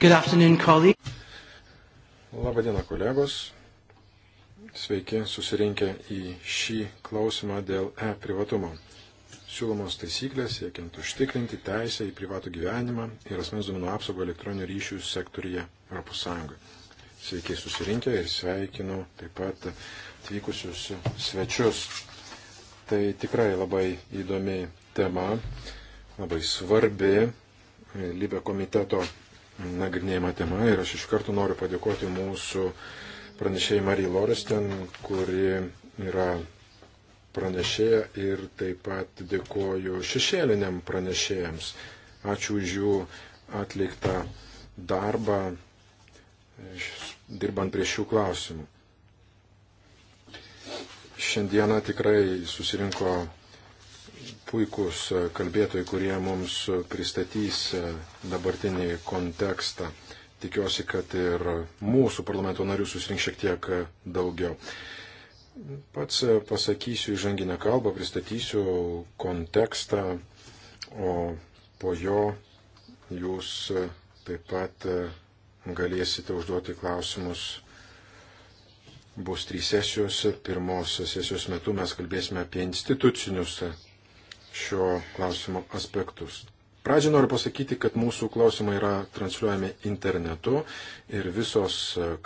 Good afternoon, colleagues. Labadiena, kolegos. Sveiki susirinkę į šį klausimą dėl e-privatumo. Siūlomos taisyklės siekiant užtikrinti teisę į privatų gyvenimą ir asmens duomenų apsaugą elektroninių ryšių sektoriuje ES. Sveiki susirinkę ir sveikinu taip pat atvykusius svečius. Tai tikrai labai įdomi tema, labai svarbi Libė komiteto nagrinėjama tema ir aš iš karto noriu padėkoti mūsų pranešėjai Marijai Loresten, kuri yra pranešėja ir taip pat dėkoju šešėliniam pranešėjams. Ačiū už jų atliktą darbą, dirbant prie šių klausimų. Šiandieną tikrai susirinko puikūs e, kalbėtojai, kurie mums pristatys e, dabartinį kontekstą. Tikiuosi, kad ir mūsų parlamento narių susirink šiek tiek e, daugiau. Pats pasakysiu įžanginę kalbą, pristatysiu kontekstą, o po jo jūs taip pat galėsite užduoti klausimus. Bus trys sesijos. Pirmos sesijos metu mes kalbėsime apie institucinius šio klausimo aspektus. Pradžią noriu pasakyti, kad mūsų klausimai yra transliuojami internetu ir visos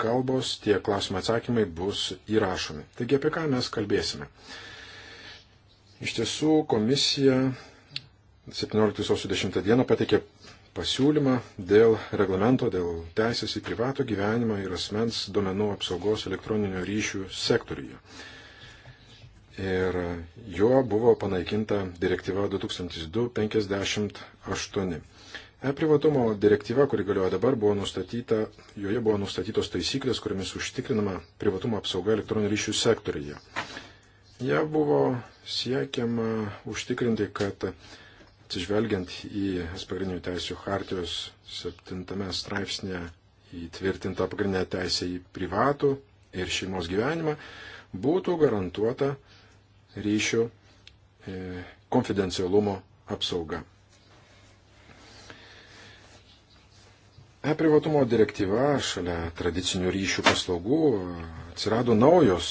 kalbos, tie klausimai atsakymai bus įrašomi. Taigi apie ką mes kalbėsime? Iš tiesų, komisija 17.10 dieną pateikė pasiūlymą dėl reglamento, dėl teisės į privato gyvenimą ir asmens duomenų apsaugos elektroninio ryšių sektoriuje ir juo buvo panaikinta direktyva 2258. E-privatumo direktyva, kuri galioja dabar, buvo nustatyta, joje buvo nustatytos taisyklės, kuriamis užtikrinama privatumo apsauga elektroninių ryšių sektoriuje. Ja buvo siekiama užtikrinti, kad atsižvelgiant į pagrindinių teisų hartijos septintame straipsnėje įtvirtintą pagrindinę teisę į privatų ir šeimos gyvenimą, būtų garantuota ryšių e, konfidencialumo apsauga. E-privatumo direktyva šalia tradicinių ryšių paslaugų atsirado naujos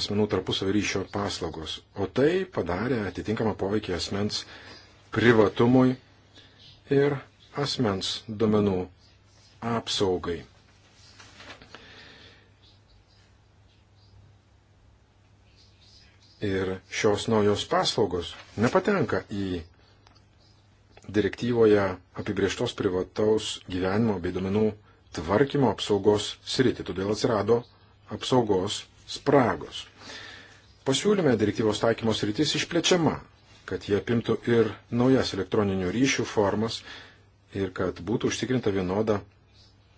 asmenų tarpusavio ryšio paslaugos, o tai padarė atitinkamą poveikį asmens privatumui ir asmens duomenų apsaugai. ir šios naujos paslaugos nepatenka į direktyvoje apibrieštos privataus gyvenimo bei domenų tvarkymo apsaugos sritį, todėl atsirado apsaugos spragos. Pasiūlyme direktyvos taikymos sritis išplečiama, kad jie apimtų ir naujas elektroninių ryšių formas ir kad būtų užtikrinta vienoda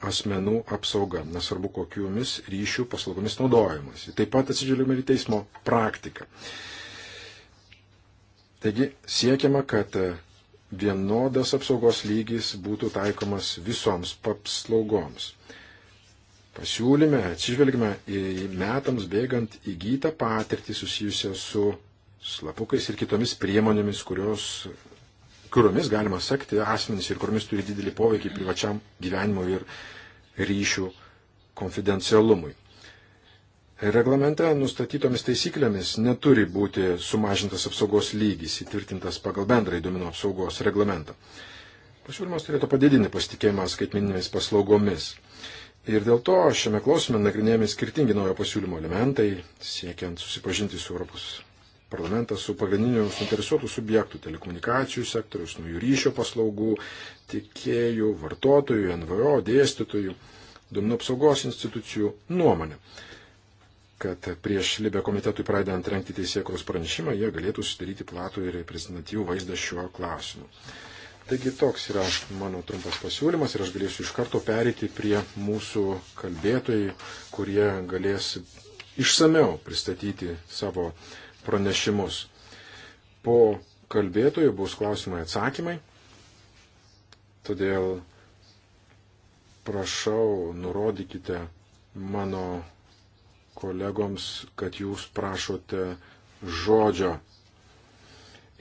asmenų apsauga, nesvarbu kokiomis ryšių paslaugomis naudojimas. Taip pat atsižiūrėjome ir teismo praktiką. Taigi siekiama, kad e, vienodas apsaugos lygis būtų taikomas visoms paslaugoms. Pasiūlyme atsižvelgime į metams bėgant įgytą patirtį susijusią su slapukais ir kitomis priemonėmis, kurios, kuriomis galima sekti asmenys ir kuriomis turi didelį poveikį privačiam gyvenimui ir ryšių konfidencialumui. Reglamente nustatytomis taisyklėmis neturi būti sumažintas apsaugos lygis įtvirtintas pagal bendrąjį duomenų apsaugos reglamentą. Pasiūlymas turėtų padidinti pasitikėjimą skaitmininėmis paslaugomis. Ir dėl to šiame klausime nagrinėjami skirtingi naujo pasiūlymo elementai, siekiant susipažinti su Europos parlamentas su pagrindiniu suinteresuotų subjektų - telekomunikacijų sektorius, naujų ryšio paslaugų, tikėjų, vartotojų, NVO, dėstytojų, duomenų apsaugos institucijų nuomonę kad prieš Libę komitetui pradedant renkti teisėkros pranešimą, jie galėtų sudaryti platų ir reprezentatyvų vaizdą šiuo klausimu. Taigi toks yra mano trumpas pasiūlymas ir aš galėsiu iš karto perėti prie mūsų kalbėtojai, kurie galės išsameu pristatyti savo uh, pranešimus. Po kalbėtojų bus klausimai atsakymai, todėl prašau, nurodykite mano kolegoms, kad jūs prašote žodžio.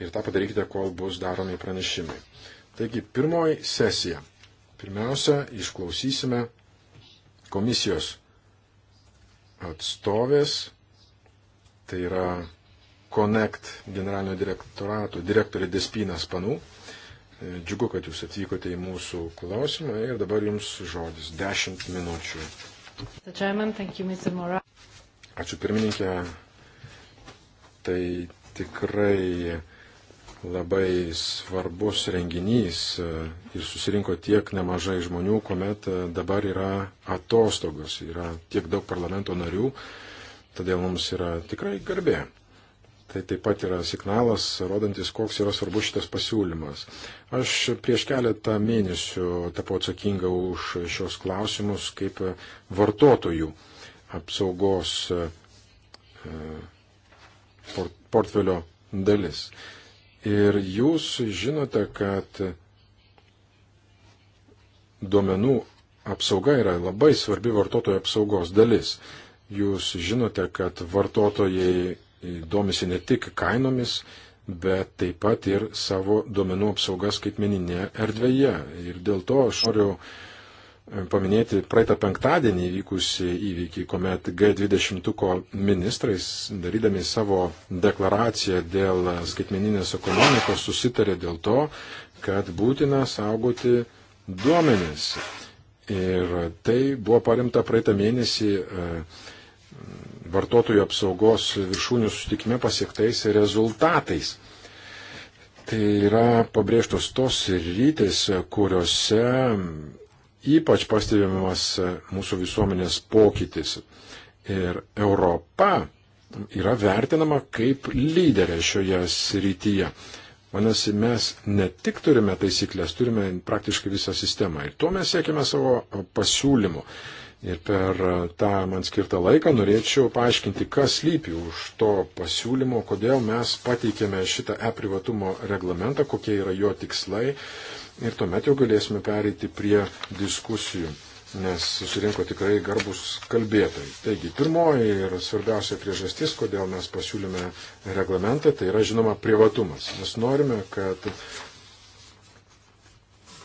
Ir tą padarykite, kol bus daromi pranešimai. Taigi, pirmoji sesija. Pirmiausia, išklausysime komisijos atstovės, tai yra Connect generalinio direktorato direktorė Despinas Panų. E, džiugu, kad jūs atvykote į mūsų klausimą ir dabar jums žodis 10 minučių. Ačiū pirmininkė. Tai tikrai labai svarbus renginys e, ir susirinko tiek nemažai žmonių, kuomet e, dabar yra atostogos, yra tiek daug parlamento narių, todėl mums yra tikrai garbė Tai taip pat yra signalas, rodantis, koks yra svarbus šitas pasiūlymas. Aš prieš keletą mėnesių tapau atsakinga už šios klausimus kaip vartotojų apsaugos e, portfelio dalis. Ir jūs žinote, kad duomenų apsauga yra labai svarbi vartotojų apsaugos dalis. Jūs žinote, kad vartotojai domisi ne tik kainomis, bet taip pat ir savo duomenų apsaugas skaitmeninėje erdvėje. Ir dėl to aš noriu e, paminėti praeitą penktadienį įvykusi įvykį, kuomet G20 ministrais, darydami savo deklaraciją dėl skaitmeninės ekonomikos, susitarė dėl to, kad būtina saugoti duomenis. Ir tai buvo paremta praeitą mėnesį e, vartotojų apsaugos viršūnių sustikime pasiektais rezultatais. Tai yra pabrėžtos tos rytis, kuriuose ypač pastebimas mūsų visuomenės pokytis. Ir Europa yra vertinama kaip lyderė šioje srityje. Manasi, mes ne tik turime taisyklės, turime praktiškai visą sistemą. Ir tuo mes siekime savo pasiūlymu. Ir per tą man skirtą laiką norėčiau paaiškinti, kas lypi už to pasiūlymo, kodėl mes pateikėme šitą e-privatumo reglamentą, kokie yra jo tikslai. Ir tuomet jau galėsime pereiti prie diskusijų, nes susirinko tikrai garbus kalbėtojai. Taigi, pirmoji ir svarbiausia priežastis, kodėl mes pasiūlėme reglamentą, tai yra žinoma privatumas. Mes norime, kad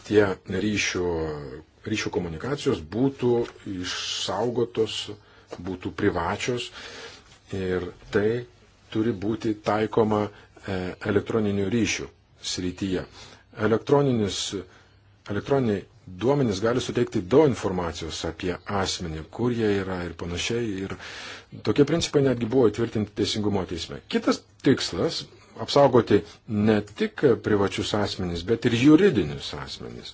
tie ryšių ryšių komunikacijos būtų išsaugotos, būtų privačios ir tai turi būti taikoma e, elektroninių ryšių srityje. Elektroninis, elektroniniai duomenys gali suteikti daug informacijos apie asmenį, kur jie yra ir panašiai. Ir tokie principai netgi buvo įtvirtinti teisingumo teisme. Kitas tikslas - apsaugoti ne tik privačius asmenys, bet ir juridinius asmenys.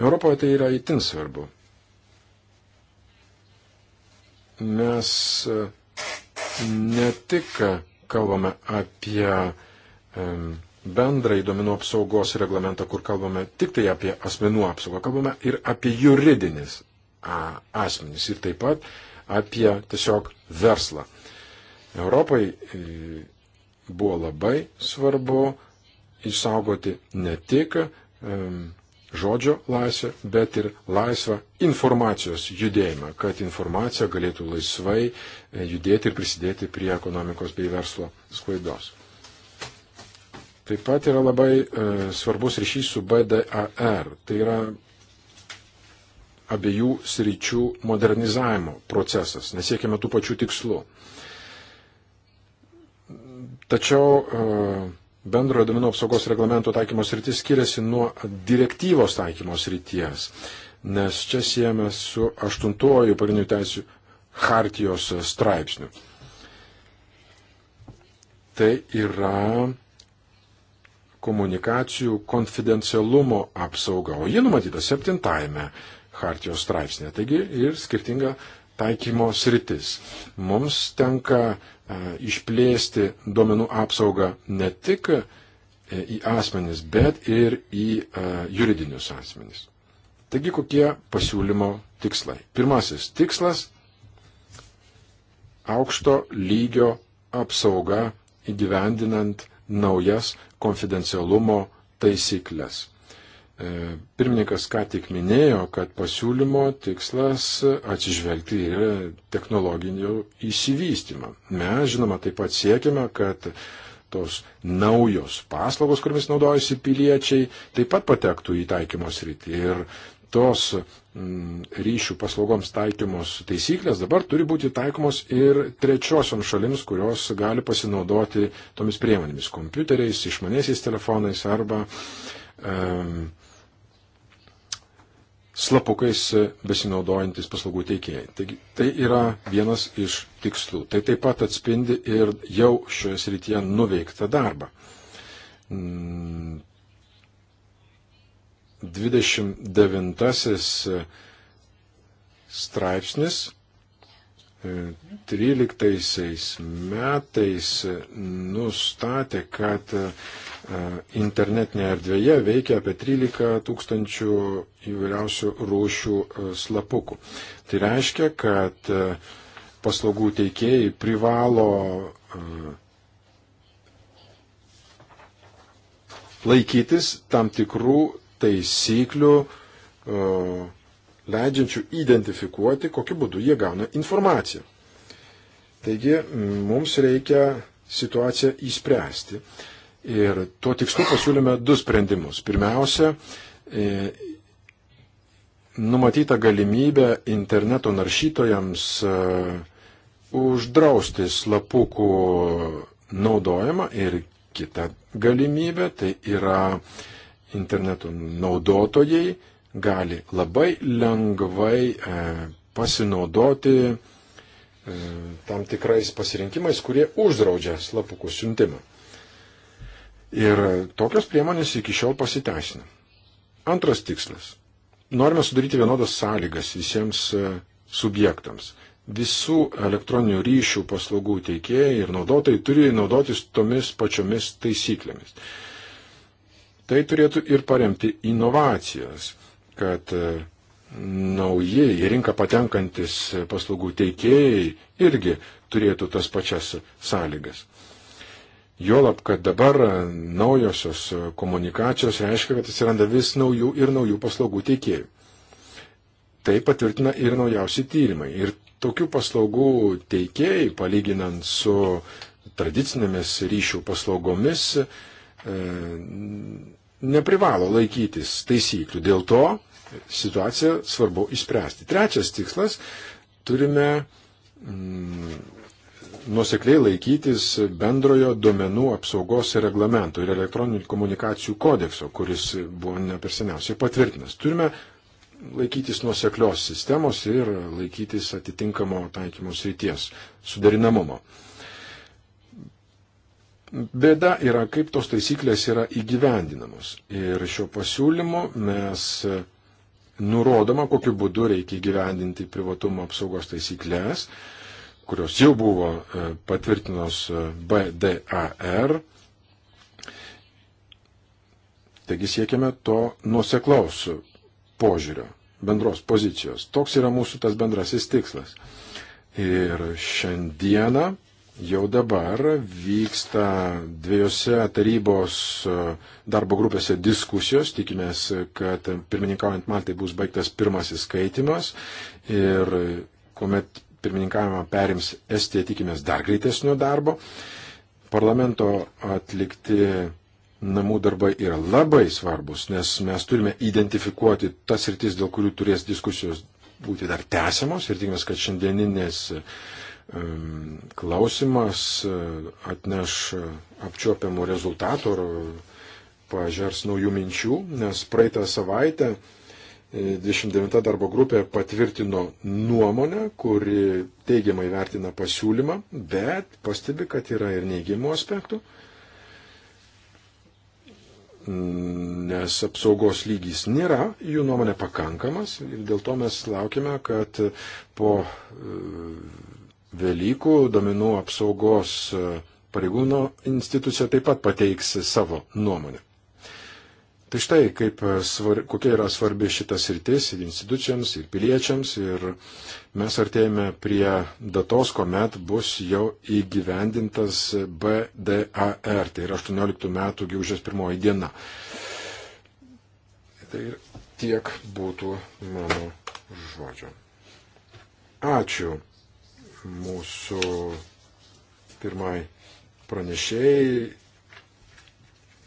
Europoje tai yra itin svarbu. Mes e, ne tik kalbame apie e, bendrai duomenų apsaugos reglamentą, kur kalbame tik tai apie asmenų apsaugą, kalbame ir apie juridinis asmenys ir taip pat apie tiesiog verslą. Europai e, buvo labai svarbu išsaugoti ne tik žodžio laisvę, bet ir laisvą informacijos judėjimą, kad informacija galėtų laisvai e, judėti ir prisidėti prie ekonomikos bei verslo sklaidos. Taip pat yra labai e, svarbus ryšys su BDAR, tai yra abiejų sričių modernizavimo procesas, nesiekime tų pačių tikslų. Tačiau e, bendrojo duomenų apsaugos reglamento taikymos rytis skiriasi nuo direktyvos taikymos ryties, nes čia siejame su aštuntuoju pagrindinių teisų hartijos straipsniu. Tai yra komunikacijų konfidencialumo apsauga, o ji numatyta septintajame hartijos straipsnėje, taigi ir skirtinga taikymo sritis. Mums tenka E, išplėsti duomenų apsaugą ne tik e, į asmenis, bet ir į e, juridinius asmenis. Taigi kokie pasiūlymo tikslai? Pirmasis tikslas - aukšto lygio apsauga įgyvendinant naujas konfidencialumo taisyklės. E, pirmininkas ką tik minėjo, kad pasiūlymo tikslas atsižvelgti ir technologinių įsivystymą. Mes, žinoma, taip pat siekime, kad tos naujos paslaugos, kuriamis naudojasi piliečiai, taip pat patektų į taikymos rytį. Ir tos mm, ryšių paslaugoms taikymos taisyklės dabar turi būti taikomos ir trečiosiom šalims, kurios gali pasinaudoti tomis priemonėmis - kompiuteriais, išmanėsiais telefonais arba um, slapukais e, besinaudojantis paslaugų teikėjai. Taigi, tai yra vienas iš tikslų. Tai taip pat atspindi ir jau šioje srityje nuveiktą darbą. 29 mm, e, straipsnis 13 e, metais nustatė, kad E, internetinėje erdvėje veikia apie 13 tūkstančių įvairiausių rūšių e, slapukų. Tai reiškia, kad e, paslaugų teikėjai privalo laikytis tam tikrų taisyklių, leidžiančių identifikuoti, kokiu būdu jie gauna informaciją. Taigi mums reikia situaciją įspręsti. Ir tuo tikslu pasiūlėme du sprendimus. Pirmiausia, e, numatyta galimybė interneto naršytojams e, uždrausti slapukų naudojimą ir kita galimybė, tai yra interneto naudotojai gali labai lengvai e, pasinaudoti tam tikrais pasirinkimais, kurie uždraudžia slapukų siuntimą. Ir tokios priemonės iki šiol pasiteisina. Antras tikslas. Norime sudaryti vienodas sąlygas visiems e, subjektams. Visų elektroninių ryšių paslaugų teikėjai ir naudotojai turi naudotis tomis pačiomis taisyklėmis. Tai turėtų ir paremti inovacijas, kad e, nauji į rinką patenkantis paslaugų teikėjai irgi turėtų tas pačias sąlygas. Jolab, kad dabar naujosios komunikacijos reiškia, kad atsiranda vis naujų ir naujų paslaugų teikėjų. Tai patvirtina ir naujausi tyrimai. Ir tokių paslaugų teikėjai, palyginant su tradicinėmis ryšių paslaugomis, e, neprivalo laikytis taisyklių. Dėl to situaciją svarbu įspręsti. Trečias tikslas - turime mm, nusekliai laikytis bendrojo duomenų apsaugos reglamento ir elektroninių komunikacijų kodekso, kuris buvo neperseniausiai patvirtinas. Turime laikytis nuseklios sistemos ir laikytis atitinkamo taikymo srities suderinamumo. Bėda yra, kaip tos taisyklės yra įgyvendinamos. Ir šio pasiūlymu mes nurodoma, kokiu būdu reikia įgyvendinti privatumo apsaugos taisyklės, kurios jau buvo e, patvirtinos e, BDAR. Taigi siekiame to nuseklaus požiūrio, bendros pozicijos. Toks yra mūsų tas bendrasis tikslas. Ir šiandieną jau dabar vyksta dviejose tarybos e, darbo grupėse diskusijos. Tikimės, kad pirmininkaujant Maltai bus baigtas pirmasis skaitimas ir kuomet pirmininkavimą perims Estija, tikimės dar greitesnio darbo. Parlamento atlikti namų darbai yra labai svarbus, nes mes turime identifikuoti tas rytis, dėl kurių turės diskusijos būti dar tęsiamos ir tikimės, kad šiandieninės um, klausimas e, atneš apčiopiamų rezultatų ir pažers naujų minčių, nes praeitą savaitę uh, 29 darbo grupė patvirtino nuomonę, kuri teigiamai vertina pasiūlymą, bet pastebi, kad yra ir neigiamų aspektų, nes apsaugos lygis nėra, jų nuomonė pakankamas ir dėl to mes laukime, kad po e, Velykų domenų apsaugos e, pareigūno institucija taip pat pateiks savo nuomonę. Tai štai, kaip e, svar, kokia yra svarbi šitas rytis ir institucijams, ir piliečiams, ir mes artėjame prie datos, kuomet bus jau įgyvendintas BDAR, tai yra 18 metų gegužės pirmoji diena. Tai tiek būtų mano žodžio. Ačiū mūsų pirmai pranešėjai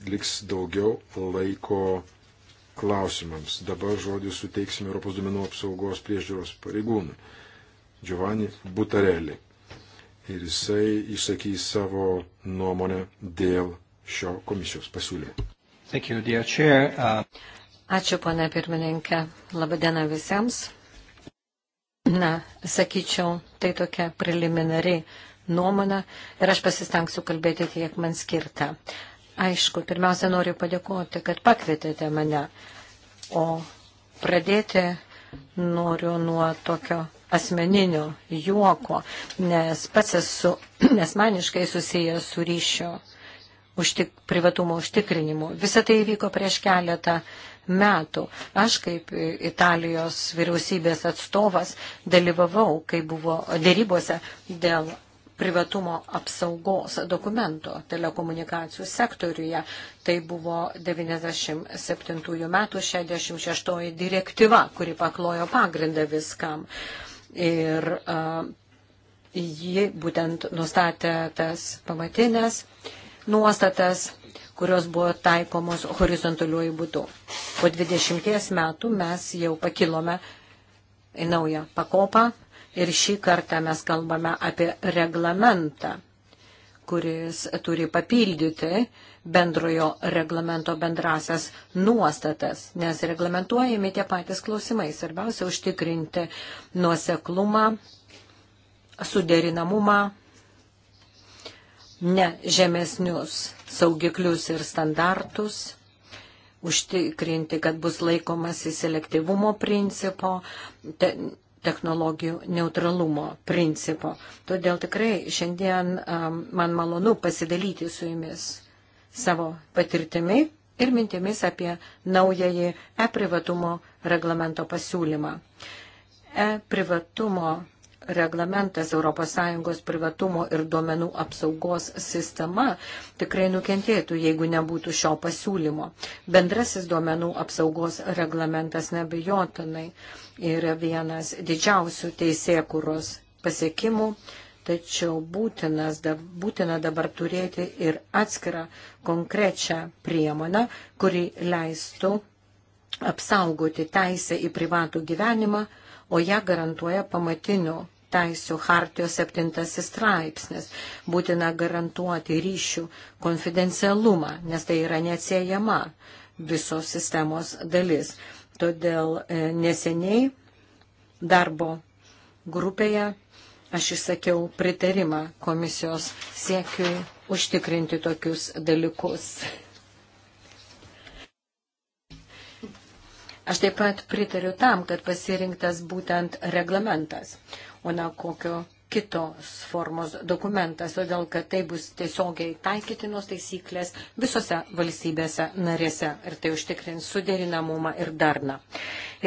liks daugiau laiko klausimams. Dabar žodį suteiksime Europos duomenų apsaugos priežiūros pareigūnui Giovanni Butarelli. Ir jisai išsakys savo nuomonę dėl šio komisijos pasiūlymo. You, uh... Ačiū, ponė pirmininkė. Labadiena visiems. Na, sakyčiau, tai tokia preliminari nuomonė ir aš pasistengsiu kalbėti, kiek man skirta. Aišku, pirmiausia, noriu padėkoti, kad pakvietėte mane, o pradėti noriu nuo tokio asmeninio juoko, nes pats esu asmeniškai susijęs su ryšio užtik, privatumo užtikrinimu. Visą tai įvyko prieš keletą metų. Aš kaip Italijos vyriausybės atstovas dalyvavau, kai buvo dėrybose dėl privatumo apsaugos dokumento telekomunikacijų sektoriuje. Tai buvo 97 metų 66 direktyva, kuri paklojo pagrindą viskam. Ir uh, ji būtent nustatė tas pamatinės nuostatas, kurios buvo taikomos horizontaliuoju būdu. Po 20 metų mes jau pakilome į naują pakopą Ir šį kartą mes kalbame apie reglamentą, kuris turi papildyti bendrojo reglamento bendrasias nuostatas, nes reglamentuojami tie patys klausimai. Svarbiausia užtikrinti nuoseklumą, suderinamumą, ne žemesnius saugiklius ir standartus užtikrinti, kad bus laikomas į selektyvumo principo, technologijų neutralumo principo. Todėl tikrai šiandien man malonu pasidalyti su jumis savo patirtimi ir mintimis apie naująjį e-privatumo reglamento pasiūlymą. E-privatumo reglamentas ES privatumo ir duomenų apsaugos sistema tikrai nukentėtų, jeigu nebūtų šio pasiūlymo. Bendrasis duomenų apsaugos reglamentas nebejotinai yra vienas didžiausių teisėkuros pasiekimų. Tačiau būtinas, būtina dabar turėti ir atskirą konkrečią priemonę, kuri leistų apsaugoti teisę į privatų gyvenimą, o ją garantuoja pamatinių teisų hartijos septintasis straipsnis. Būtina garantuoti ryšių konfidencialumą, nes tai yra neatsiejama visos sistemos dalis. Todėl e, neseniai darbo grupėje aš išsakiau pritarimą komisijos siekiui užtikrinti tokius dalykus. Aš taip pat pritariu tam, kad pasirinktas būtent reglamentas o ne kokio kitos formos dokumentas, todėl kad tai bus tiesiogiai taikytinos taisyklės visose valstybėse narėse ir tai užtikrins suderinamumą ir darną.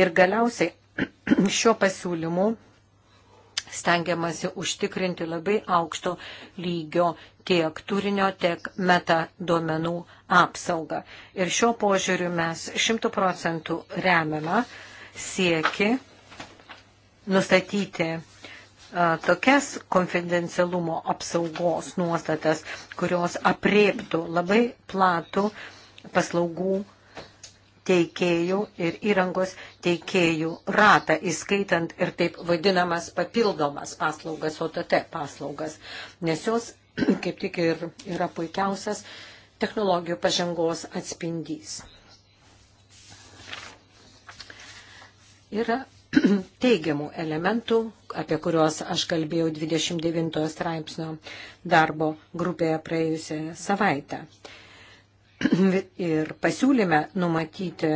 Ir galiausiai šio pasiūlymu stengiamasi užtikrinti labai aukšto lygio tiek turinio, tiek meta duomenų apsaugą. Ir šio požiūriu mes šimtų procentų remiame sieki nustatyti tokias konfidencialumo apsaugos nuostatas, kurios apriektų labai platų paslaugų teikėjų ir įrangos teikėjų ratą, įskaitant ir taip vadinamas papildomas paslaugas, OTT paslaugas, nes jos kaip tik ir yra puikiausias technologijų pažangos atspindys. Yra teigiamų elementų, apie kuriuos aš kalbėjau 29 straipsnio darbo grupėje praėjusią savaitę. Ir pasiūlyme numatyti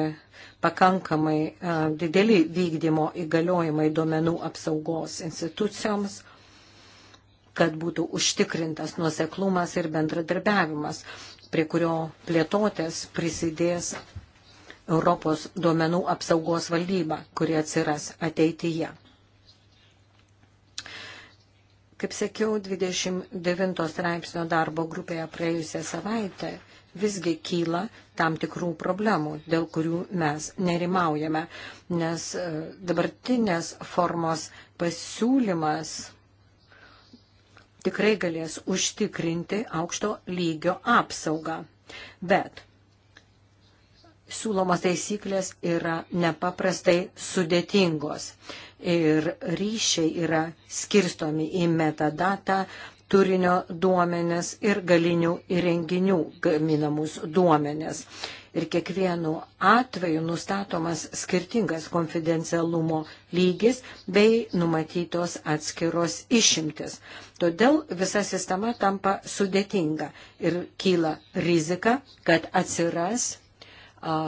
pakankamai dideli vykdymo įgaliojimai duomenų apsaugos institucijoms, kad būtų užtikrintas nuoseklumas ir bendradarbiavimas, prie kurio plėtotės prisidės Europos duomenų apsaugos valdyba, kuri atsiras ateityje. Kaip sakiau, 29 straipsnio darbo grupėje praėjusią savaitę visgi kyla tam tikrų problemų, dėl kurių mes nerimaujame, nes e, dabartinės formos pasiūlymas tikrai galės užtikrinti aukšto lygio apsaugą. Bet siūlomos taisyklės yra nepaprastai sudėtingos ir ryšiai yra skirstomi į metadatą, turinio duomenės ir galinių įrenginių gaminamus duomenės. Ir kiekvienu atveju nustatomas skirtingas konfidencialumo lygis bei numatytos atskiros išimtis. Todėl visa sistema tampa sudėtinga ir kyla rizika, kad atsiras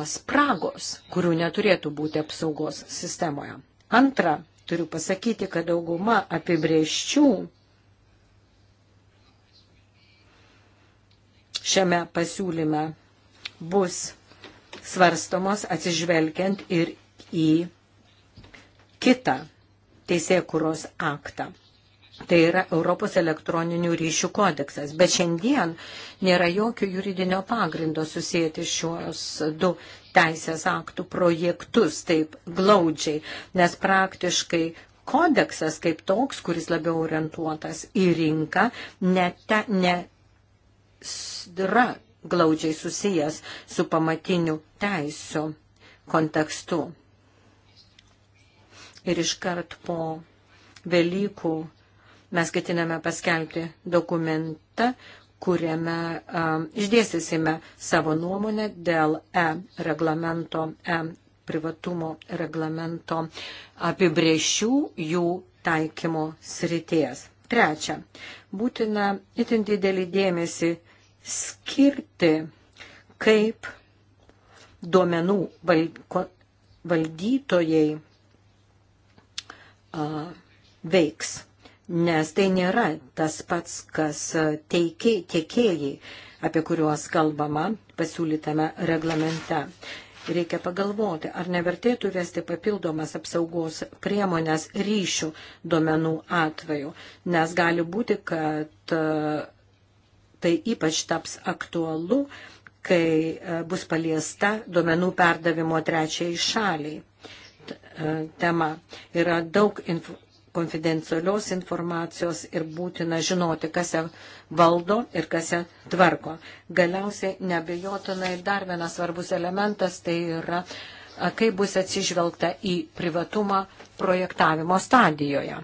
spragos, kurių neturėtų būti apsaugos sistemoje. Antra, turiu pasakyti, kad dauguma apibrieščių šiame pasiūlyme bus svarstomos atsižvelgiant ir į kitą teisėkuros aktą. Tai yra Europos elektroninių ryšių kodeksas. Bet šiandien nėra jokio juridinio pagrindo susijęti šios du teisės aktų projektus taip glaudžiai, nes praktiškai kodeksas kaip toks, kuris labiau orientuotas į rinką, neta, nėra glaudžiai susijęs su pamatiniu teisų kontekstu. Ir iškart po Velykų Mes ketiname paskelbti dokumentą, kuriame um, išdėstysime savo nuomonę dėl E reglamento, E privatumo reglamento apibriešių jų taikymo srities. Trečia, būtina itin didelį dėmesį skirti, kaip duomenų valdytojai a, veiks nes tai nėra tas pats, kas e, teikė, tiekėjai, apie kuriuos kalbama pasiūlytame reglamente. Reikia pagalvoti, ar nevertėtų vesti papildomas apsaugos priemonės ryšių duomenų atveju, nes gali būti, kad e, tai ypač taps aktualu, kai e, bus paliesta duomenų perdavimo trečiai šaliai tema. Yra daug inf konfidencialios informacijos ir būtina žinoti, kas ją valdo ir kas ją tvarko. Galiausiai nebejotinai dar vienas svarbus elementas tai yra, kaip bus atsižvelgta į privatumą projektavimo stadijoje.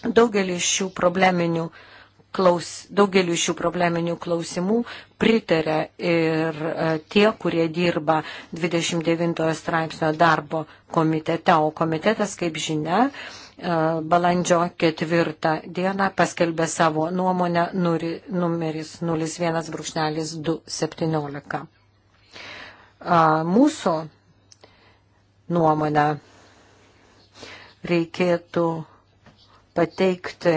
Daugelį šių probleminių klaus, daugeliu šių probleminių klausimų pritarė ir tie, kurie dirba 29 straipsnio darbo komitete, o komitetas, kaip žinia, E, balandžio ketvirtą dieną paskelbė savo nuomonę numeris 01.217. E, mūsų nuomonę reikėtų pateikti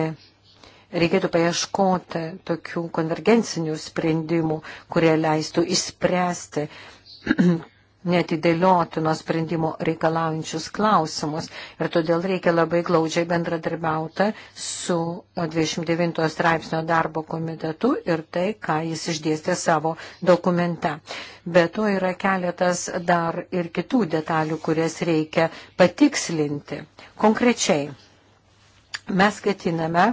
reikėtų paieškoti tokių konvergencinių sprendimų, kurie leistų išspręsti netidėliotino sprendimo reikalaujančius klausimus. Ir todėl reikia labai glaudžiai bendradarbiauti su 29 straipsnio darbo komitetu ir tai, ką jis išdėstė savo dokumente. Be to yra keletas dar ir kitų detalių, kurias reikia patikslinti. Konkrečiai, mes ketiname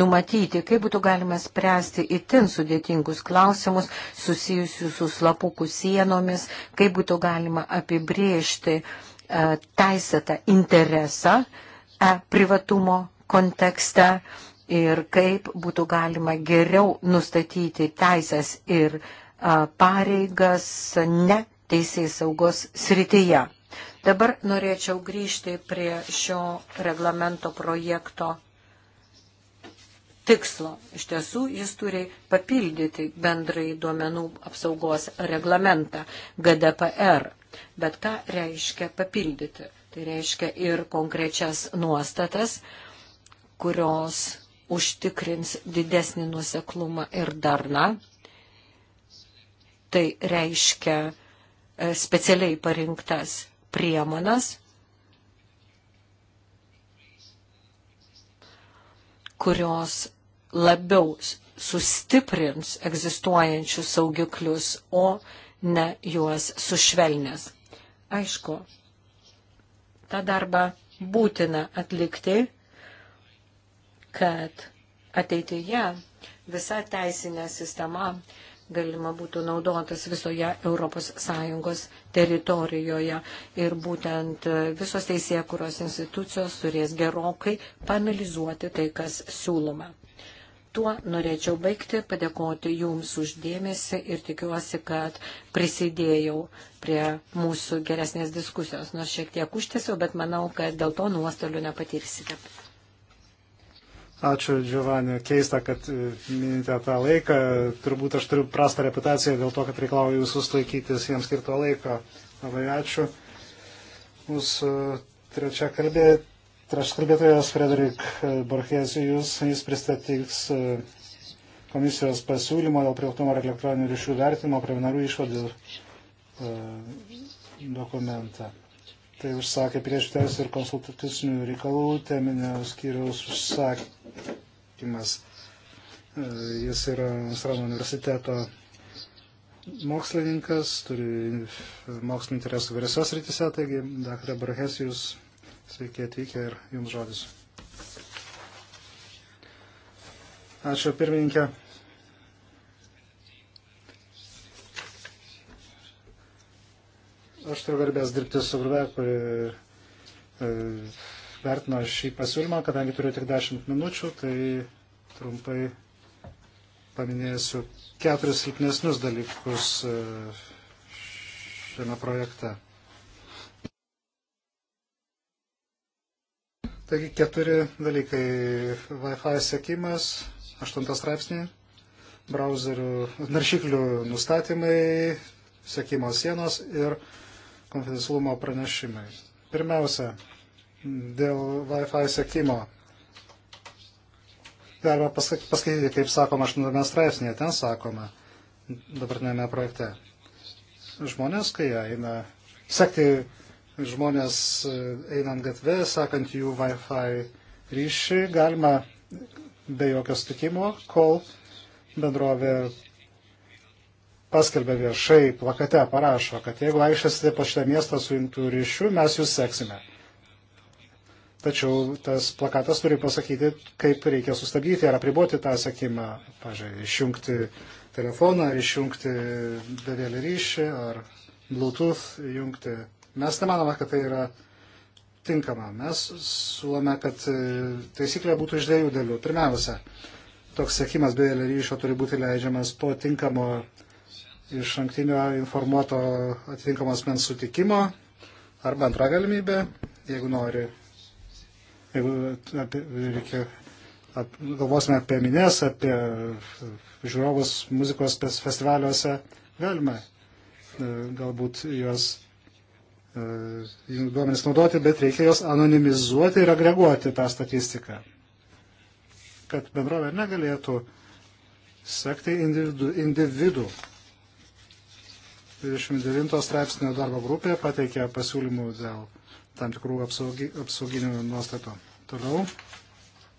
numatyti, kaip būtų galima spręsti itin sudėtingus klausimus susijusius su slapukų sienomis, kaip būtų galima apibriežti e, teisėtą interesą e, privatumo kontekste ir kaip būtų galima geriau nustatyti teisės ir e, pareigas ne teisėjai saugos srityje. Dabar norėčiau grįžti prie šio reglamento projekto tikslo. Iš tiesų, jis turi papildyti bendrai duomenų apsaugos reglamentą GDPR. Bet ką reiškia papildyti? Tai reiškia ir konkrečias nuostatas, kurios užtikrins didesnį nuseklumą ir darną. Tai reiškia e, specialiai parinktas priemonas, kurios labiau sustiprins egzistuojančius saugiklius, o ne juos sušvelnės. Aišku, tą darbą būtina atlikti, kad ateityje visa teisinė sistema galima būtų naudotas visoje ES teritorijoje. Ir būtent visos teisėkuros institucijos turės gerokai panalizuoti tai, kas siūloma. Tuo norėčiau baigti, padėkoti Jums uždėmesi ir tikiuosi, kad prisidėjau prie mūsų geresnės diskusijos. Nors šiek tiek užtėsiu, bet manau, kad dėl to nuostolių nepatirsite. Ačiū, Giovanni. Keista, kad e, minite tą laiką. Turbūt aš turiu prastą reputaciją dėl to, kad reikalauju visus laikytis jiems skirto laiko. Labai ačiū. Mūsų e, trečia kalbėti Trečias kalbėtojas Frederik Borchesijus, jis pristatys e, komisijos pasiūlymo dėl privatumo ir elektroninių ryšių vertinimo preliminarių išvadų e, dokumentą. Tai užsakė prieš teisų ir konsultacinių reikalų teminio skyriaus užsakymas. E, jis yra Amsterdamo universiteto mokslininkas, turi mokslinį interesų vyriausios rytise, taigi daktarė Borhesijus Sveiki atvykę ir jums žodis. Ačiū pirmininkė. Aš turiu garbės dirbti su grupe, kuri e, vertino šį pasiūlymą, kadangi turiu tik 10 minučių, tai trumpai paminėsiu keturis silpnesnius dalykus e, šiame projekte. Taigi keturi dalykai. Wi-Fi sekimas, aštuntas straipsnį, brauzerių naršyklių nustatymai, sekimo sienos ir konfidencialumo pranešimai. Pirmiausia, dėl Wi-Fi sekimo. Galima paskaityti, kaip sakoma, aštuntame straipsnėje, ten sakoma, dabartinėme projekte. Žmonės, kai eina sekti žmonės e, einant gatvė, sakant jų Wi-Fi ryšį, galima be jokio sutikimo, kol bendrovė paskelbė viešai, plakate parašo, kad jeigu vaikščiasite po šitą miestą su jungtų ryšiu, mes jūs seksime. Tačiau tas plakatas turi pasakyti, kaip reikia sustabdyti ar apriboti tą sekimą, pažiūrėjau, išjungti telefoną, ar išjungti bevėlį ryšį, ar Bluetooth jungti Mes nemanome, kad tai yra tinkama. Mes siūlome, kad e, taisyklė būtų iš dviejų dalių. Pirmiausia, toks sėkimas be ryšio turi būti leidžiamas po tinkamo iš anktinio informuoto atitinkamos mens sutikimo arba antra galimybė, jeigu nori, jeigu apie, reikia, ap, galvosime apie minės, apie žiūrovus muzikos festivaliuose, galima e, galbūt juos E, duomenis naudoti, bet reikia juos anonimizuoti ir agreguoti tą statistiką, kad bendrovė negalėtų sekti individu. individu. 29 straipsnio darbo grupė pateikė pasiūlymų dėl tam tikrų apsaugi, apsauginių nuostatų. Toliau,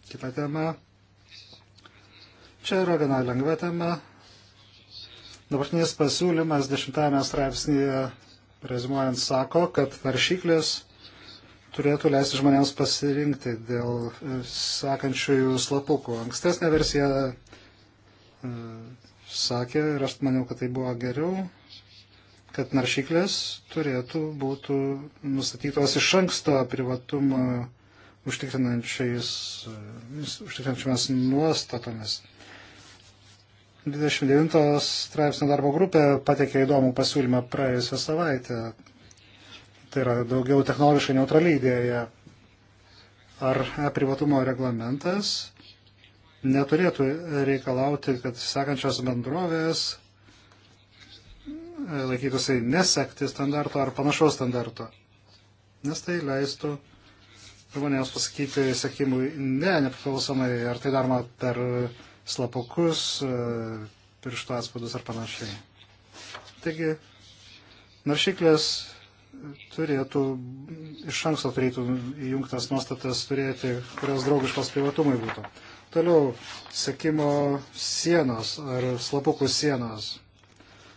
kita tema. Čia yra gana lengva tema. Dabartinis pasiūlymas 10 straipsnėje rezumuojant, sako, kad naršyklės turėtų leisti žmonėms pasirinkti dėl e, sekančiųjų slapukų. Ankstesnė versija e, sakė, ir aš maniau, kad tai buvo geriau, kad naršyklės turėtų būti nustatytos iš anksto privatumą užtikrinančiais, e, užtikrinančiamis nuostatomis. 29 straipsnio darbo grupė patekė įdomų pasiūlymą praėjusią savaitę. Tai yra daugiau technologiškai neutrali idėja. Ar privatumo reglamentas neturėtų reikalauti, kad sekančios bendrovės e, laikytųsi nesekti standarto ar panašaus standarto. Nes tai leistų žmonėms pasakyti, sakymui, ne, nepriklausomai, ar tai daroma per per slapukus, e, pirštų atspaudus ar panašiai. Taigi, naršyklės turėtų iš anksto turėtų įjungtas nuostatas turėti, kurios draugiškos privatumui būtų. Toliau, sekimo sienos ar slapukų sienos.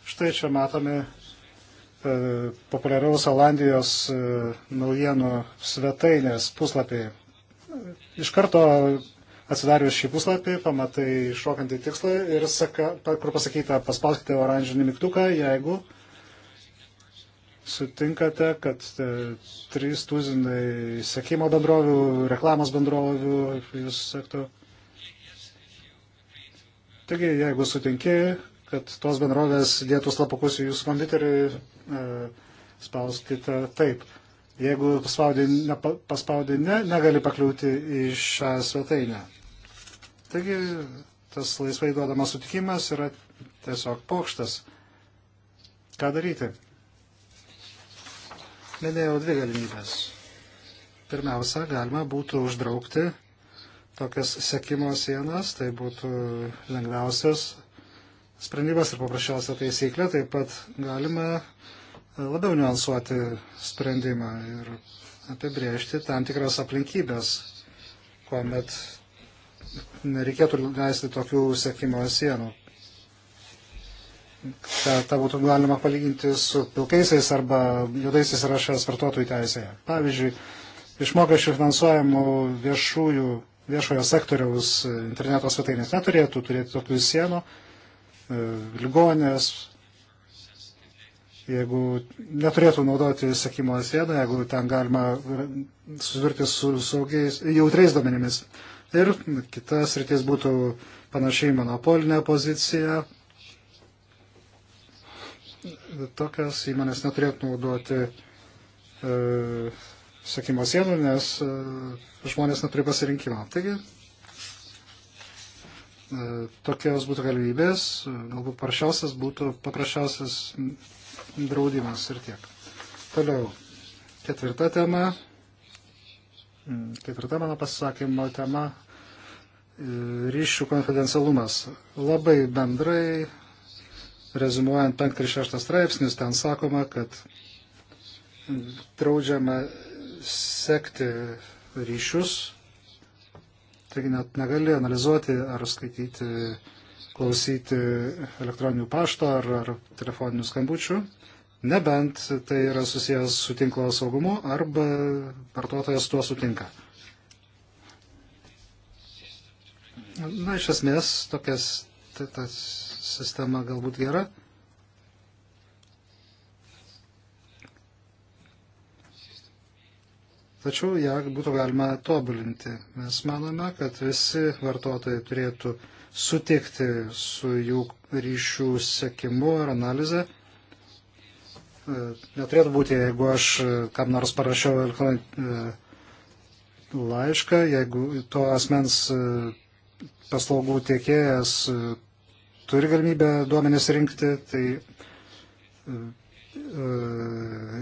Štai čia matome e, populiariaus Olandijos e, naujienų svetainės puslapiai. Iš karto Atsidarius šį puslapį, pamatai šokantį tikslą ir saka, kur pasakyta, paspauskite oranžinį mygtuką, jeigu sutinkate, kad 3000 e, sekimo bendrovių, reklamos bendrovių jūs sektų. Taigi, jeigu sutinki, kad tos bendrovės dėtų slapukus į jūsų kompiuterį, e, spauskite taip. Jeigu paspaudė ne, paspaudė ne, negali pakliūti į šią svetainę. Taigi tas laisvai duodamas sutikimas yra tiesiog pokštas. Ką daryti? Minėjau dvi galimybės. Pirmiausia, galima būtų uždraukti tokias sekimo sienas, tai būtų lengviausias sprendimas ir paprasčiausia taisyklė, taip pat galima e, labiau niuansuoti sprendimą ir apibriežti tam tikras aplinkybės, kuomet nereikėtų leisti tokių sekimo sienų. Ta, ta būtų galima palyginti su pilkaisiais arba juodaisiais rašęs vartotojų teisėje. Pavyzdžiui, iš mokesčių finansuojamų viešųjų, viešojo sektoriaus interneto svetainės neturėtų turėti tokių sienų, e, ligonės, jeigu neturėtų naudoti sekimo sėdą, jeigu ten galima susidurti su saugiais, jautriais domenimis. Ir kitas rytis būtų panašiai monopolinė pozicija. Tokias įmonės neturėtų naudoti, e, sakymo, sienų, nes e, žmonės neturi pasirinkimo. Taigi, e, tokios būtų galimybės, galbūt paprasčiausias būtų paprasčiausias draudimas ir tiek. Toliau, ketvirta tema Mm, ketvirta mano pasakymo tema e, - ryšių konfidencialumas. Labai bendrai, rezumuojant 5 ir 6 straipsnius, ten sakoma, kad draudžiama sekti ryšius, taigi net negali analizuoti ar skaityti, klausyti elektroninių pašto ar, ar telefoninių skambučių nebent tai yra susijęs su tinklo saugumu arba vartotojas tuo sutinka. Na, iš esmės, tokias, ta, ta sistema galbūt gera. Tačiau ją būtų galima tobulinti. Mes manome, kad visi vartotojai turėtų sutikti su jų ryšių sekimu ar analize. E, neturėtų būti, jeigu aš e, kam nors parašiau e, laišką, jeigu to asmens paslaugų tiekėjas turi galimybę duomenis rinkti, tai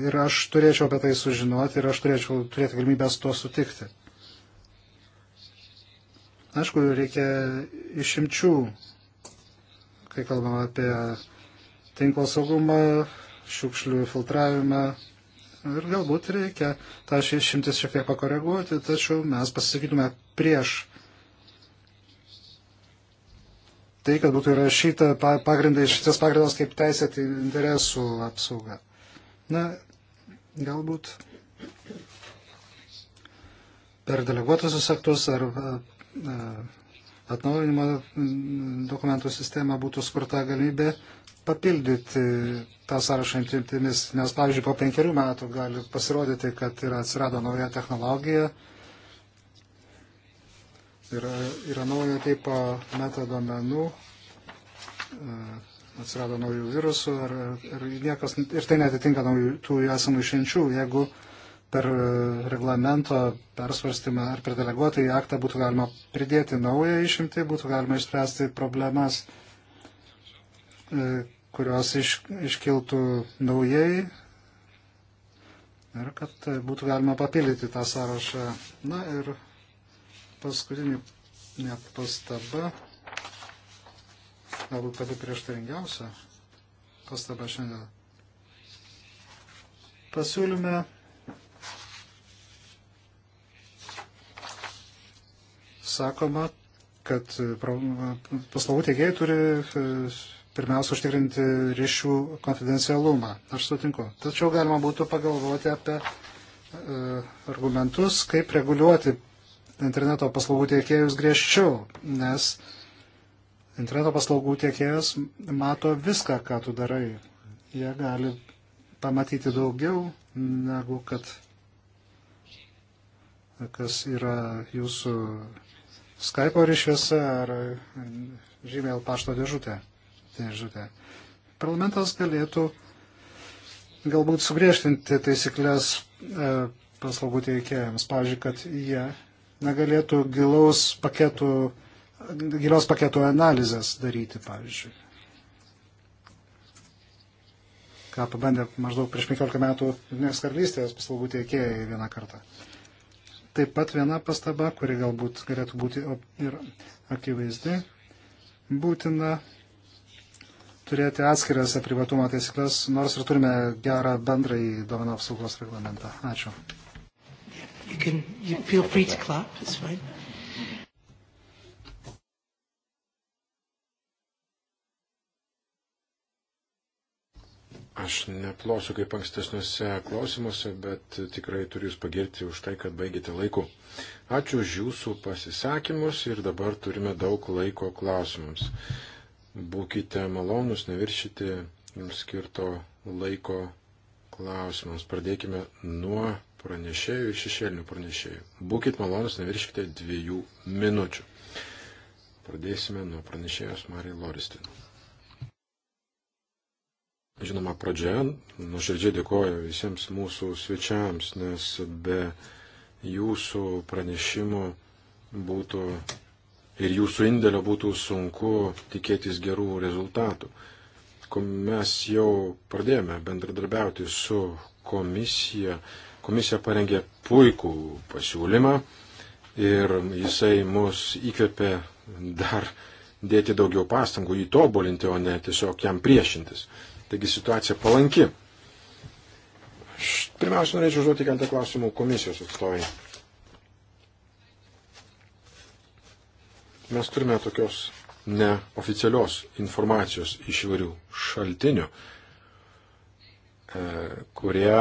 ir aš turėčiau apie tai sužinoti ir aš turėčiau turėti galimybę su tuo sutikti. Aišku, reikia išimčių, kai kalbam apie tinklo saugumą, šiukšlių filtravimą ir galbūt reikia tą šimtis šiek tiek pakoreguoti, tačiau mes pasisakytume prieš tai, kad būtų įrašyta pagrindai šitas pagrindas kaip teisėti interesų apsauga. Na, galbūt per deleguotusius aktus ar atnaujinimo dokumentų sistemą būtų skurta galimybė papildyti tą sąrašą imtimis, nes, pavyzdžiui, po penkerių metų gali pasirodyti, kad yra atsirado nauja technologija, yra, yra naujo tipo metadomenų, e, atsirado naujų virusų ir, ir, niekas, ir tai netitinka naujų, tų esamų išimčių. Jeigu per e, reglamento persvarstymą ar per deleguotą į aktą būtų galima pridėti naują išimtį, būtų galima išspręsti problemas e, kurios iš, iškiltų naujai ir kad e, būtų galima papildyti tą sąrašą. Na ir paskutinį net pastaba, galbūt pati prieštaringiausia pastaba šiandien. Pasiūlyme sakoma, kad paslaugų teikėjai turi e, pirmiausia užtikrinti ryšių konfidencialumą. Aš sutinku. Tačiau galima būtų pagalvoti apie e, argumentus, kaip reguliuoti interneto paslaugų tiekėjus griežčiau, nes interneto paslaugų tiekėjas mato viską, ką tu darai. Jie gali pamatyti daugiau negu kad kas yra jūsų Skype ryšiuose ar Gmail pašto dėžutė paskutinė žodė. Parlamentas galėtų galbūt sugriežtinti taisyklės e, paslaugų teikėjams. Pavyzdžiui, kad jie negalėtų gilaus paketų, gilios paketų analizės daryti, pavyzdžiui. Ką pabandė maždaug prieš 15 metų Junktinės karalystės paslaugų teikėjai vieną kartą. Taip pat viena pastaba, kuri galbūt galėtų būti ir akivaizdi, būtina turėti atskiras privatumo taisyklės, nors ir turime gerą bendrąjį duomenų apsaugos reglamentą. Ačiū. You can, you clap, Aš neplosiu kaip ankstesniuose klausimuose, bet tikrai turiu Jūs pagirti už tai, kad baigėte laiku. Ačiū už Jūsų pasisakymus ir dabar turime daug laiko klausimams. Būkite malonus, neviršyti jums skirto laiko klausimams. Pradėkime nuo pranešėjų ir šešėlinių pranešėjų. Būkit malonus, nevirškite dviejų minučių. Pradėsime nuo pranešėjos Marijai Loristin. Žinoma, pradžioje nuoširdžiai dėkoju visiems mūsų svečiams, nes be jūsų pranešimų būtų ir jūsų indėlio būtų sunku tikėtis gerų rezultatų. Mes jau pradėjome bendradarbiauti su komisija. Komisija parengė puikų pasiūlymą ir jisai mus įkvėpė dar dėti daugiau pastangų, jį tobulinti, o ne tiesiog jam priešintis. Taigi situacija palanki. Pirmiausia, norėčiau užduoti keletą klausimų komisijos atstovai. Mes turime tokios neoficialios informacijos iš įvairių šaltinių, e, kurie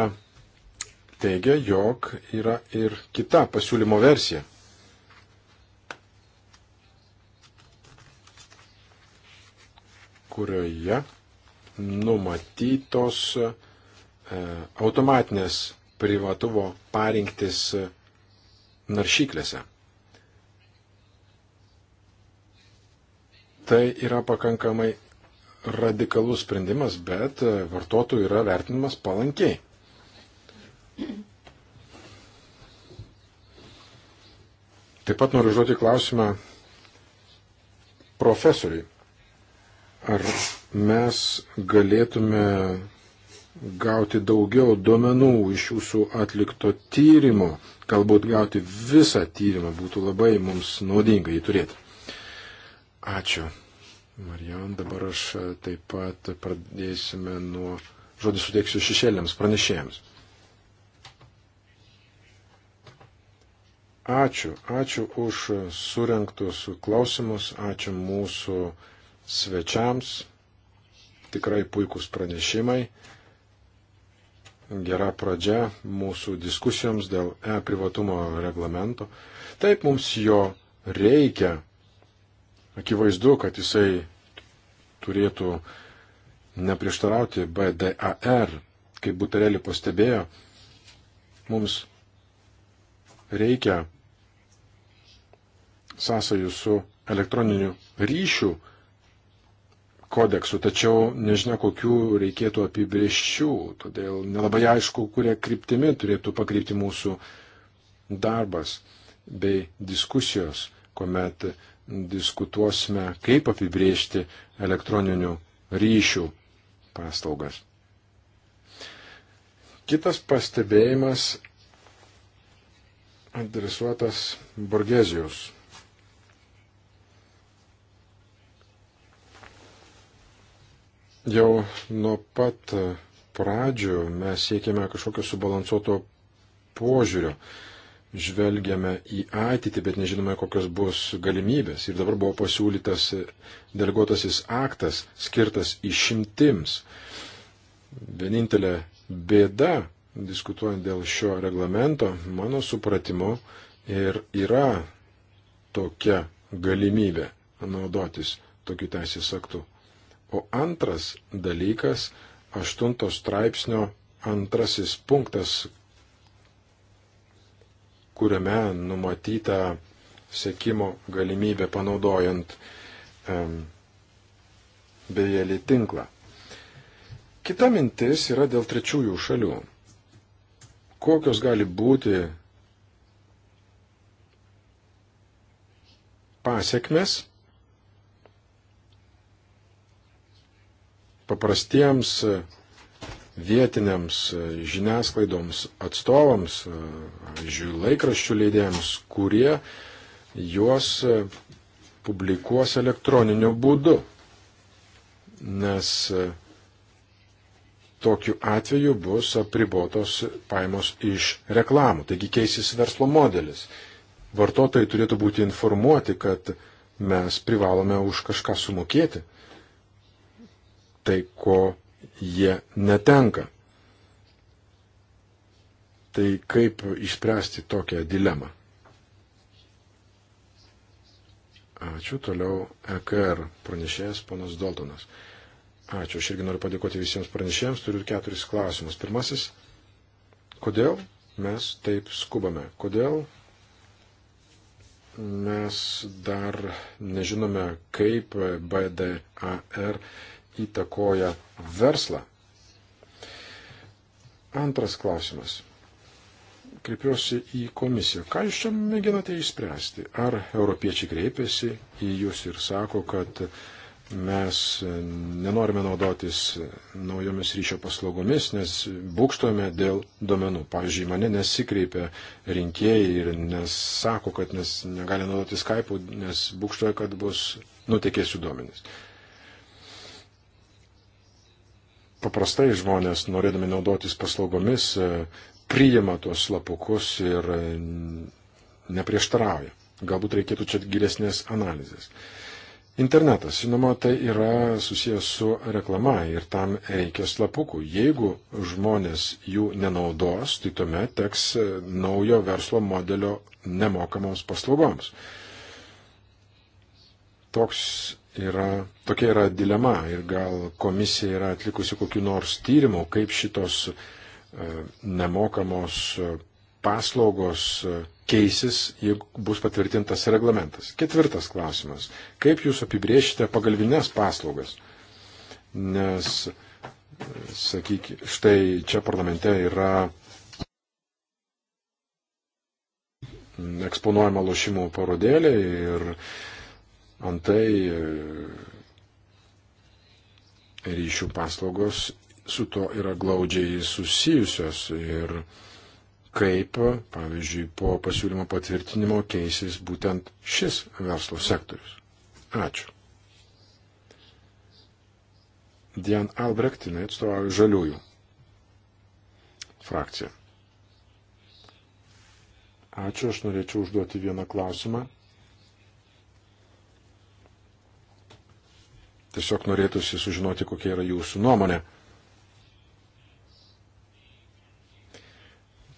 teigia, jog yra ir kita pasiūlymo versija. kurioje numatytos e, automatinės privatumo parinktis naršyklėse. Tai yra pakankamai radikalus sprendimas, bet e, vartotojų yra vertinimas palankiai. Taip pat noriu žodį klausimą profesoriui. Ar mes galėtume gauti daugiau duomenų iš jūsų atlikto tyrimo, galbūt gauti visą tyrimą būtų labai mums naudinga jį turėti. Ačiū. Marijon, dabar aš e, taip pat pradėsime nuo žodį suteiksiu šešėliams, pranešėjams. Ačiū, ačiū už surinktus klausimus, ačiū mūsų svečiams, tikrai puikūs pranešimai, gera pradžia mūsų diskusijoms dėl e-privatumo reglamento. Taip mums jo reikia, Akivaizdu, kad jisai turėtų neprieštarauti BDAR, kaip Butarelį pastebėjo, mums reikia sąsajų su elektroniniu ryšiu kodeksu, tačiau nežinia, kokių reikėtų apibrieščių, todėl nelabai aišku, kurie kryptimi turėtų pakrypti mūsų darbas bei diskusijos, kuomet diskutuosime, kaip apibriežti elektroninių ryšių paslaugas. Kitas pastebėjimas adresuotas Borgezijos. Jau nuo pat pradžių mes siekėme kažkokio subalansuoto požiūrio žvelgiame į ateitį, bet nežinome, kokios bus galimybės. Ir dabar buvo pasiūlytas deleguotasis aktas skirtas išimtims. Vienintelė bėda, diskutuojant dėl šio reglamento, mano supratimu, ir yra tokia galimybė naudotis tokiu teisės aktu. O antras dalykas, aštuntos straipsnio antrasis punktas, kuriame numatyta sėkimo galimybė panaudojant um, bejelį tinklą. Kita mintis yra dėl trečiųjų šalių. Kokios gali būti pasiekmes paprastiems vietiniams e, žiniasklaidoms atstovams, e, pavyzdžiui, laikraščių leidėjams, kurie juos e, publikuos elektroniniu būdu. Nes tokiu atveju bus apribotos paimos iš reklamų, taigi keisis verslo modelis. Vartotojai turėtų būti informuoti, kad mes privalome už kažką sumokėti. Tai ko jie netenka. Tai kaip išspręsti tokią dilemą? Ačiū toliau EKR pranešėjas ponas Daltonas. Ačiū, aš irgi noriu padėkoti visiems pranešėjams, turiu keturis klausimus. Pirmasis, kodėl mes taip skubame? Kodėl mes dar nežinome, kaip BDAR įtakoja verslą. Antras klausimas. Kreipiuosi į komisiją. Ką jūs čia mėginate išspręsti? Ar europiečiai kreipiasi į jūs ir sako, kad mes nenorime naudotis naujomis ryšio paslaugomis, nes būkštojame dėl duomenų. Pavyzdžiui, mane nesikreipia rinkėjai ir nesako, kad nes negali naudoti Skype'ų, nes būkštoja, kad bus nutekėsiu duomenys. paprastai žmonės, norėdami naudotis paslaugomis, e, priima tuos lapukus ir e, neprieštarauja. Galbūt reikėtų čia gilesnės analizės. Internetas, žinoma, tai yra susijęs su reklama ir tam reikia slapukų. Jeigu žmonės jų nenaudos, tai tuomet teks e, naujo verslo modelio nemokamoms paslaugoms. Toks yra, tokia yra dilema ir gal komisija yra atlikusi kokiu nors tyrimu, kaip šitos e, nemokamos e, paslaugos e, keisis, jeigu bus patvirtintas reglamentas. Ketvirtas klausimas. Kaip jūs apibriešite pagalbinės paslaugas? Nes, sakykime, štai čia parlamente yra eksponuojama lošimų parodėlė ir Antai e, ryšių paslaugos su to yra glaudžiai susijusios ir kaip, pavyzdžiui, po pasiūlymo patvirtinimo keisys būtent šis verslo sektorius. Ačiū. Dian Albrechtinai atstovauja žaliųjų frakciją. Ačiū, aš norėčiau užduoti vieną klausimą. Tiesiog norėtųsi sužinoti, kokia yra jūsų nuomonė.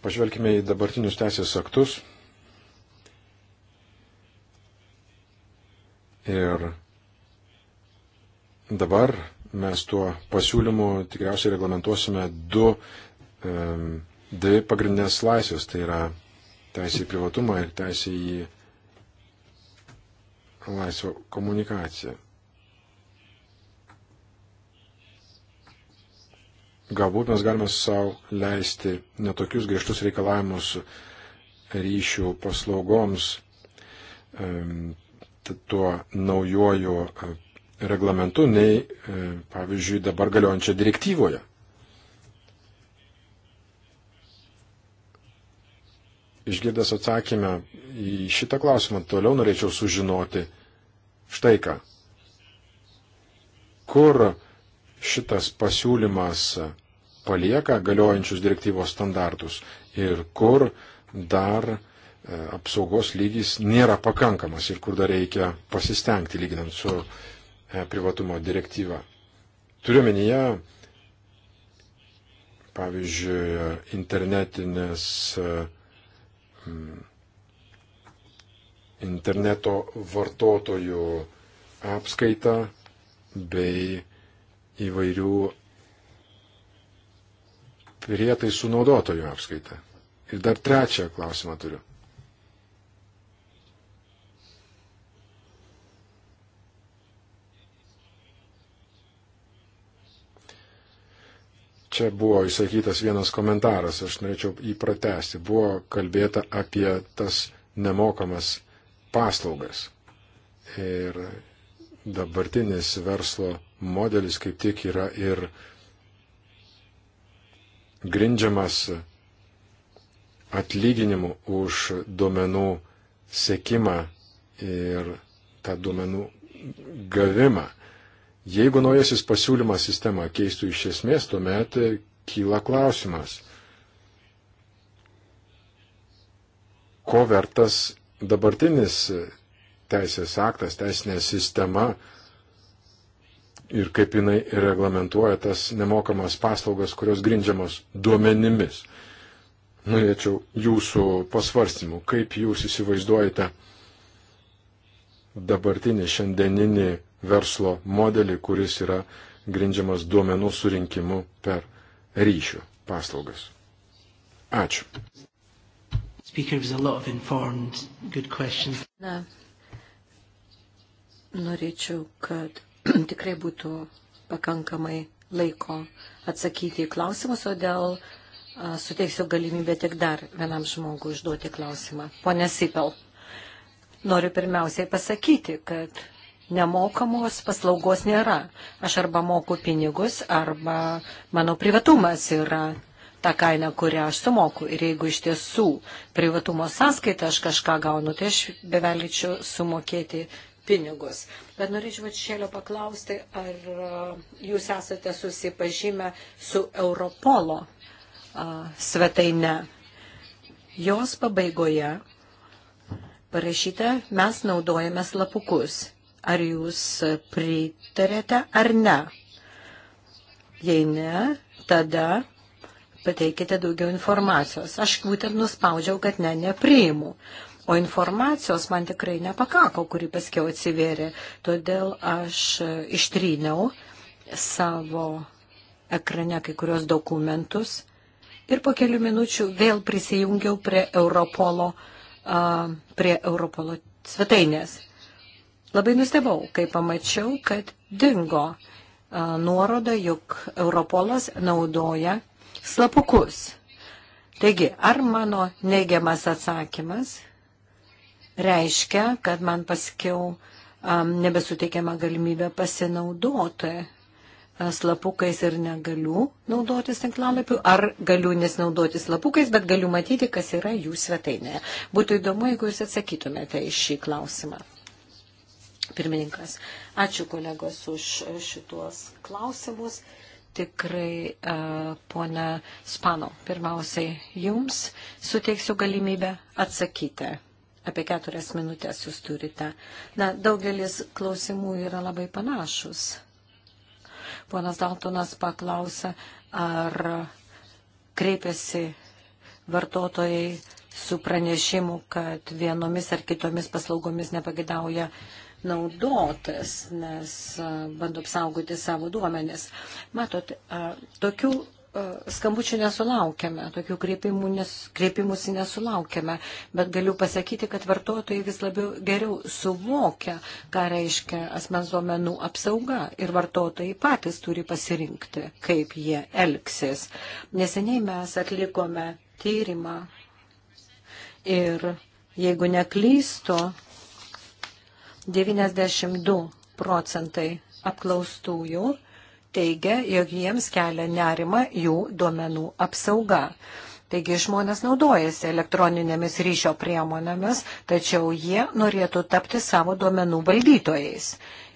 Pažvelkime į dabartinius teisės aktus ir dabar mes tuo pasiūlymu tikriausiai reglamentuosime du, um, dvi pagrindinės laisvės, tai yra teisė į privatumą ir teisė į laisvą komunikaciją. galbūt mes galime savo leisti netokius griežtus reikalavimus ryšių paslaugoms tuo naujoju e, reglamentu, nei, e, pavyzdžiui, dabar galiojančia direktyvoje. Išgirdęs atsakymę į šitą klausimą, toliau norėčiau sužinoti štai ką. Kur šitas pasiūlymas palieka galiojančius direktyvos standartus ir kur dar e, apsaugos lygis nėra pakankamas ir kur dar reikia pasistengti lyginant su e, privatumo direktyva. Turiuomenyje, pavyzdžiui, internetinės e, interneto vartotojų apskaitą bei įvairių prietai sunaudotojų apskaitą. Ir dar trečią klausimą turiu. Čia buvo išsakytas vienas komentaras, aš norėčiau jį pratesti. Buvo kalbėta apie tas nemokamas paslaugas. Ir dabartinis verslo modelis kaip tik yra ir grindžiamas atlyginimu už duomenų sekimą ir tą duomenų gavimą. Jeigu naujasis pasiūlymas sistemą keistų iš esmės, tuomet kyla klausimas, ko vertas dabartinis teisės aktas, teisinė sistema, ir kaip jinai reglamentuoja tas nemokamas paslaugas, kurios grindžiamos duomenimis. Norėčiau jūsų pasvarstymų, kaip jūs įsivaizduojate dabartinį šiandieninį verslo modelį, kuris yra grindžiamas duomenų surinkimu per ryšių paslaugas. Ačiū. Na, norėčiau, kad tikrai būtų pakankamai laiko atsakyti į klausimus, o dėl a, suteiksiu galimybę tik dar vienam žmogui užduoti klausimą. Pone Sipel, noriu pirmiausiai pasakyti, kad nemokamos paslaugos nėra. Aš arba moku pinigus, arba mano privatumas yra tą kainą, kurią aš sumoku. Ir jeigu iš tiesų privatumo sąskaitą aš kažką gaunu, tai aš bevelyčiau sumokėti pinigus. Bet norėčiau atšėlio paklausti, ar jūs esate susipažymę su Europolo svetaine. Jos pabaigoje parašyta, mes naudojame slapukus. Ar jūs pritarėte ar ne? Jei ne, tada pateikite daugiau informacijos. Aš būtent nuspaudžiau, kad ne, nepriimu o informacijos man tikrai nepakako, kuri paskiau atsivėrė. Todėl aš e, ištryniau savo ekrane kai kurios dokumentus ir po kelių minučių vėl prisijungiau prie Europolo, uh, prie Europolo svetainės. Labai nustebau, kai pamačiau, kad dingo uh, nuoroda, jog Europolas naudoja slapukus. Taigi, ar mano neigiamas atsakymas reiškia, kad man paskiau um, nebesuteikiama galimybė pasinaudoti slapukais ir negaliu naudotis tinklalapiu, ar galiu nesinaudotis slapukais, bet galiu matyti, kas yra jų svetainėje. Būtų įdomu, jeigu jūs atsakytumėte iš šį klausimą. Pirmininkas, ačiū kolegos už šituos klausimus. Tikrai, uh, pona Spano, pirmiausiai jums suteiksiu galimybę atsakyti Apie keturias minutės jūs turite. Na, daugelis klausimų yra labai panašus. Ponas Daltonas paklausa, ar kreipiasi vartotojai su pranešimu, kad vienomis ar kitomis paslaugomis nepagidauja naudotas, nes bando apsaugoti savo duomenis. Matot, tokių E, skambučių nesulaukėme, tokių kreipimų nes, kreipimusi nesulaukėme, bet galiu pasakyti, kad vartotojai vis labiau geriau suvokia, ką reiškia asmens duomenų apsauga ir vartotojai patys turi pasirinkti, kaip jie elgsis. Neseniai mes atlikome tyrimą ir jeigu neklysto, 92 procentai apklaustųjų teigia, jog jiems kelia nerima jų duomenų apsauga. Taigi žmonės naudojasi elektroninėmis ryšio priemonėmis, tačiau jie norėtų tapti savo duomenų valdytojais.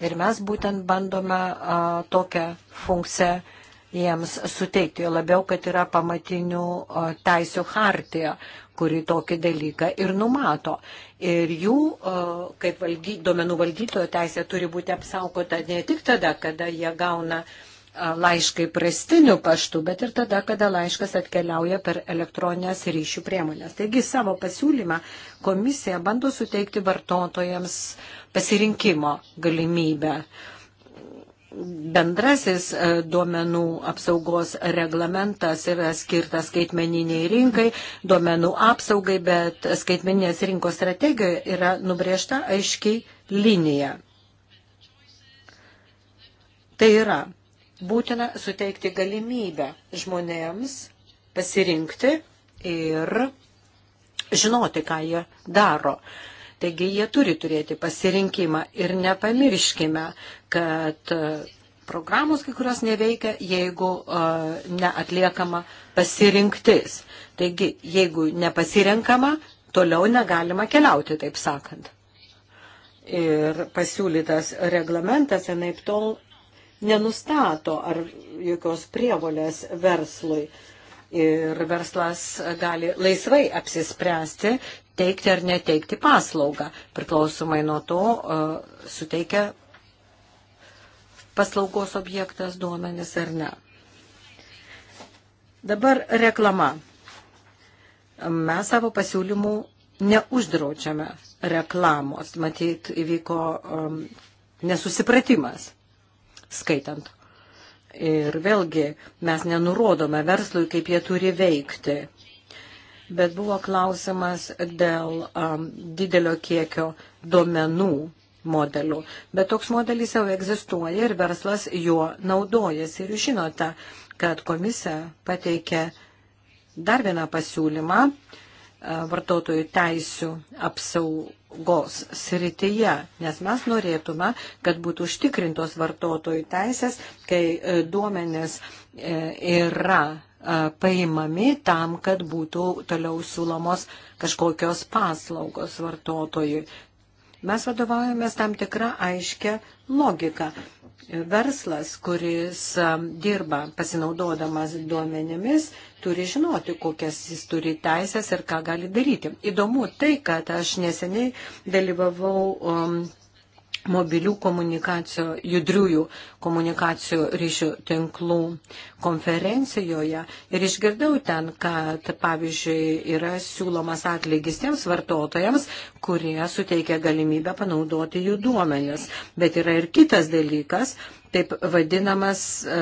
Ir mes būtent bandome a, tokią funkciją jiems suteikti, jo labiau, kad yra pamatinių teisų hartija, kuri tokį dalyką ir numato. Ir jų, kaip valgy, duomenų valdytojo teisė, turi būti apsaugota ne tik tada, kada jie gauna laiškai prastiniu paštu, bet ir tada, kada laiškas atkeliauja per elektroninės ryšių priemonės. Taigi savo pasiūlymą komisija bando suteikti vartotojams pasirinkimo galimybę. Uh, bendrasis e, duomenų apsaugos reglamentas yra skirtas skaitmeniniai rinkai, duomenų apsaugai, bet skaitmeninės rinkos strategijoje yra nubriežta aiškiai linija. Tai yra būtina suteikti galimybę žmonėms pasirinkti ir žinoti, ką jie daro. Taigi jie turi turėti pasirinkimą ir nepamirškime, kad e, programos kai kurios neveikia, jeigu uh, neatliekama pasirinktis. Taigi, jeigu nepasirenkama, toliau negalima keliauti, taip sakant. Ir pasiūlytas reglamentas, enaip tol, nenustato ar jokios prievolės verslui. Ir verslas gali laisvai apsispręsti, teikti ar neteikti paslaugą, priklausomai nuo to e, suteikia paslaugos objektas duomenis ar ne. Dabar reklama. Mes savo pasiūlymų neuždraučiame reklamos. Matyt, įvyko um, nesusipratimas, skaitant. Ir vėlgi mes nenurodome verslui, kaip jie turi veikti bet buvo klausimas dėl um, didelio kiekio duomenų modelių. Bet toks modelis jau egzistuoja ir verslas juo naudojasi. Ir jūs žinote, kad komisija pateikė dar vieną pasiūlymą uh, vartotojų teisių apsaugos srityje, nes mes norėtume, kad būtų užtikrintos vartotojų teisės, kai uh, duomenis uh, yra paimami tam, kad būtų toliau siūlomos kažkokios paslaugos vartotojui. Mes vadovaujamės tam tikrą aiškę logiką. Verslas, kuris dirba pasinaudodamas duomenimis, turi žinoti, kokias jis turi teisės ir ką gali daryti. Įdomu tai, kad aš neseniai dalyvavau um, mobilių komunikacijų, judriųjų komunikacijų ryšių tinklų konferencijoje ir išgirdau ten, kad pavyzdžiui yra siūlomas atlygis tiems vartotojams, kurie suteikia galimybę panaudoti jų duomenis. Bet yra ir kitas dalykas, taip vadinamas e,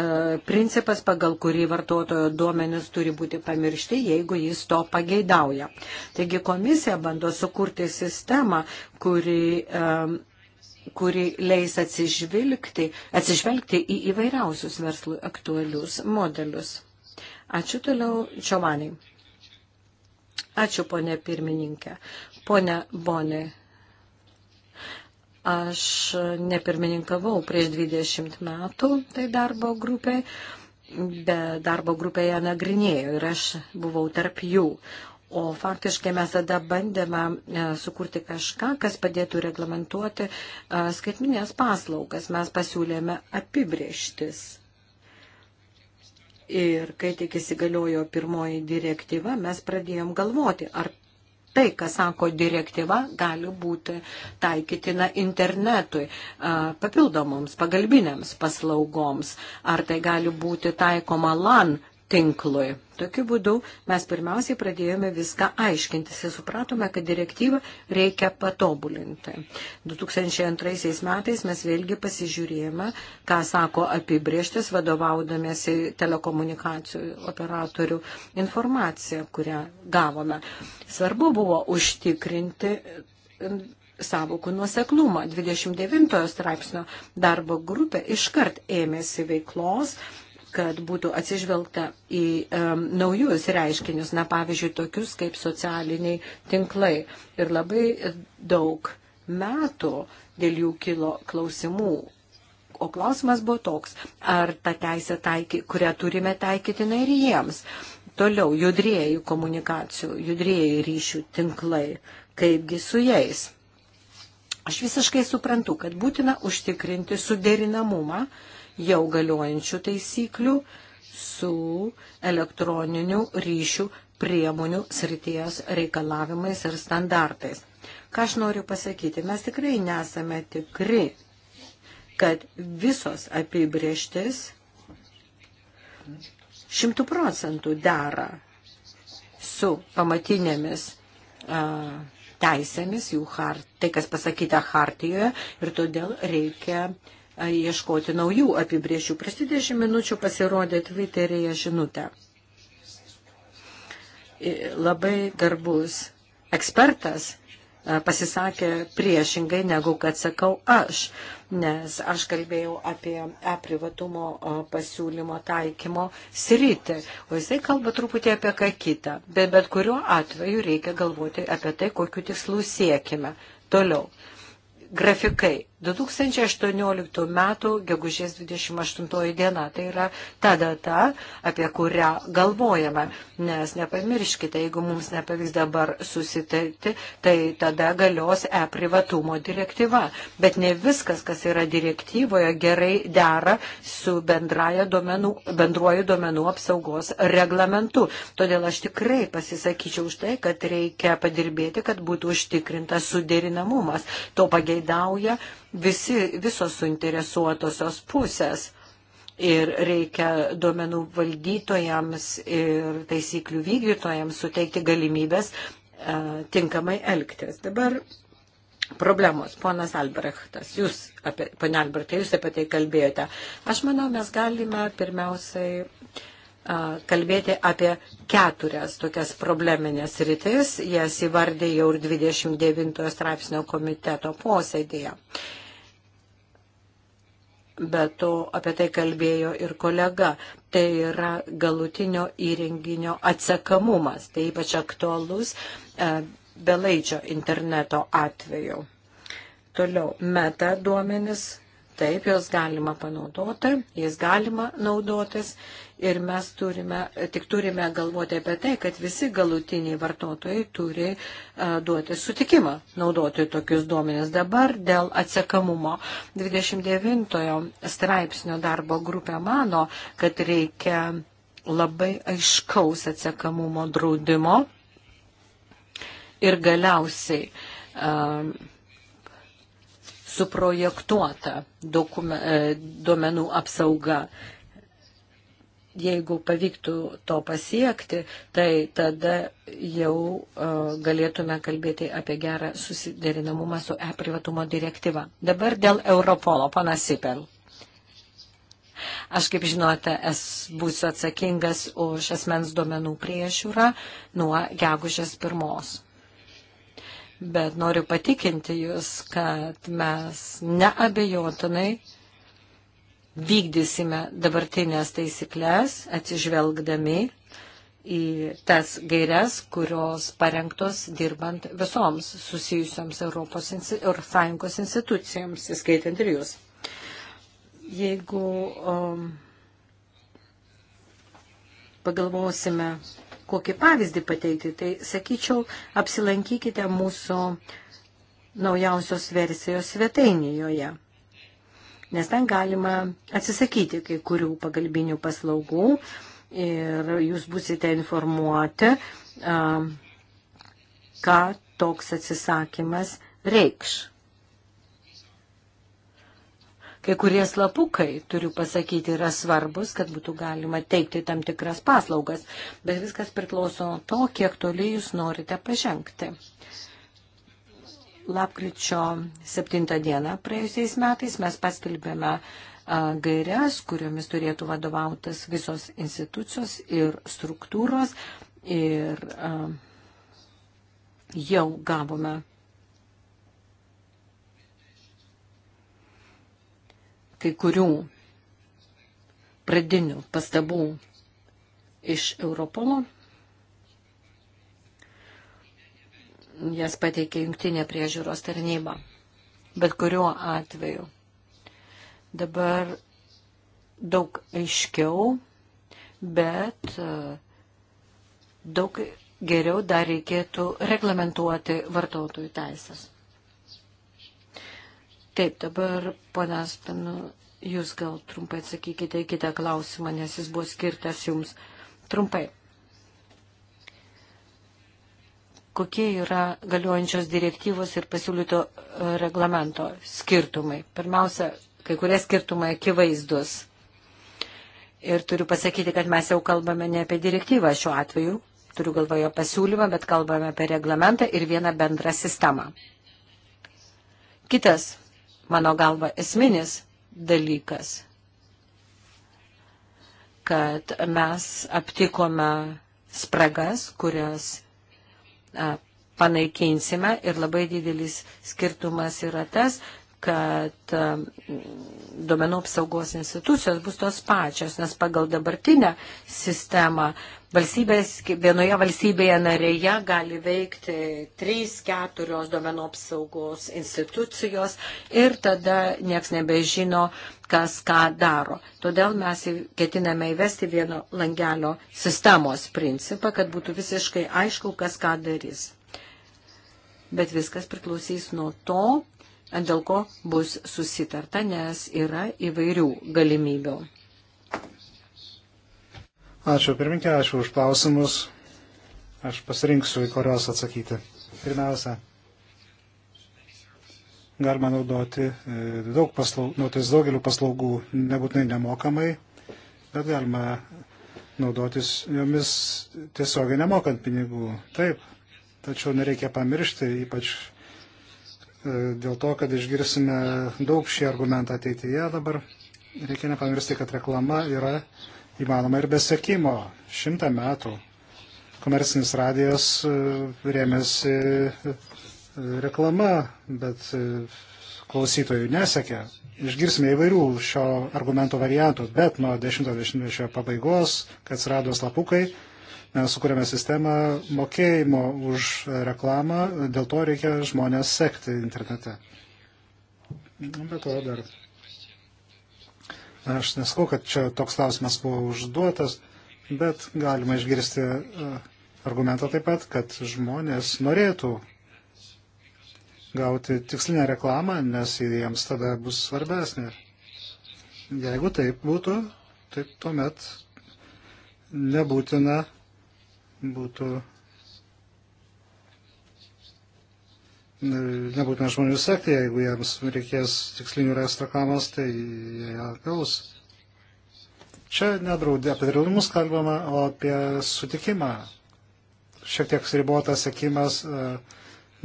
principas, pagal kurį vartotojo duomenis turi būti pamiršti, jeigu jis to pageidauja. Taigi komisija bando sukurti sistemą, kuri e, kuri leis atsižvelgti, atsižvelgti į įvairiausius verslui aktualius modelius. Ačiū toliau Čiovanai. Ačiū, ponė pirmininkė. Pone Bonė, aš nepirmininkavau prieš 20 metų tai darbo grupiai, bet darbo grupėje nagrinėjau ir aš buvau tarp jų. O faktiškai mes tada bandėme e, sukurti kažką, kas padėtų reglamentuoti e, skaitminės paslaugas. Mes pasiūlėme apibrieštis. Ir kai tik įsigaliojo pirmoji direktyva, mes pradėjom galvoti, ar tai, kas sako direktyva, gali būti taikytina internetui, e, papildomoms, pagalbinėms paslaugoms, ar tai gali būti taikoma LAN tinklui. Tokiu būdu mes pirmiausiai pradėjome viską aiškintis ir supratome, kad direktyvą reikia patobulinti. 2002 metais mes vėlgi pasižiūrėjome, ką sako apibrieštis, vadovaudamėsi telekomunikacijų operatorių informaciją, kurią gavome. Svarbu buvo užtikrinti savokų nuoseklumą. 29 straipsnio darbo grupė iškart ėmėsi veiklos kad būtų atsižvelgta į um, naujus reiškinius, na pavyzdžiui, tokius kaip socialiniai tinklai. Ir labai daug metų dėl jų kilo klausimų. O klausimas buvo toks, ar ta teisė, taiky, kurią turime taikyti, na ir jiems. Toliau judrėjų komunikacijų, judrėjų ryšių tinklai, kaipgi su jais. Aš visiškai suprantu, kad būtina užtikrinti suderinamumą uh, jau galiojančių taisyklių su elektroninių ryšių priemonių srities reikalavimais ir standartais. Ką aš noriu pasakyti, mes tikrai nesame tikri, kad visos apibrieštis šimtų procentų dera su pamatinėmis a, teisėmis, jų hart, tai, kas pasakyta hartijoje, ir todėl reikia a, ieškoti naujų apibriešių. Prieš 20 minučių pasirodė Twitter'yje žinutė. Labai garbus ekspertas pasisakė priešingai, negu kad sakau aš, nes aš kalbėjau apie privatumo pasiūlymo taikymo sritį, o jisai kalba truputį apie ką kitą, bet bet kuriuo atveju reikia galvoti apie tai, kokiu tikslu siekime. Toliau, grafikai 2018 metų gegužės 28 diena. Tai yra ta data, apie kurią galvojame. Nes nepamirškite, jeigu mums nepavyks dabar susitarti, tai tada galios e-privatumo direktyva. Bet ne viskas, kas yra direktyvoje, gerai dera su duomenų, bendruoju duomenų apsaugos reglamentu. Todėl aš tikrai pasisakyčiau už tai, kad reikia padirbėti, kad būtų užtikrintas suderinamumas. To pageidauja visi, visos suinteresuotosios pusės. Ir reikia duomenų valdytojams ir taisyklių vykdytojams suteikti galimybės e, tinkamai elgtis. Dabar problemos. Ponas Albrechtas, jūs, apie, pane Albrechtai, jūs apie tai kalbėjote. Aš manau, mes galime pirmiausiai e, kalbėti apie keturias tokias probleminės rytis, jas įvardė jau ir 29 straipsnio komiteto posėdėje bet to apie tai kalbėjo ir kolega, tai yra galutinio įrenginio atsakamumas, tai ypač aktualus e, belaidžio interneto atveju. Toliau, meta duomenis Taip, jos galima panaudoti, jais galima naudotis ir mes turime, tik turime galvoti apie tai, kad visi galutiniai vartotojai turi uh, duoti sutikimą naudoti tokius duomenis. Dabar dėl atsekamumo 29 straipsnio darbo grupė mano, kad reikia labai aiškaus atsekamumo draudimo ir galiausiai. Uh, suprojektuota e, duomenų apsauga. Jeigu pavyktų to pasiekti, tai tada jau uh, galėtume kalbėti apie gerą susiderinamumą su e-privatumo direktyva. Dabar dėl Europolo, pana Sipel. Aš, kaip žinote, es būsiu atsakingas už asmens duomenų priežiūrą nuo gegužės pirmos bet noriu patikinti Jūs, kad mes neabejotinai vykdysime dabartinės taisyklės, atsižvelgdami į tas gairias, kurios parengtos dirbant visoms susijusioms Europos Sąjungos institucijoms, įskaitant ir jūs. Jeigu um, pagalvosime kokį pavyzdį pateikti, tai sakyčiau, apsilankykite mūsų naujausios versijos svetainėje, nes ten galima atsisakyti kai kurių pagalbinių paslaugų ir jūs busite informuoti, ką toks atsisakymas reikš. Kai kurie slapukai, turiu pasakyti, yra svarbus, kad būtų galima teikti tam tikras paslaugas, bet viskas priklauso nuo to, kiek toli jūs norite pažengti. Lapkričio 7 dieną praėjusiais metais mes paskelbėme gairias, kuriomis turėtų vadovautas visos institucijos ir struktūros. Ir jau gavome kai kurių pradinių pastabų iš Europolo. Jas pateikė jungtinė priežiūros tarnyba. Bet kuriuo atveju dabar daug aiškiau, bet daug geriau dar reikėtų reglamentuoti vartotojų teisės. Taip, dabar, ponas, jūs gal trumpai atsakykite į kitą klausimą, nes jis buvo skirtas jums. Trumpai. Kokie yra galiojančios direktyvos ir pasiūlyto e, reglamento skirtumai? Pirmiausia, kai kurie skirtumai akivaizdus. Ir turiu pasakyti, kad mes jau kalbame ne apie direktyvą šiuo atveju, turiu galvoje pasiūlymą, bet kalbame apie reglamentą ir vieną bendrą sistemą. Kitas mano galva, esminis dalykas, kad mes aptikome spragas, kurias panaikinsime ir labai didelis skirtumas yra tas, kad e, duomenų apsaugos institucijos bus tos pačios, nes pagal dabartinę sistemą valstybės, vienoje valstybėje narėje gali veikti 3-4 duomenų apsaugos institucijos ir tada nieks nebežino, kas ką daro. Todėl mes ketiname įvesti vieno langelio sistemos principą, kad būtų visiškai aišku, kas ką darys. Bet viskas priklausys nuo to, dėl ko bus susitarta, nes yra įvairių galimybių. Ačiū pirminkė, ačiū už klausimus. Aš pasirinksiu, į kurios atsakyti. Pirmiausia, galima naudoti e, daug paslaugų, naudotis daugeliu paslaugų, nebūtinai nemokamai, bet galima naudotis jomis tiesiogiai nemokant pinigų. Taip, tačiau nereikia pamiršti, ypač E, dėl to, kad išgirsime daug šį argumentą ateityje dabar. Reikia nepamiršti, kad reklama yra įmanoma ir be sekimo. Šimtą metų komercinis radijas e, rėmėsi e, reklama, bet klausytojų nesekė. Išgirsime įvairių šio argumento variantų, bet nuo 10-20 pabaigos, kad atsirado slapukai, Mes sukūrėme sistemą mokėjimo už reklamą, dėl to reikia žmonės sekti internete. Be to dar. Aš nesakau, kad čia toks klausimas buvo užduotas, bet galima išgirsti e, argumentą taip pat, kad žmonės norėtų gauti tikslinę reklamą, nes jiems tada bus svarbesnė. Jeigu taip būtų, tai tuomet nebūtina būtų nebūtina žmonių sekti, jeigu jiems reikės tikslinių restrokamos, tai jie ją gaus. Čia nedraudė apie draudimus kalbama, o apie sutikimą. Šiek tiek ribotas sekimas e,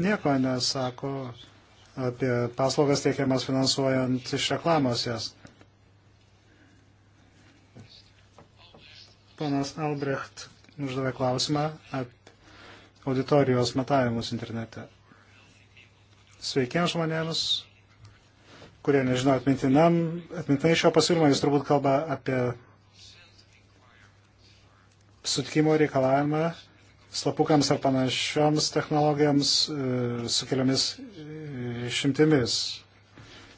nieko nesako apie paslaugas teikiamas finansuojant iš reklamos jas. Panas Albrecht uždavė klausimą apie auditorijos matavimus internete. Sveikiems žmonėms, kurie nežino atmintinam, atmintinai šio pasiūlymo, jis turbūt kalba apie sutikimo reikalavimą slapukams ar panašioms technologijams e, su keliomis e, išimtimis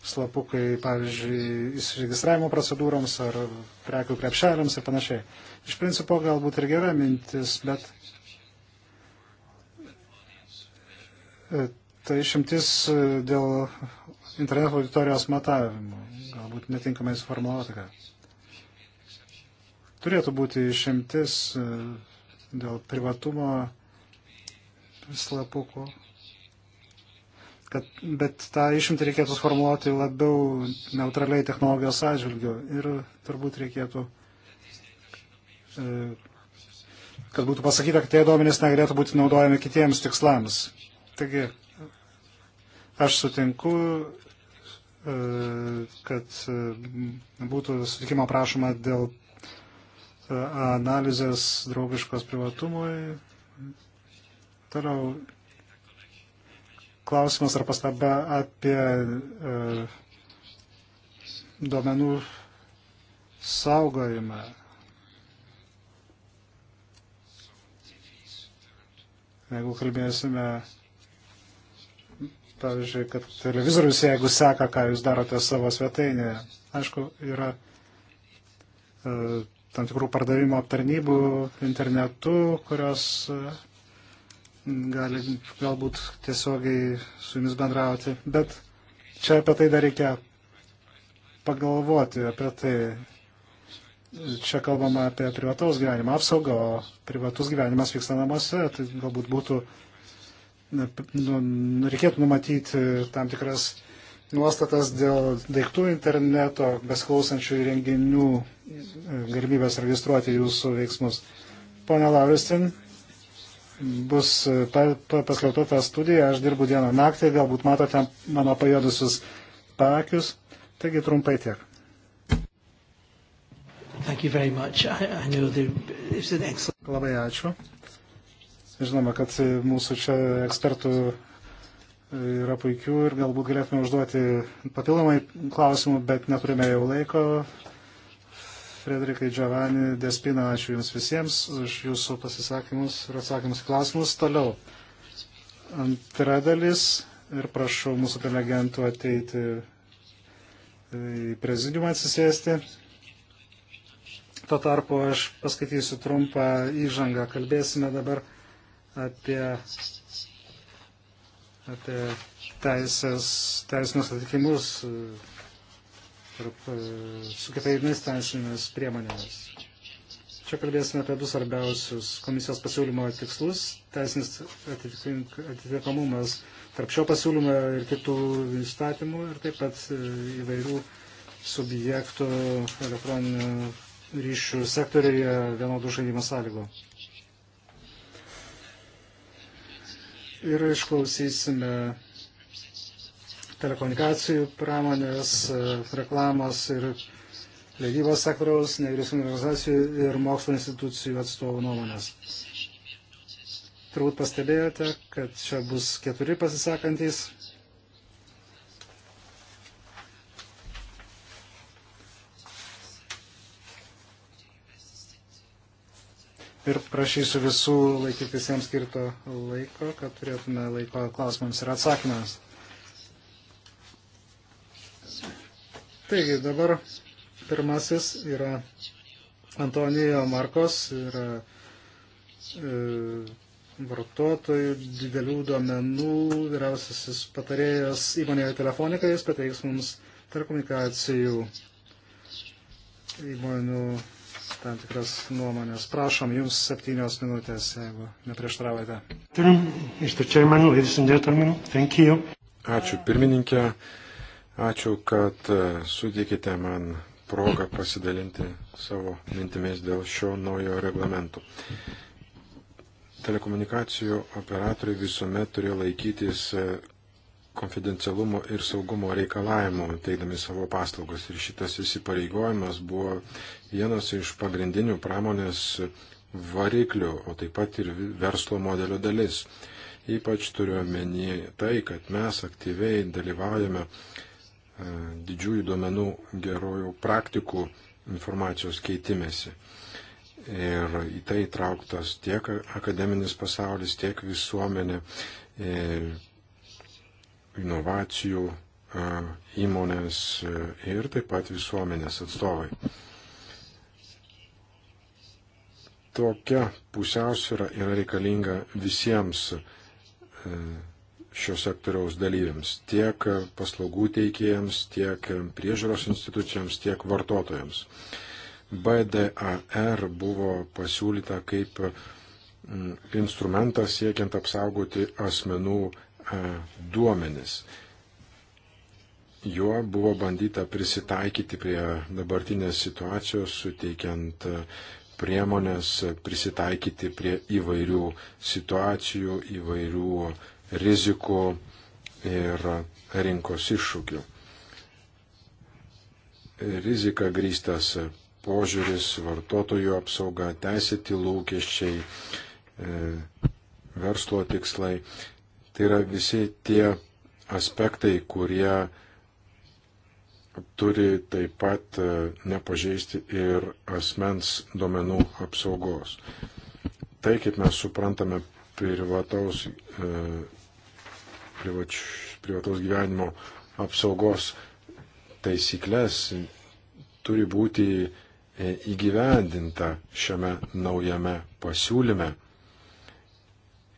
slapukai, pavyzdžiui, įsiregistravimo procedūroms ar prekių krepšeliams ir panašiai. Iš principo galbūt ir gera mintis, bet tai išimtis e, dėl interneto auditorijos matavimo, galbūt netinkamai suformuoluota. Turėtų būti išimtis e, dėl privatumo slapukų kad, bet tą išimtį reikėtų sformuoluoti labiau neutraliai technologijos atžvilgiu ir turbūt reikėtų, e, kad būtų pasakyta, kad tie duomenys negalėtų būti naudojami kitiems tikslams. Taigi, aš sutinku, e, kad e, būtų sutikimo prašoma dėl analizės draugiškos privatumui. Toliau klausimas ar pastaba apie e, duomenų saugojimą. Jeigu kalbėsime, pavyzdžiui, kad televizorius, jeigu seka, ką jūs darote savo svetainėje, aišku, yra e, tam tikrų pardavimo tarnybų internetu, kurios e, gali galbūt tiesiogiai su jumis bendrauti, bet čia apie tai dar reikia pagalvoti, apie tai. Čia kalbama apie privataus gyvenimą apsaugą, o privatus gyvenimas vyksta namuose, tai galbūt būtų, nu, reikėtų numatyti tam tikras nuostatas dėl daiktų interneto, besklausančių įrenginių galimybės registruoti jūsų veiksmus. Pone Lauristin, bus e, paskelbta studija, aš dirbu dieną naktį, galbūt matote mano pajodusius pakius, taigi trumpai tiek. I, I the, excellent... Labai ačiū. Žinoma, kad mūsų čia ekspertų e, yra puikių ir galbūt galėtume užduoti papildomai klausimų, bet neturime jau laiko. Frederikai Džavani, Despina, ačiū Jums visiems už Jūsų pasisakymus ir atsakymus į klausimus. Toliau. Antra dalis ir prašau mūsų prelegentų ateiti į prezidiumą atsisėsti. Tuo tarpu aš paskaitysiu trumpą įžangą. Kalbėsime dabar apie, apie teisės, teisinius atikimus tarp, e, su kitomis teisinėmis priemonėmis. Čia kalbėsime apie du svarbiausius komisijos pasiūlymo tikslus - teisinis atitikamumas tarp šio pasiūlymo ir kitų įstatymų ir taip pat e, įvairių subjektų elektroninių ryšių sektoriuje vienodų žaidimo sąlygų. Ir išklausysime telekomunikacijų pramonės, reklamos ir leidybos sektoriaus, nevyriausybinio organizacijų ir mokslo institucijų atstovų nuomonės. Turbūt pastebėjote, kad čia bus keturi pasisakantys. Ir prašysiu visų laikytis jiems skirto laiko, kad turėtume laiko klausimams ir atsakymams. Taigi dabar pirmasis yra Antonijo Markos, yra e, vartotojų didelių duomenų vyriausiasis patarėjas įmonėje telefonikai, jis pateiks mums telekomunikacijų įmonių tam tikras nuomonės. Prašom, jums septynios minutės, jeigu neprieštaraujate. Ačiū pirmininkė. Ačiū, kad e, sutikite man progą pasidalinti savo mintimis dėl šio naujo reglamento. Telekomunikacijų operatoriai visuomet turėjo laikytis e, konfidencialumo ir saugumo reikalavimų, teikdami savo paslaugas. Ir šitas įsipareigojimas buvo vienas iš pagrindinių pramonės variklių, o taip pat ir verslo modelio dalis. Ypač turiu omeny tai, kad mes aktyviai dalyvaujame E, didžiųjų duomenų gerojų praktikų informacijos keitimėsi. Ir į tai trauktas tiek akademinis pasaulis, tiek visuomenė, e, inovacijų e, įmonės ir taip pat visuomenės atstovai. Tokia pusiausvėra yra reikalinga visiems šio sektoriaus dalyviams, tiek paslaugų teikėjams, tiek priežiūros institucijams, tiek vartotojams. BDAR buvo pasiūlyta kaip mm, instrumentas siekiant apsaugoti asmenų e, duomenis. Juo buvo bandyta prisitaikyti prie dabartinės situacijos, suteikiant e, priemonės prisitaikyti prie įvairių situacijų, įvairių rizikų ir rinkos iššūkių. Rizika grįstas požiūris, vartotojų apsauga, teisėti lūkesčiai, e, verslo tikslai. Tai yra visi tie aspektai, kurie turi taip pat e, nepažeisti ir asmens duomenų apsaugos. Tai, kaip mes suprantame privataus e, privač, privataus gyvenimo apsaugos taisyklės turi būti e, įgyvendinta šiame naujame pasiūlyme.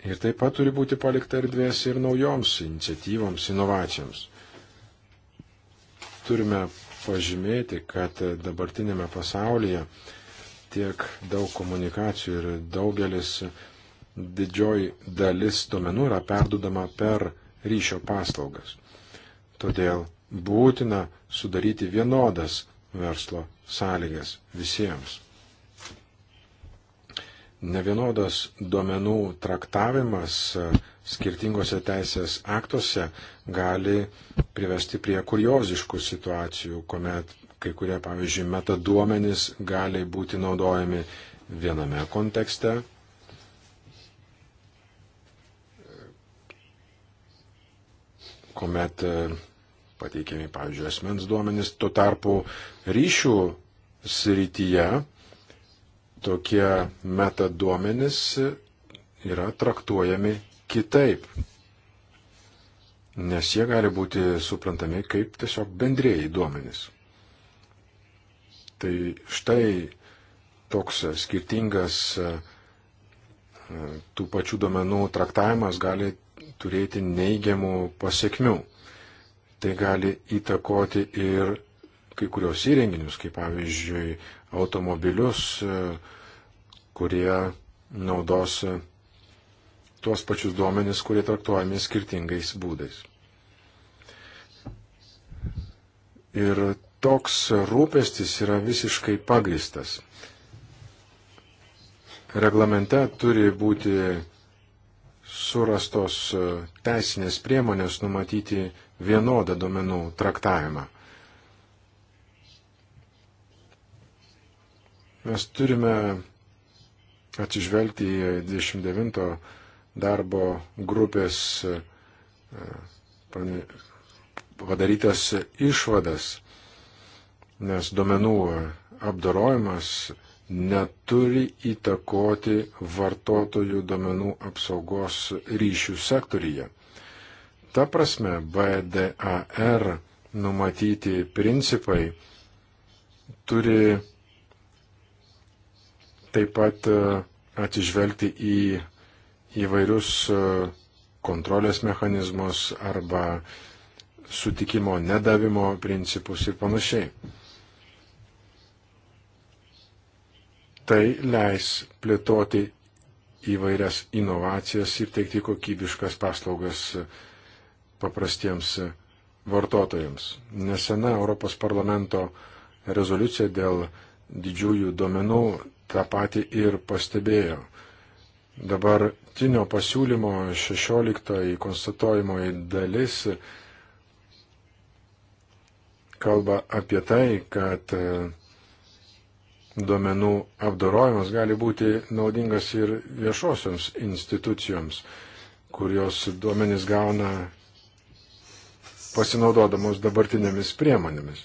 Ir taip pat turi būti palikta erdvės ir naujoms iniciatyvoms, inovacijoms. Turime pažymėti, kad dabartinėme pasaulyje tiek daug komunikacijų ir daugelis didžioji dalis duomenų yra perdudama per ryšio paslaugas. Todėl būtina sudaryti vienodas verslo sąlygas visiems. Nevienodas duomenų traktavimas e, skirtingose teisės aktuose gali privesti prie kurioziškų situacijų, kuomet kai kurie, pavyzdžiui, metaduomenys gali būti naudojami viename kontekste, kuomet e, pateikiami, pavyzdžiui, asmens duomenys, tuo tarpu ryšių srityje tokie metaduomenys yra traktuojami kitaip, nes jie gali būti suprantami kaip tiesiog bendrėjai duomenys. Tai štai toks skirtingas e, tų pačių duomenų traktavimas gali turėti neigiamų pasiekmių. Tai gali įtakoti ir kai kurios įrenginius, kaip pavyzdžiui automobilius, e, kurie naudos tuos pačius duomenis, kurie traktuojami skirtingais būdais. Ir toks rūpestis yra visiškai pagristas. Reglamente turi būti surastos e, teisinės priemonės numatyti vienodą duomenų traktavimą. Mes turime atsižvelgti į 29 darbo grupės e, padarytas išvadas, nes duomenų apdorojimas neturi įtakoti vartotojų domenų apsaugos ryšių sektoriuje. Ta prasme, BDAR numatyti principai turi taip pat e, atsižvelgti į įvairius e, kontrolės mechanizmus arba sutikimo nedavimo principus ir panašiai. Tai leis plėtoti įvairias inovacijas ir teikti kokybiškas paslaugas paprastiems vartotojams. Nesena Europos parlamento rezoliucija dėl didžiųjų duomenų tą patį ir pastebėjo. Dabar tinio pasiūlymo 16 konstatuojamoji dalis kalba apie tai, kad duomenų apdorojimas gali būti naudingas ir viešosioms institucijoms, kurios duomenys gauna pasinaudodamos dabartinėmis priemonėmis.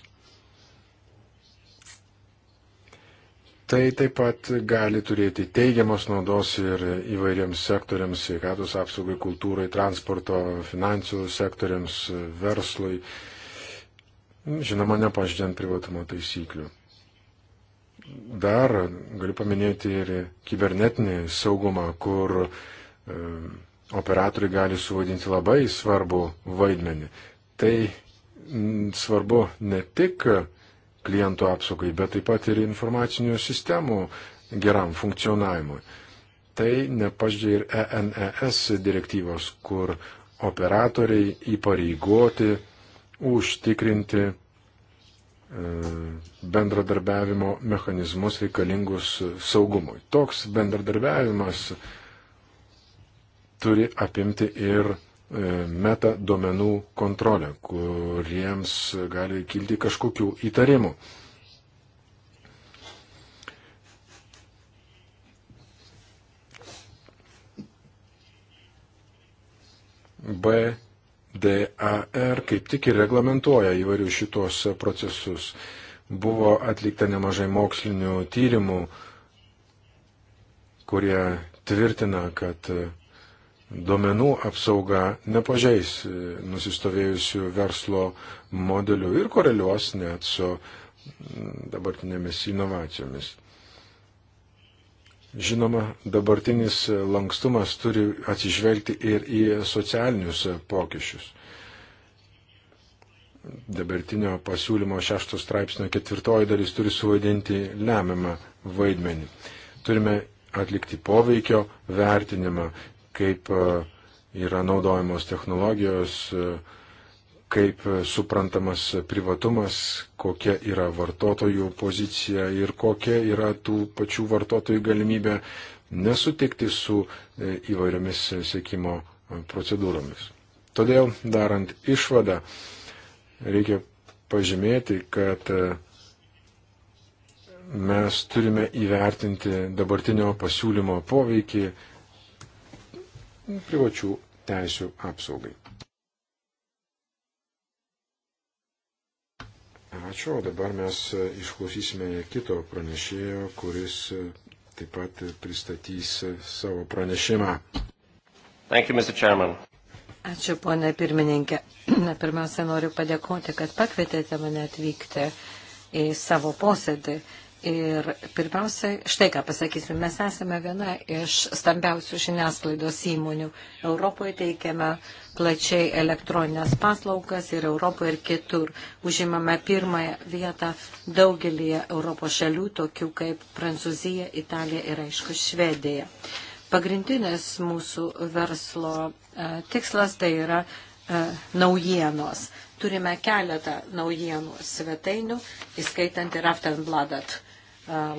Tai taip pat gali turėti teigiamos naudos ir įvairiems sektoriams, sveikatos apsaugai, kultūrai, transporto, finansų sektoriams, verslui, žinoma, nepažydžiant privatumo taisyklių. Dar galiu paminėti ir kibernetinį saugumą, kur e, operatoriai gali suvaidinti labai svarbu vaidmenį. Tai m, svarbu ne tik klientų apsaugai, bet taip pat ir informacinių sistemų geram funkcionavimui. Tai nepaždžia ir ENES direktyvos, kur operatoriai įpareigoti užtikrinti E, bendradarbiavimo mechanizmus reikalingus saugumui. Toks bendradarbiavimas turi apimti ir e, meta duomenų kontrolę, kuriems gali kilti kažkokių įtarimų. B DAR kaip tik ir reglamentuoja įvairių šitos procesus. Buvo atlikta nemažai mokslinių tyrimų, kurie tvirtina, kad duomenų apsauga nepažeis nusistovėjusių verslo modelių ir koreliuos net su dabartinėmis inovacijomis. Žinoma, dabartinis lankstumas turi atsižvelgti ir į socialinius pokyčius. Dabartinio pasiūlymo šešto straipsnio ketvirtoji dalis turi suvaidinti lemiamą vaidmenį. Turime atlikti poveikio vertinimą, kaip e, yra naudojamos technologijos, uh, kaip suprantamas privatumas, kokia yra vartotojų pozicija ir kokia yra tų pačių vartotojų galimybė nesutikti su e, įvairiomis sėkimo procedūromis. Todėl, darant išvadą, reikia pažymėti, kad e, mes turime įvertinti dabartinio pasiūlymo poveikį privačių teisių apsaugai. Ačiū, o dabar mes e, išklausysime kito pranešėjo, kuris e, taip pat pristatys e, savo pranešimą. Thank you, Mr. Chairman. Ačiū, ponė pirmininkė. Pirmiausia, noriu padėkoti, kad pakvietėte mane atvykti į savo posėdį. Ir pirmiausia, štai ką pasakysiu, mes esame viena iš stambiausių žiniasklaidos įmonių. Europoje teikiame uh, plačiai elektroninės paslaugas ir Europoje ir kitur. Užimame pirmąją vietą daugelį Europos šalių, tokių kaip Prancūzija, Italija ir aišku Švedija. Pagrindinis mūsų verslo e, tikslas tai yra e, naujienos. Turime keletą naujienų svetainių, įskaitant ir Aftenbladat e,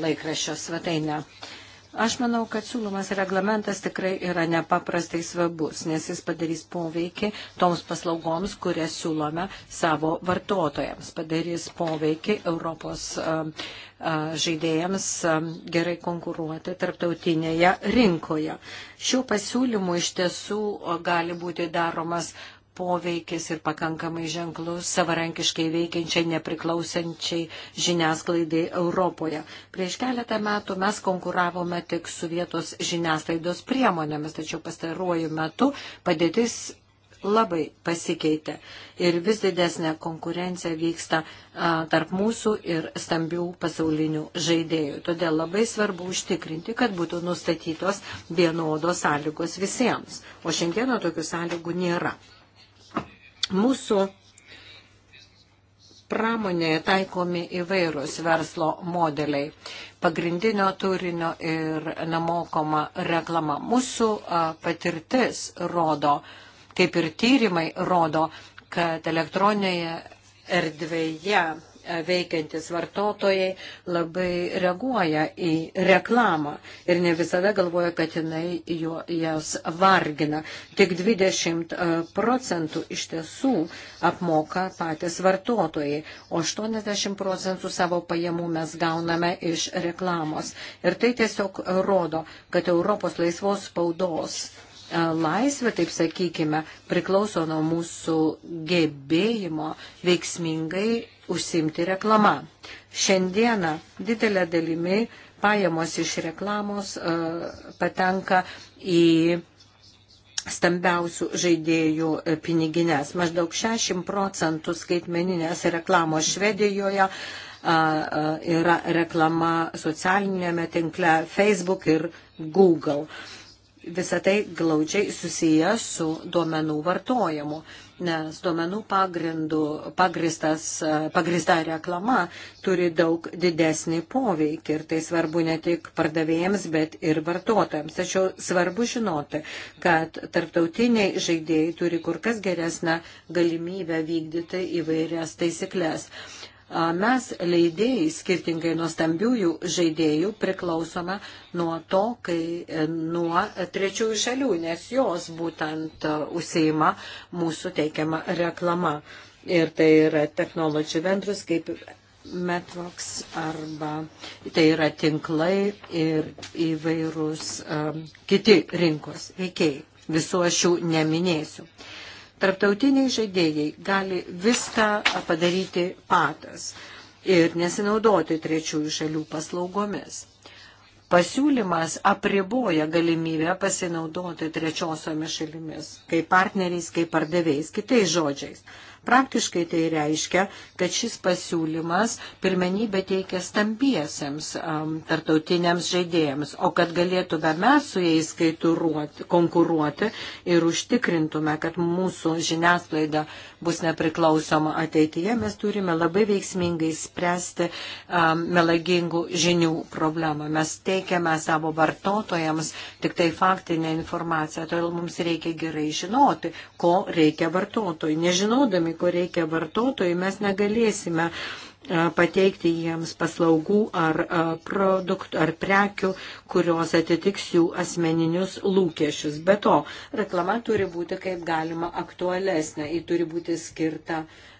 laikraščio svetainę. E, Aš manau, kad siūlomas reglamentas tikrai yra nepaprastai svarbus, nes jis padarys poveikį toms paslaugoms, kurias siūlome savo vartotojams. Padarys poveikį Europos žaidėjams gerai konkuruoti tarptautinėje rinkoje. Šių pasiūlymų iš tiesų gali būti daromas poveikis ir pakankamai ženklus savarankiškai veikiančiai nepriklausančiai žiniasklaidai Europoje. Prieš keletą metų mes konkuravome tik su vietos žiniasklaidos priemonėmis, tačiau pastaruoju metu padėtis labai pasikeitė ir vis didesnė konkurencija vyksta a, tarp mūsų ir stambių pasaulinių žaidėjų. Todėl labai svarbu užtikrinti, kad būtų nustatytos vienodos sąlygos visiems, o šiandieną tokių sąlygų nėra. Mūsų pramonėje taikomi įvairūs verslo modeliai - pagrindinio turinio ir nemokama reklama. Mūsų patirtis rodo, kaip ir tyrimai rodo, kad elektroninėje erdvėje veikiantis vartotojai labai reaguoja į reklamą ir ne visada galvoja, kad jinai jo, jas vargina. Tik 20 e, procentų iš tiesų apmoka patys vartotojai, o 80 procentų savo pajamų mes gauname iš reklamos. Ir tai tiesiog rodo, kad Europos laisvos spaudos e, laisvė, taip sakykime, priklauso nuo mūsų gebėjimo veiksmingai užsimti reklamą. Šiandieną didelė dalimi pajamos iš reklamos e, patenka į stambiausių žaidėjų e, piniginės. Maždaug 60 procentų skaitmeninės reklamos Švedijoje yra reklama socialinėme tinkle Facebook ir Google visą tai glaudžiai susiję su duomenų vartojimu, nes duomenų pagrindų, pagrista reklama turi daug didesnį poveikį ir tai svarbu ne tik pardavėjams, bet ir vartotojams. Tačiau svarbu žinoti, kad tarptautiniai žaidėjai turi kur kas geresnę galimybę vykdyti įvairias taisyklės mes leidėjai, skirtingai nuo stambiųjų žaidėjų, priklausome nuo to, kai e, nuo trečiųjų šalių, nes jos būtent e, užseima mūsų teikiama reklama. Ir tai yra technology vendrus kaip Metvox arba tai yra tinklai ir įvairūs um, kiti rinkos veikėjai. Visų aš jų neminėsiu. Uh, Tarptautiniai žaidėjai gali viską padaryti patas ir nesinaudoti trečiųjų šalių paslaugomis. Pasiūlymas apriboja galimybę pasinaudoti trečiosiomis šalimis, kaip partneriais, kaip pardavėjais, kitais žodžiais. Praktiškai tai reiškia, kad šis pasiūlymas pirmenybę teikia stambiesiems um, tartautiniams žaidėjams, o kad galėtume mes su jais konkuruoti ir užtikrintume, kad mūsų žiniasklaida bus nepriklausoma ateityje, mes turime labai veiksmingai spręsti um, melagingų žinių problemą. Mes teikiame savo vartotojams tik tai faktinę informaciją, todėl mums reikia gerai žinoti, ko reikia vartotojai. Nežinodami, ko reikia vartotojai, mes negalėsime pateikti jiems paslaugų ar produktų ar prekių, kurios atitiks jų asmeninius lūkesčius. Be to, reklama turi būti kaip galima aktualesnė, ji turi būti skirta uh,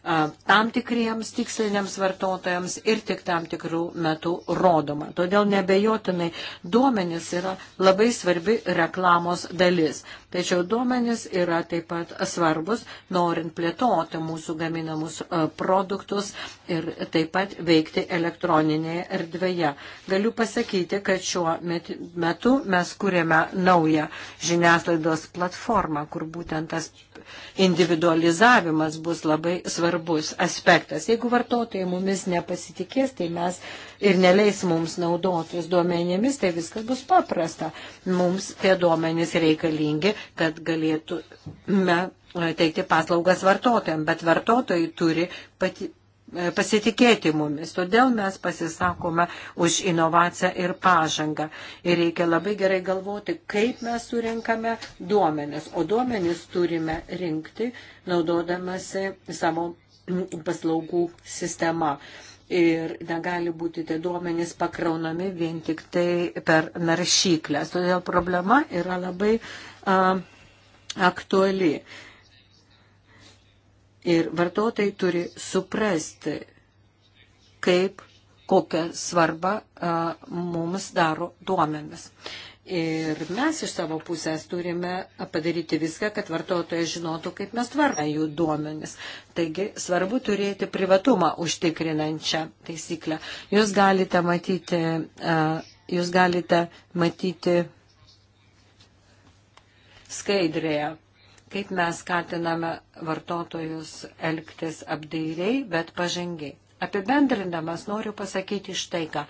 tam tikriems tiksliniams vartotojams ir tik tam tikrų metų rodoma. Todėl nebejotinai duomenis yra labai svarbi reklamos dalis. Tačiau duomenis yra taip pat svarbus, norint plėtoti mūsų gaminamus produktus ir taip pat veikti elektroninėje erdvėje. Galiu pasakyti, kad šiuo metu mes kūrėme naują žiniasklaidos platformą, kur būtent tas individualizavimas bus labai svarbus aspektas. Jeigu vartotojai mumis nepasitikės, tai mes ir neleis mums naudotis duomenėmis, tai viskas bus paprasta. Mums tie duomenys reikalingi, kad galėtume teikti paslaugas vartotojams, bet vartotojai turi pati E, pasitikėti mumis. Todėl mes pasisakome už inovaciją ir pažangą. Ir reikia labai gerai galvoti, kaip mes surinkame duomenis. O duomenis turime rinkti, naudodamasi savo paslaugų sistema. Ir negali būti tie duomenys pakraunami vien tik tai per naršyklės. Todėl problema yra labai a, aktuali. Ir vartotojai turi suprasti, kaip, kokią svarbą a, mums daro duomenis. Ir mes iš savo pusės turime padaryti viską, kad vartotojai žinotų, kaip mes tvarkome jų duomenis. Taigi svarbu turėti privatumą užtikrinančią taisyklę. Jūs galite matyti, jūs galite matyti skaidrėje kaip mes skatiname vartotojus elgtis apdairiai, bet pažangiai. Apibendrindamas noriu pasakyti štai ką.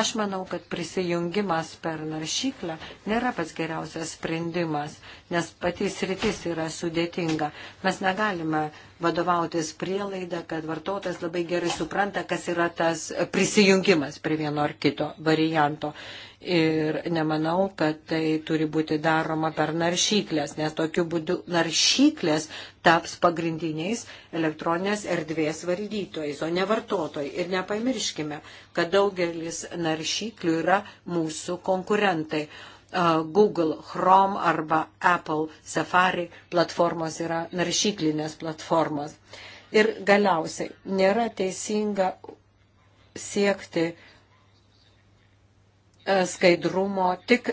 Aš manau, kad prisijungimas per naršyklę nėra pats geriausias sprendimas, nes patys rytis yra sudėtinga. Mes negalime vadovautis prielaida, kad vartotojas labai gerai supranta, kas yra tas prisijungimas prie vieno ar kito varianto ir nemanau, kad tai turi būti daroma per naršyklės, nes tokiu būdu naršyklės taps pagrindiniais elektroninės erdvės valdytojais, o ne vartotojai. Ir nepamirškime, kad daugelis naršyklių yra mūsų konkurentai. Google, Chrome arba Apple Safari platformos yra naršyklinės platformos. Ir galiausiai nėra teisinga siekti uh, E, skaidrumo tik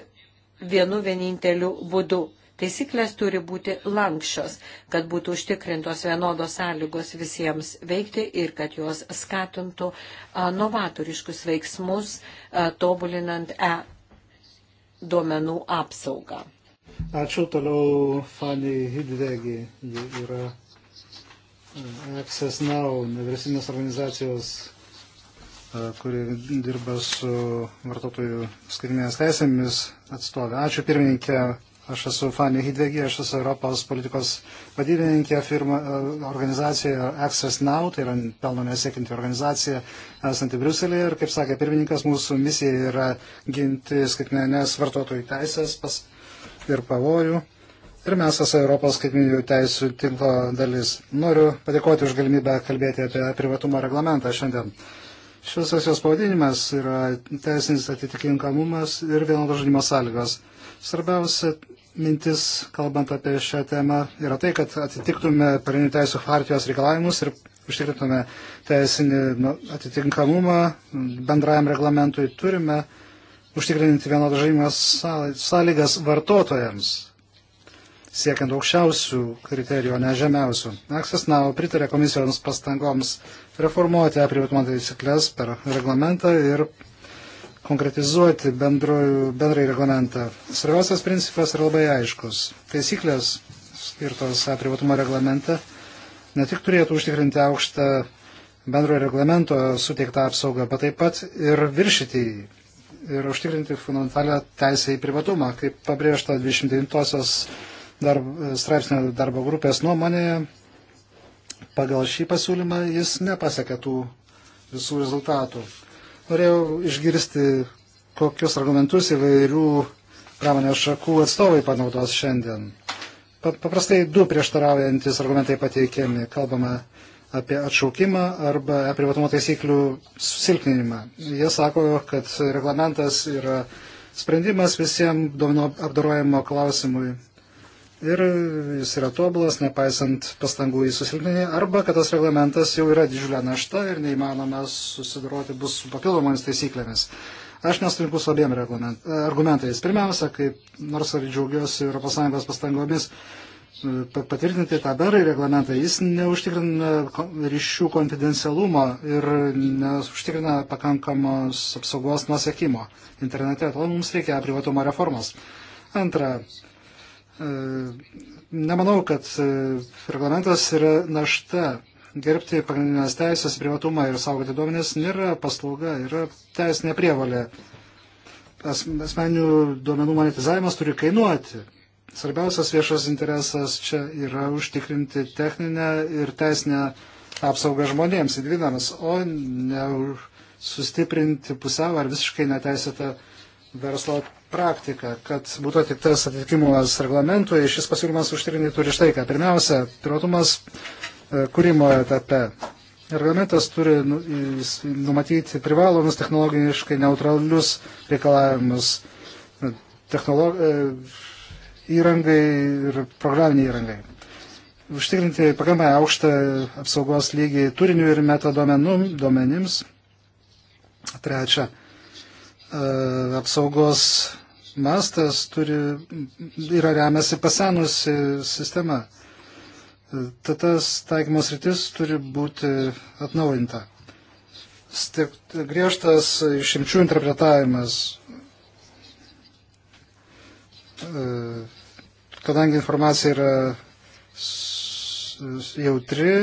vienu vieninteliu būdu. Taisyklės turi būti lankščios, kad būtų užtikrintos vienodos sąlygos visiems veikti ir kad jos skatintų e, novatoriškus veiksmus, e, tobulinant e duomenų apsaugą. Ačiū toliau Fanny Hidvegi. Ji yra Access Now, nevyriausybinės organizacijos kuri dirba su vartotojų skaitinės teisėmis atstovė. Ačiū pirmininkė, aš esu Fanny Hidvegi, aš esu Europos politikos vadybininkė firma, e, organizacija Access Now, tai yra pelno nesiekinti organizacija esanti Briuselėje ir, kaip sakė pirmininkas, mūsų misija yra ginti skaitinės vartotojų teisės pas ir pavojų. Ir mes esame Europos skaitminių teisų tinklo dalis. Noriu padėkoti už galimybę kalbėti apie privatumo reglamentą šiandien. Šios sesijos pavadinimas yra teisinis atitinkamumas ir vienodo žaidimo sąlygos. Svarbiausia mintis, kalbant apie šią temą, yra tai, kad atitiktume parinių teisų hartijos reikalavimus ir užtikrintume teisinį nu, atitinkamumą bendrajam reglamentui. Turime užtikrinti vienodo žaidimo sąlygas vartotojams siekiant aukščiausių kriterijų, o ne žemiausių. Aksas Nau pritarė komisijoms pastangoms reformuoti apribotimo taisyklės per reglamentą ir konkretizuoti bendroj, bendrai reglamentą. Svarbiausias principas yra labai aiškus. Taisyklės skirtos apribotumo reglamente ne tik turėtų užtikrinti aukštą bendrojo reglamento suteiktą apsaugą, bet taip pat ir viršyti jį ir užtikrinti fundamentalią teisę į privatumą, kaip pabrėžta 29-osios darb, e, straipsnio darbo grupės nuomonėje, pagal šį pasiūlymą jis nepasiekė tų visų rezultatų. Norėjau išgirsti, kokius argumentus įvairių pramonės šakų atstovai panaudos šiandien. Paprastai du prieštaraujantis argumentai pateikiami. Kalbama apie atšaukimą arba privatumo taisyklių susilpninimą. Jie sako, kad reglamentas yra sprendimas visiems domino apdarojimo klausimui ir jis yra tobulas, nepaisant pastangų jį susilpninį, arba kad tas reglamentas jau yra didžiulė našta ir neįmanoma susidoroti bus su papildomomis taisyklėmis. Aš nesutinku su abiem argumentais. Pirmiausia, kaip nors ar džiaugiuosi ES pastangomis e, patvirtinti tą berai reglamentą, jis neužtikrina ryšių konfidencialumo ir neužtikrina pakankamos apsaugos nusekimo internete. To mums reikia privatumo reformos. Antra, E, nemanau, kad e, reglamentas yra našta. Gerbti pagrindinės teisės, privatumą ir saugoti duomenis nėra paslauga, yra teisinė prievalė. Asmeninių duomenų monetizavimas turi kainuoti. Svarbiausias viešas interesas čia yra užtikrinti techninę ir teisinę apsaugą žmonėms, individams, o ne sustiprinti pusiau ar visiškai neteisėtą verslo praktiką, kad būtų atliktas atitikimas reglamentui. Šis pasiūlymas užtikrinti turi štai ką. Pirmiausia, privatumas e, kūrimo etape. Reglamentas turi nu, numatyti privalomus technologiškai neutralius reikalavimus e, technolog... E, įrangai ir programiniai įrangai. Užtikrinti pakankamai aukštą apsaugos lygį turinių ir metaduomenims. Trečia, apsaugos mastas turi, yra remiasi pasenusi sistema. Tas taikymos rytis turi būti atnaujinta. Stik, griežtas išimčių interpretavimas, e, kadangi informacija yra jautri,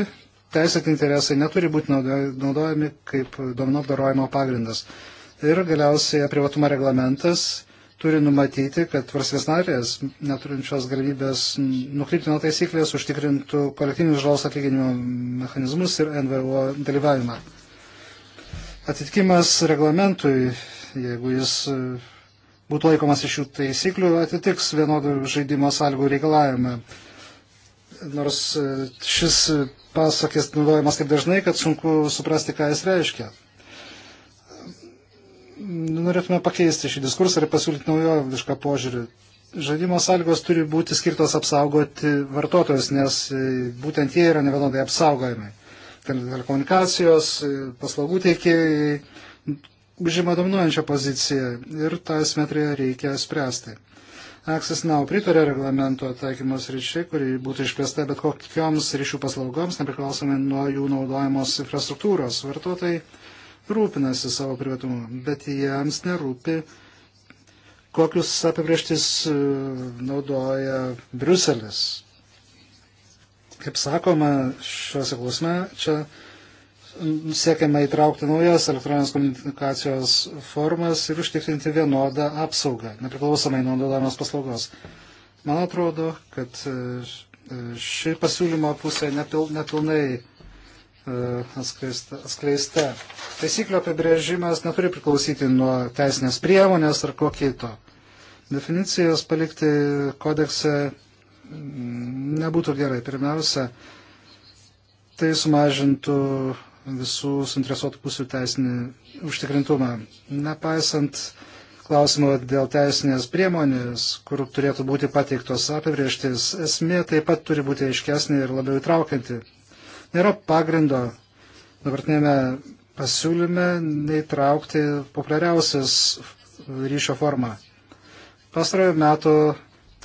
teisėti interesai neturi būti naudojami kaip duomenų apdarojimo pagrindas. Ir galiausiai privatumo reglamentas turi numatyti, kad valstybės narės, neturinčios galimybės nukrypti nuo taisyklės, užtikrintų kolektyvinius žalos atlyginimo mechanizmus ir NVO dalyvavimą. Atitikimas reglamentui, jeigu jis e, būtų laikomas iš šių taisyklių, atitiks vienodų žaidimo sąlygų reikalavimą. Nors e, šis pasakis naudojamas taip dažnai, kad sunku suprasti, ką jis reiškia. Nu, norėtume pakeisti šį diskursą ir pasiūlyti naujovišką požiūrį. Žaidimo sąlygos turi būti skirtos apsaugoti vartotojus, nes e, būtent jie yra nevienodai apsaugojami. Tai telekomunikacijos, e, paslaugų teikėjai užima dominuojančią poziciją ir tą asimetriją reikia spręsti. Access Now pritarė reglamento taikymos ryšiai, kuri būtų išplėsta bet kokioms ryšių paslaugoms, nepriklausomai nuo jų naudojamos infrastruktūros. Vartotojai rūpinasi savo privatumu, bet jiems nerūpi, kokius apibrieštis e, naudoja Bruselis. Kaip sakoma, šiuose klausime čia siekiama įtraukti naujas elektroninės komunikacijos formas ir užtikrinti vienodą apsaugą, nepriklausomai nuo naudojamos paslaugos. Man atrodo, kad e, e, ši pasiūlymo pusė nepil, nepilnai E, atskleista. atskleista. Taisyklių apibrėžimas neturi priklausyti nuo teisinės priemonės ar ko kito. Definicijos palikti kodekse mm, nebūtų gerai. Pirmiausia, tai sumažintų visų suinteresuotų pusių teisinį užtikrintumą. Nepaisant klausimo dėl teisinės priemonės, kur turėtų būti pateiktos apibrieštis, esmė taip pat turi būti aiškesnė ir labiau įtraukianti. Nėra pagrindo dabartinėme pasiūlyme neįtraukti populiariausias ryšio formą. Pastarojo metų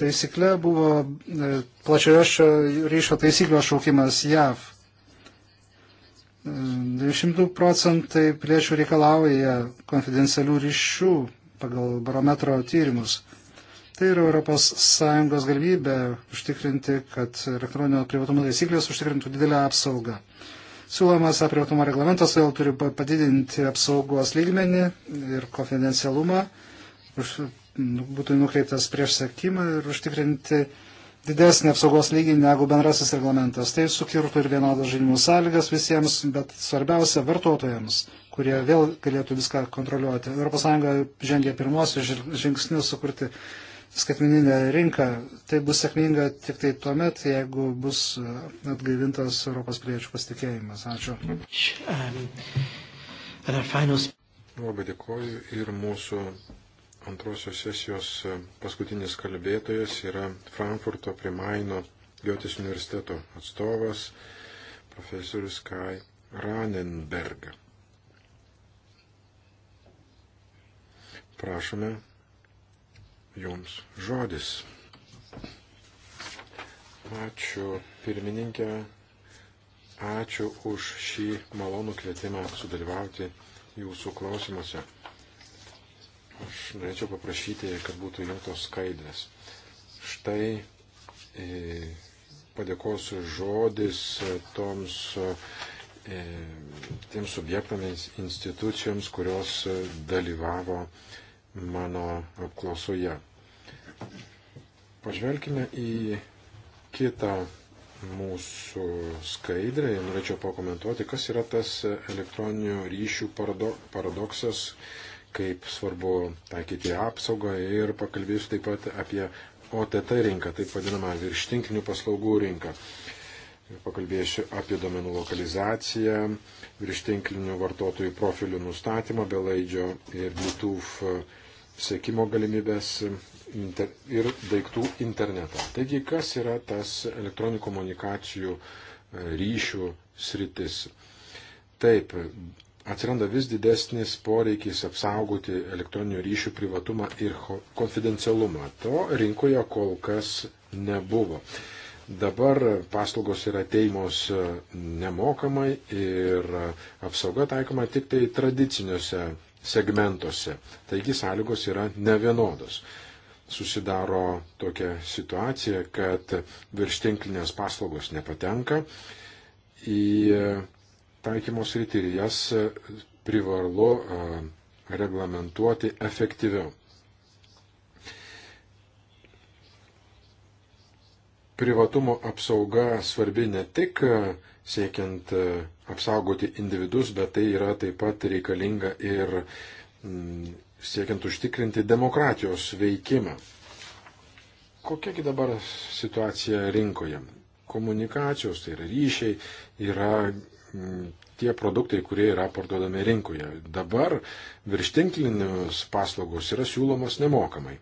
taisyklė buvo e, plačiojo ryšio taisyklių šaukimas JAV. 200 e, procentai piliečių reikalauja konfidencialių ryšių pagal barometro tyrimus. Tai yra ES galimybė užtikrinti, kad elektroninio privatumo taisyklės užtikrintų didelę apsaugą. Siūlomas privatumo reglamentas vėl turi padidinti apsaugos lygmenį ir konfidencialumą, už, būtų nukreiptas prieš sekimą ir užtikrinti didesnį apsaugos lygį negu bendrasis reglamentas. Tai sukirtų ir vienodas žaidimų sąlygas visiems, bet svarbiausia vartotojams, kurie vėl galėtų viską kontroliuoti. ES žengė pirmosius žingsnius sukurti skaitmeninę rinką. Tai bus sėkminga tik tai tuo met, jeigu bus uh, atgaivintas Europos piliečių pasitikėjimas. Ačiū. Um, Labai dėkoju ir mūsų antrosios sesijos uh, paskutinis kalbėtojas yra Frankfurto prie Maino Giotis universiteto atstovas profesorius Kai Ranenberg. Prašome jums žodis. Ačiū pirmininkė, ačiū už šį malonų kvietimą sudalyvauti jūsų klausimuose. Aš norėčiau paprašyti, kad būtų jungtos skaidrės. Štai e, padėkosiu žodis toms, e, tiems subjektams, institucijoms, kurios dalyvavo e, mano apklausoje. Pažvelkime į kitą mūsų skaidrę ir norėčiau pakomentuoti, kas yra tas elektroninių ryšių paradoksas, kaip svarbu taikyti apsaugą ir pakalbėsiu taip pat apie OTT rinką, taip vadinamą virštinkinių paslaugų rinką. Pakalbėsiu apie domenų lokalizaciją, virštinklinių vartotojų profilių nustatymą, belaidžio ir Bluetooth sėkimo galimybės inter, ir daiktų internetą. Taigi, kas yra tas elektroninių komunikacijų e, ryšių sritis? Taip, atsiranda vis didesnis poreikis apsaugoti elektroninių ryšių privatumą ir konfidencialumą. To rinkoje kol kas nebuvo. Dabar paslaugos yra teimos e, nemokamai ir apsauga taikoma tik tai tradiciniuose segmentuose. Taigi sąlygos yra nevienodos. Susidaro tokia situacija, kad virštinklinės paslaugos nepatenka į taikymos rytį ir jas privalu reglamentuoti efektyviau. Privatumo apsauga svarbi ne tik siekiant apsaugoti individus, bet tai yra taip pat reikalinga ir mm, siekiant užtikrinti demokratijos veikimą. Kokiagi dabar situacija rinkoje? Komunikacijos, tai yra ryšiai, yra mm, tie produktai, kurie yra parduodami rinkoje. Dabar virštinklinis paslaugos yra siūlomos nemokamai.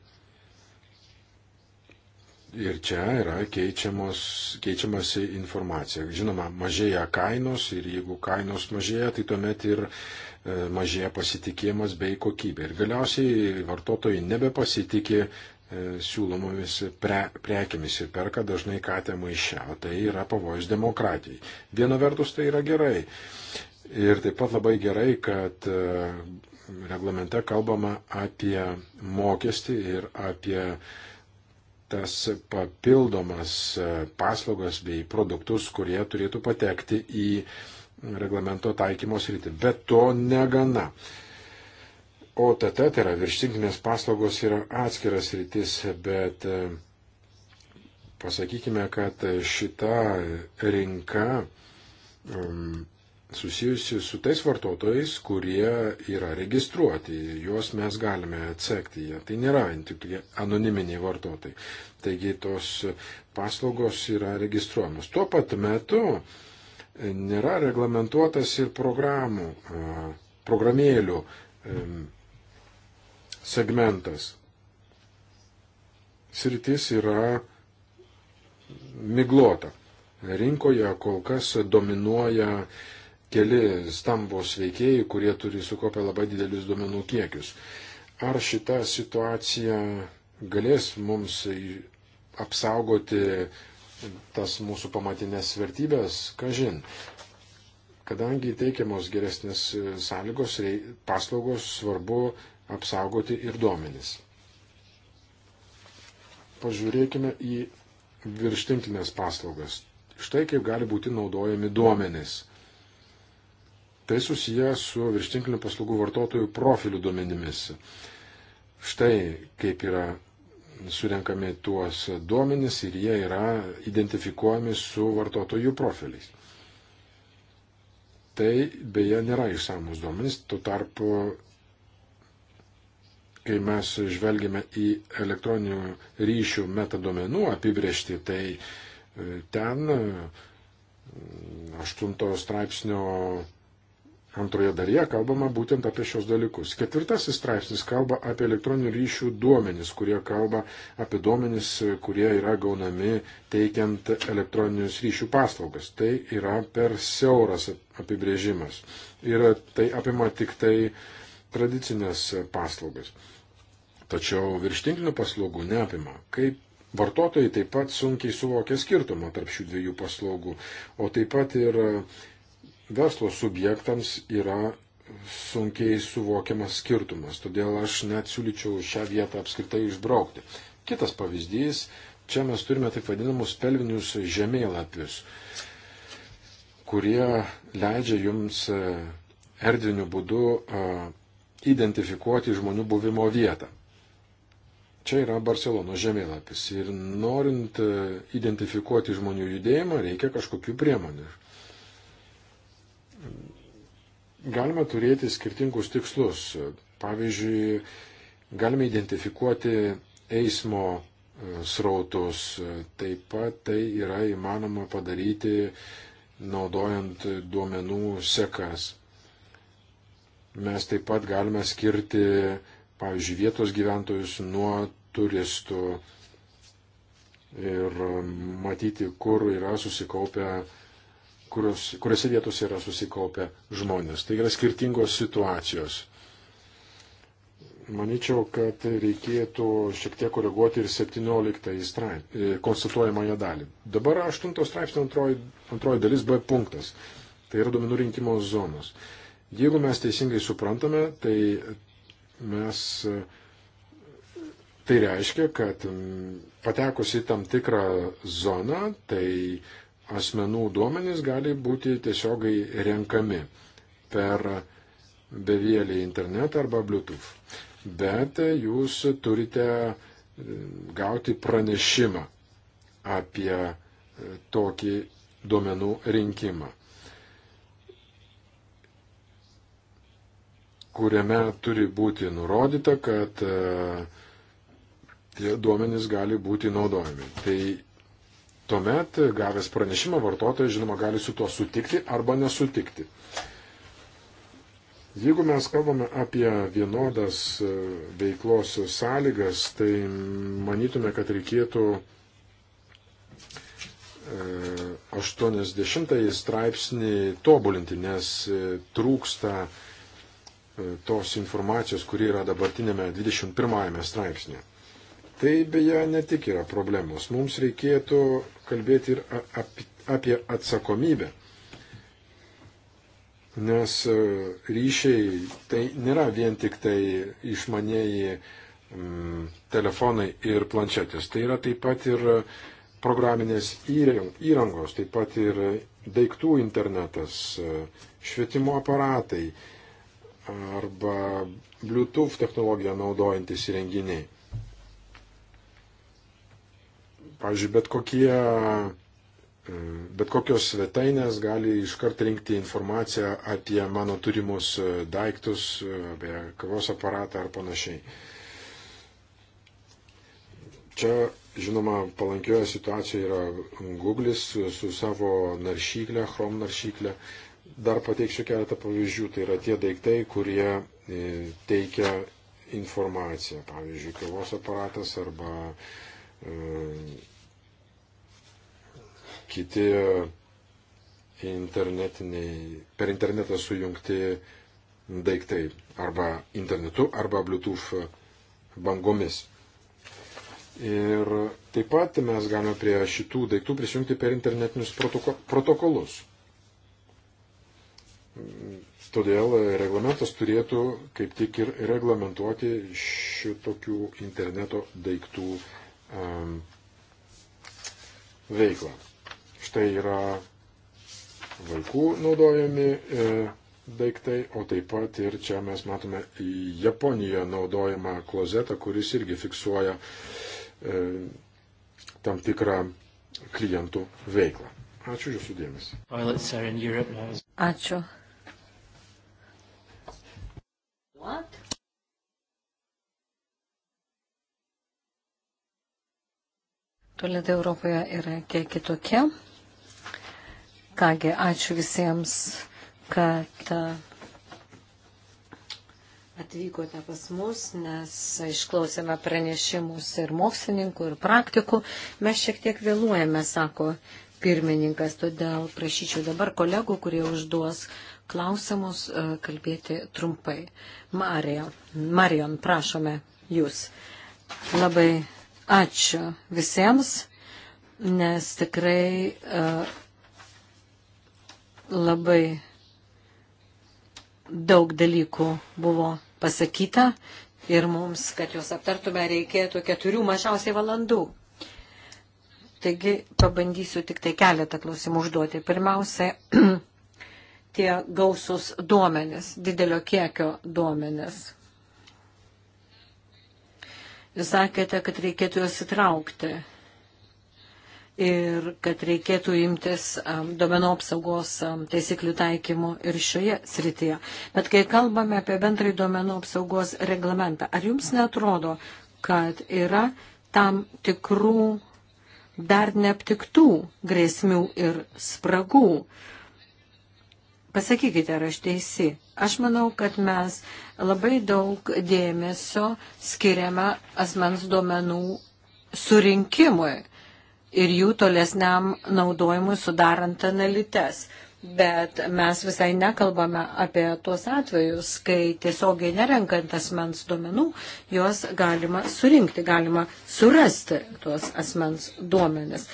Ir čia yra keičiamasi informacija. Žinoma, mažėja kainos ir jeigu kainos mažėja, tai tuomet ir e, mažėja pasitikėjimas bei kokybė. Ir galiausiai vartotojai nebepasitikė e, siūlomomis pre, prekiamis ir perka dažnai katę maišę. Tai yra pavojus demokratijai. Viena vertus tai yra gerai. Ir taip pat labai gerai, kad e, reglamente kalbama apie mokestį ir apie tas papildomas e, paslaugas bei produktus, kurie turėtų patekti į reglamento taikymo sritį. Bet to negana. OTT, tai yra virštinkinės paslaugos, yra atskiras rytis, bet e, pasakykime, kad šita rinka um, susijusi su tais vartotojais, kurie yra registruoti. Juos mes galime atsekti. Tai nėra tik anoniminiai vartotojai. Taigi tos paslaugos yra registruojamos. Tuo pat metu e, nėra reglamentuotas ir programų, programėlių segmentas. Sritis yra miglota. Rinkoje kol kas dominuoja uh, keli stambos veikėjai, kurie turi sukopę labai didelius duomenų kiekius. Ar šita situacija galės mums apsaugoti tas mūsų pamatinės vertybės, kažin. Kadangi teikiamos geresnės e, sąlygos, paslaugos svarbu apsaugoti ir duomenis. Pažiūrėkime į virštinklinės paslaugas. Štai kaip gali būti naudojami duomenis. Tai susiję su virštinklių paslaugų vartotojų profilių duomenimis. Štai kaip yra surenkami tuos duomenis ir jie yra identifikuojami su vartotojų profiliais. Tai beje nėra išsamus duomenys, tuo tarpu, kai mes žvelgime į elektroninių ryšių metadomenų apibriežti, tai e, ten 8 e, straipsnio Antroje dalyje kalbama būtent apie šios dalykus. Ketvirtasis straipsnis kalba apie elektroninių ryšių duomenis, kurie kalba apie duomenis, kurie yra gaunami teikiant elektroninius ryšių paslaugas. Tai yra per siauras apibrėžimas ir tai apima tik tai tradicinės paslaugas. Tačiau virštinklinių paslaugų neapima. Kaip vartotojai taip pat sunkiai suvokia skirtumą tarp šių dviejų paslaugų, o taip pat ir verslo subjektams yra sunkiai suvokiamas skirtumas, todėl aš net siūlyčiau šią vietą apskritai išbraukti. Kitas pavyzdys, čia mes turime taip vadinamus pelvinius žemėlapius, kurie leidžia jums e, erdviniu būdu e, identifikuoti žmonių buvimo vietą. Čia yra Barcelono žemėlapis ir norint e, identifikuoti žmonių judėjimą reikia kažkokių priemonių. Galime turėti skirtingus tikslus. Pavyzdžiui, galime identifikuoti eismo e, srautus. Taip pat tai yra įmanoma padaryti naudojant duomenų sekas. Mes taip pat galime skirti, pavyzdžiui, vietos gyventojus nuo turistų ir matyti, kur yra susikaupę kurios, kuriuose vietose yra susikaupę žmonės. Tai yra skirtingos situacijos. Maničiau, kad reikėtų šiek tiek koreguoti ir 17 straip, e, konstatuojamąją dalį. Dabar 8 straipsnio antroji, antroji dalis B punktas. Tai yra duomenų rinkimo zonos. Jeigu mes teisingai suprantame, tai mes Tai reiškia, kad patekus į tam tikrą zoną, tai asmenų duomenys gali būti tiesiogai renkami per bevėlį internetą arba Bluetooth. Bet jūs turite e, gauti pranešimą apie e, tokį duomenų rinkimą, kuriame turi būti nurodyta, kad e, tie duomenys gali būti naudojami. Tai Tuomet gavęs pranešimą vartotojas, žinoma, gali su tuo sutikti arba nesutikti. Jeigu mes kalbame apie vienodas e, veiklos sąlygas, tai manytume, kad reikėtų 80 e, straipsnį tobulinti, nes e, trūksta tos informacijos, kuri yra dabartinėme 21 straipsnėje. Tai beje ne tik yra problemos. Mums reikėtų kalbėti ir apie atsakomybę. Nes e, ryšiai tai nėra vien tik tai išmanėjai mm, telefonai ir planšetės. Tai yra taip pat ir programinės įrangos, taip pat ir daiktų internetas, e, švietimo aparatai arba Bluetooth technologiją naudojantis įrenginiai. Pavyzdžiui, bet, kokie, e, bet kokios svetainės gali iškart rinkti informaciją apie mano turimus e, daiktus, e, apie kavos aparatą ar panašiai. Čia, žinoma, palankioje situacijoje yra Google'is su savo naršyklė, Chrome naršyklė. Dar pateiksiu keletą pavyzdžių. Tai yra tie daiktai, kurie teikia informaciją. Pavyzdžiui, kavos aparatas arba e, kiti internetiniai, per internetą sujungti daiktai arba internetu, arba Bluetooth bangomis. Ir taip pat mes galime prie šitų daiktų prisijungti per internetinius protoko protokolus. Todėl reglamentas turėtų kaip tik ir reglamentuoti šitokių interneto daiktų um, veiklą. Štai yra vaikų naudojami e, daiktai, o taip pat ir čia mes matome Japonijoje naudojamą klozetą, kuris irgi fiksuoja e, tam tikrą klientų veiklą. Ačiū Jūsų dėmesį. Ačiū. What? Tualetai Europoje yra kiek kitokie. Kągi, ačiū visiems, kad uh, atvykote pas mus, nes išklausėme pranešimus ir mokslininkų, ir praktikų. Mes šiek tiek vėluojame, sako pirmininkas, todėl prašyčiau dabar kolegų, kurie užduos klausimus, uh, kalbėti trumpai. Marija, Marion, prašome jūs. Labai ačiū visiems, nes tikrai. Uh, Labai daug dalykų buvo pasakyta ir mums, kad juos aptartume, reikėtų keturių mažiausiai valandų. Taigi pabandysiu tik tai keletą klausimų užduoti. Pirmiausia, tie gausus duomenis, didelio kiekio duomenis. Jūs sakėte, kad reikėtų juos įtraukti ir kad reikėtų imtis domenų apsaugos teisiklių taikymų ir šioje srityje. Bet kai kalbame apie bendrai domenų apsaugos reglamentą, ar jums netrodo, kad yra tam tikrų dar neaptiktų grėsmių ir spragų? Pasakykite, ar aš teisi. Aš manau, kad mes labai daug dėmesio skiriame asmens duomenų surinkimui ir jų tolesniam naudojimui sudarant analites. Bet mes visai nekalbame apie tuos atvejus, kai tiesiogiai nerenkant asmens duomenų, juos galima surinkti, galima surasti tuos asmens duomenis.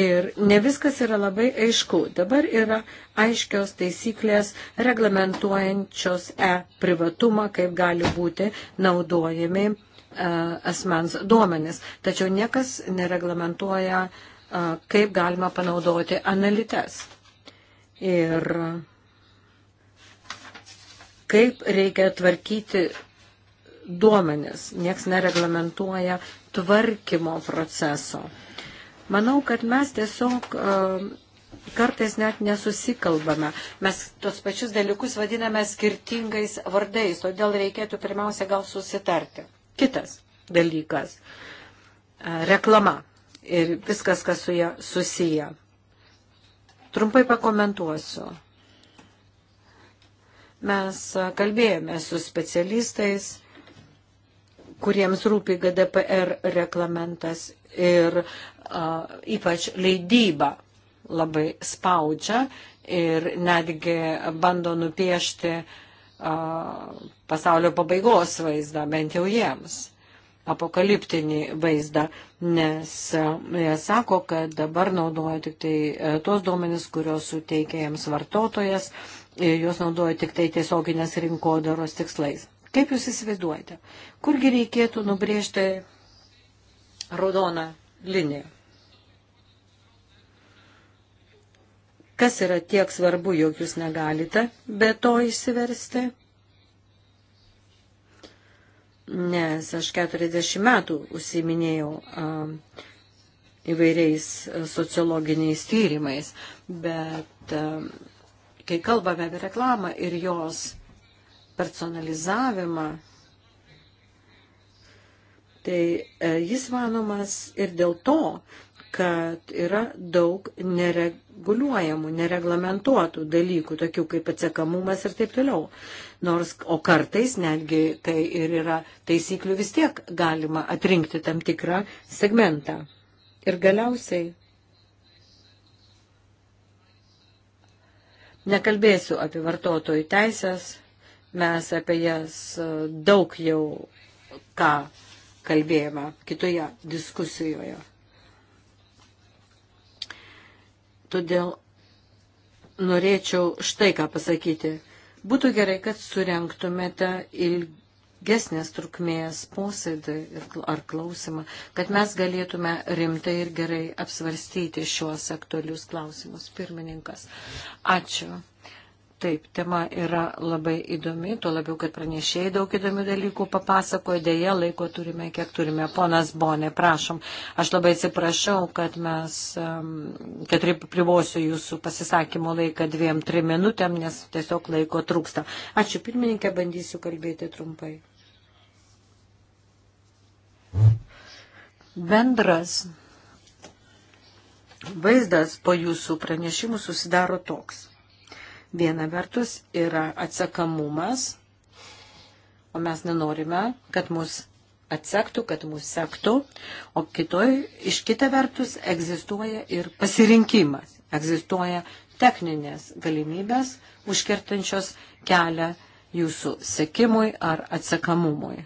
Ir ne viskas yra labai aišku. Dabar yra aiškios taisyklės reglamentuojančios e privatumą, kaip gali būti naudojami E, asmens duomenis, tačiau niekas nereglamentuoja, e, kaip galima panaudoti analites. Ir kaip reikia tvarkyti duomenis, nieks nereglamentuoja tvarkymo proceso. Manau, kad mes tiesiog e, kartais net nesusikalbame. Mes tos pačius dalykus vadiname skirtingais vardais, todėl reikėtų pirmiausia gal susitarti. Kitas dalykas e, - reklama ir viskas, kas su ją susiję. Trumpai pakomentuosiu. Mes kalbėjome su specialistais, kuriems rūpi GDPR reglamentas ir a, e, ypač leidyba labai spaudžia ir netgi bando nupiešti a, pasaulio pabaigos vaizdą, bent jau jiems apokaliptinį vaizdą, nes jie sako, kad dabar naudoja tik tai e, tuos duomenis, kurios suteikia jiems vartotojas ir juos naudoja tik tai tiesioginės rinkodaros tikslais. Kaip jūs įsivaizduojate, kurgi reikėtų nubrėžti raudoną liniją? Kas yra tiek svarbu, jog jūs negalite be to įsiversti? Nes aš 40 metų užsiminėjau įvairiais sociologiniais tyrimais, bet kai kalbame apie reklamą ir jos personalizavimą, tai e, jis manomas ir dėl to, kad yra daug nereguliuojamų nereguliuojamų, nereglamentuotų dalykų, tokių kaip atsiekamumas ir taip toliau. Nors, o kartais netgi, kai ir yra taisyklių, vis tiek galima atrinkti tam tikrą segmentą. Ir galiausiai. Nekalbėsiu apie vartotojų teisės, mes apie jas e, daug jau ką kalbėjome kitoje diskusijoje. Todėl norėčiau štai ką pasakyti. Būtų gerai, kad surenktumėte ilgesnės trukmės posėdį ar klausimą, kad mes galėtume rimtai ir gerai apsvarstyti šiuos aktualius klausimus. Pirmininkas, ačiū. Taip, tema yra labai įdomi, tuo labiau, kad pranešėjai daug įdomių dalykų papasakojo, dėja laiko turime, kiek turime. Ponas Bonė, prašom, aš labai atsiprašau, kad mes, kad privosiu jūsų pasisakymo laiką dviem, trim minutėm, nes tiesiog laiko trūksta. Ačiū pirmininkė, bandysiu kalbėti trumpai. Bendras vaizdas po jūsų pranešimų susidaro toks Viena vertus yra atsekamumas, o mes nenorime, kad mus atsektų, kad mūsų sektų, o kitoj, iš kita vertus egzistuoja ir pasirinkimas, egzistuoja techninės galimybės užkirtančios kelią jūsų sekimui ar atsekamumui.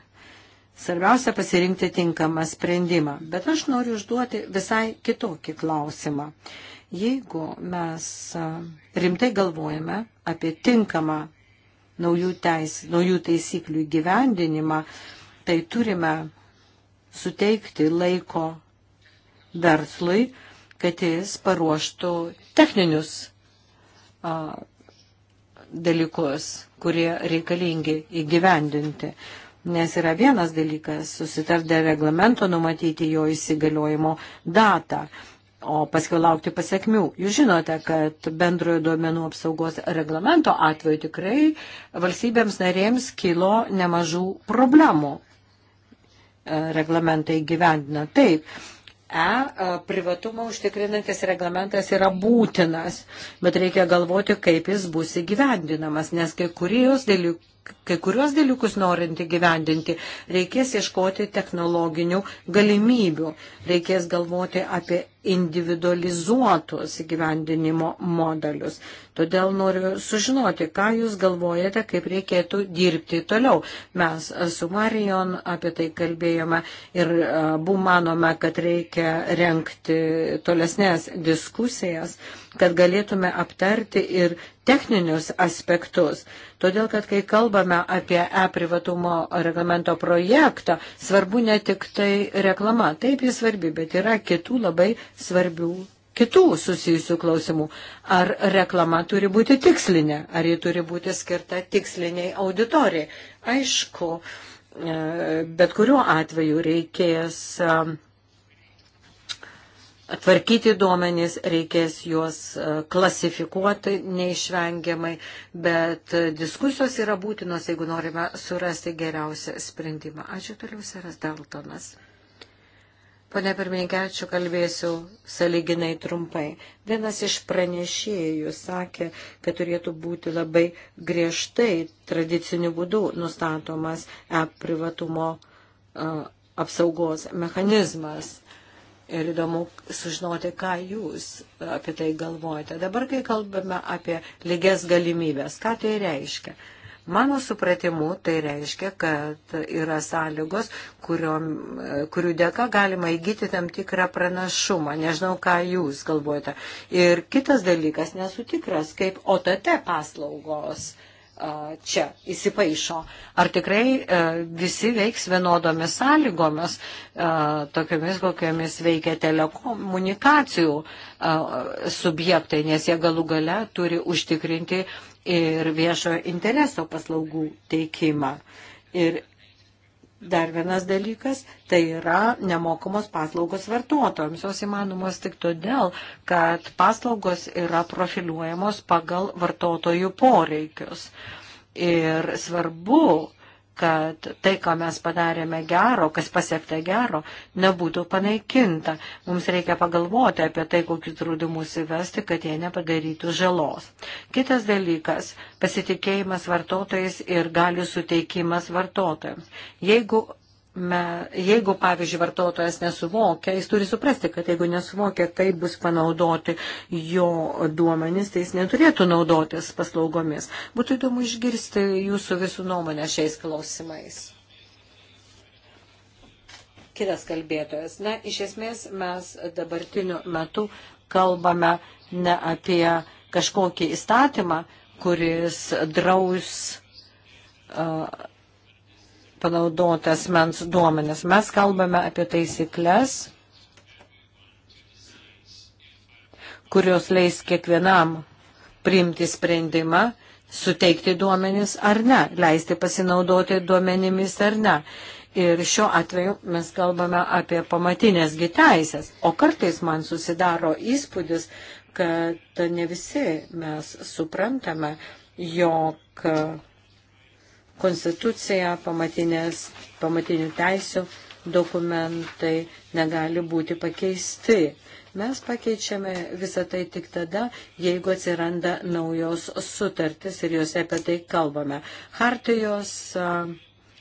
Svarbiausia pasirinkti tinkamą sprendimą, bet aš noriu užduoti visai kitokį klausimą. Jeigu mes rimtai galvojame apie tinkamą naujų, teis, naujų taisyklių gyvendinimą, tai turime suteikti laiko verslui, kad jis paruoštų techninius a, dalykus, kurie reikalingi įgyvendinti. Nes yra vienas dalykas susitardę reglamento numatyti jo įsigaliojimo datą, o paskui laukti pasiekmių. Jūs žinote, kad bendrojo duomenų apsaugos reglamento atveju tikrai valstybėms narėms kilo nemažų problemų e, reglamentai gyvendina. Taip, E, e privatumą užtikrinantis reglamentas yra būtinas, bet reikia galvoti, kaip jis bus įgyvendinamas, nes kai, dalyk, kai kuriuos dalykus norint įgyvendinti, reikės ieškoti technologinių galimybių, reikės galvoti apie individualizuotus įgyvendinimo modelius. Todėl noriu sužinoti, ką Jūs galvojate, kaip reikėtų dirbti toliau. Mes su Marijon apie tai kalbėjome ir e, bu manome, kad reikia renkti tolesnės diskusijas, kad galėtume aptarti ir techninius aspektus. Todėl, kad kai kalbame apie e-privatumo reglamento projektą, svarbu ne tik tai reklama. Taip jis svarbi, bet yra kitų labai svarbių. Kitų susijusių klausimų. Ar reklama turi būti tikslinė, ar ji turi būti skirta tiksliniai auditorijai. Aišku, e, bet kuriuo atveju reikės uh, tvarkyti duomenys, reikės juos e, klasifikuoti neišvengiamai, bet e, diskusijos yra būtinos, jeigu norime surasti geriausią sprendimą. Ačiū toliau, Seras Daltonas. Pane pirmininkė, ačiū, kalbėsiu saliginai trumpai. Vienas iš pranešėjų sakė, kad turėtų būti labai griežtai tradiciniu būdu nustatomas e privatumo uh, apsaugos mechanizmas ir įdomu sužinoti, ką jūs apie tai galvojate. Dabar, kai kalbame apie lygias galimybės, ką tai reiškia? Mano supratimu, tai reiškia, kad yra sąlygos, kurio, kurių dėka galima įgyti tam tikrą pranašumą. Nežinau, ką jūs galvojate. Ir kitas dalykas, nesu tikras, kaip OTT paslaugos uh, čia įsipaišo. Ar tikrai e, visi veiks vienodomis sąlygomis, e, tokiamis, kokiamis veikia telekomunikacijų e, subjektai, nes jie galų gale turi užtikrinti ir viešo intereso paslaugų teikimą. Ir Dar vienas dalykas - tai yra nemokamos paslaugos vartotojams. Jos įmanomos tik todėl, kad paslaugos yra profiliuojamos pagal vartotojų poreikius. Ir svarbu, kad tai, ką mes padarėme gero, kas pasiekta gero, nebūtų panaikinta. Mums reikia pagalvoti apie tai, kokius draudimus įvesti, kad jie nepadarytų žalos. Kitas dalykas - pasitikėjimas vartotojais ir galių suteikimas vartotojams. Jeigu me, jeigu, pavyzdžiui, vartotojas nesuvokia, jis turi suprasti, kad jeigu nesuvokia, tai bus panaudoti jo duomenys, tai jis neturėtų naudotis paslaugomis. Būtų įdomu išgirsti jūsų visų nuomonę šiais klausimais. Kitas kalbėtojas. Na, iš esmės mes dabartiniu metu kalbame ne apie kažkokį įstatymą, kuris draus uh, panaudotas mens duomenis. Mes kalbame apie taisyklės, kurios leis kiekvienam priimti sprendimą, suteikti duomenis ar ne, leisti pasinaudoti duomenimis ar ne. Ir šiuo atveju mes kalbame apie pamatinėsgi teisės. O kartais man susidaro įspūdis, kad ne visi mes suprantame, jog konstitucija, pamatinės, pamatinių teisių dokumentai negali būti pakeisti. Mes pakeičiame visą tai tik tada, jeigu atsiranda naujos sutartis ir juose apie tai kalbame. Hartijos uh,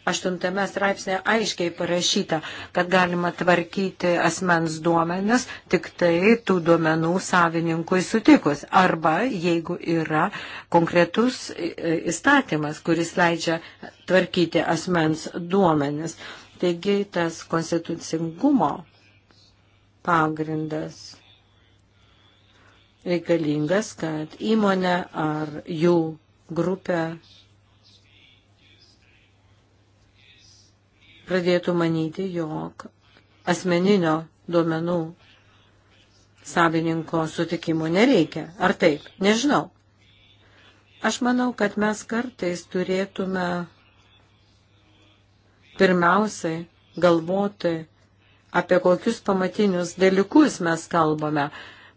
aštuntame straipsnėje aiškiai parašyta, kad galima tvarkyti asmens duomenis tik tai tų duomenų savininkui sutikus. Arba jeigu yra konkretus įstatymas, kuris leidžia tvarkyti asmens duomenis. Taigi tas konstitucingumo pagrindas reikalingas, kad įmonė ar jų grupė pradėtų manyti, jog asmeninio duomenų savininko sutikimo nereikia. Ar taip? Nežinau. Aš manau, kad mes kartais turėtume pirmiausiai galvoti, apie kokius pamatinius dalykus mes kalbame.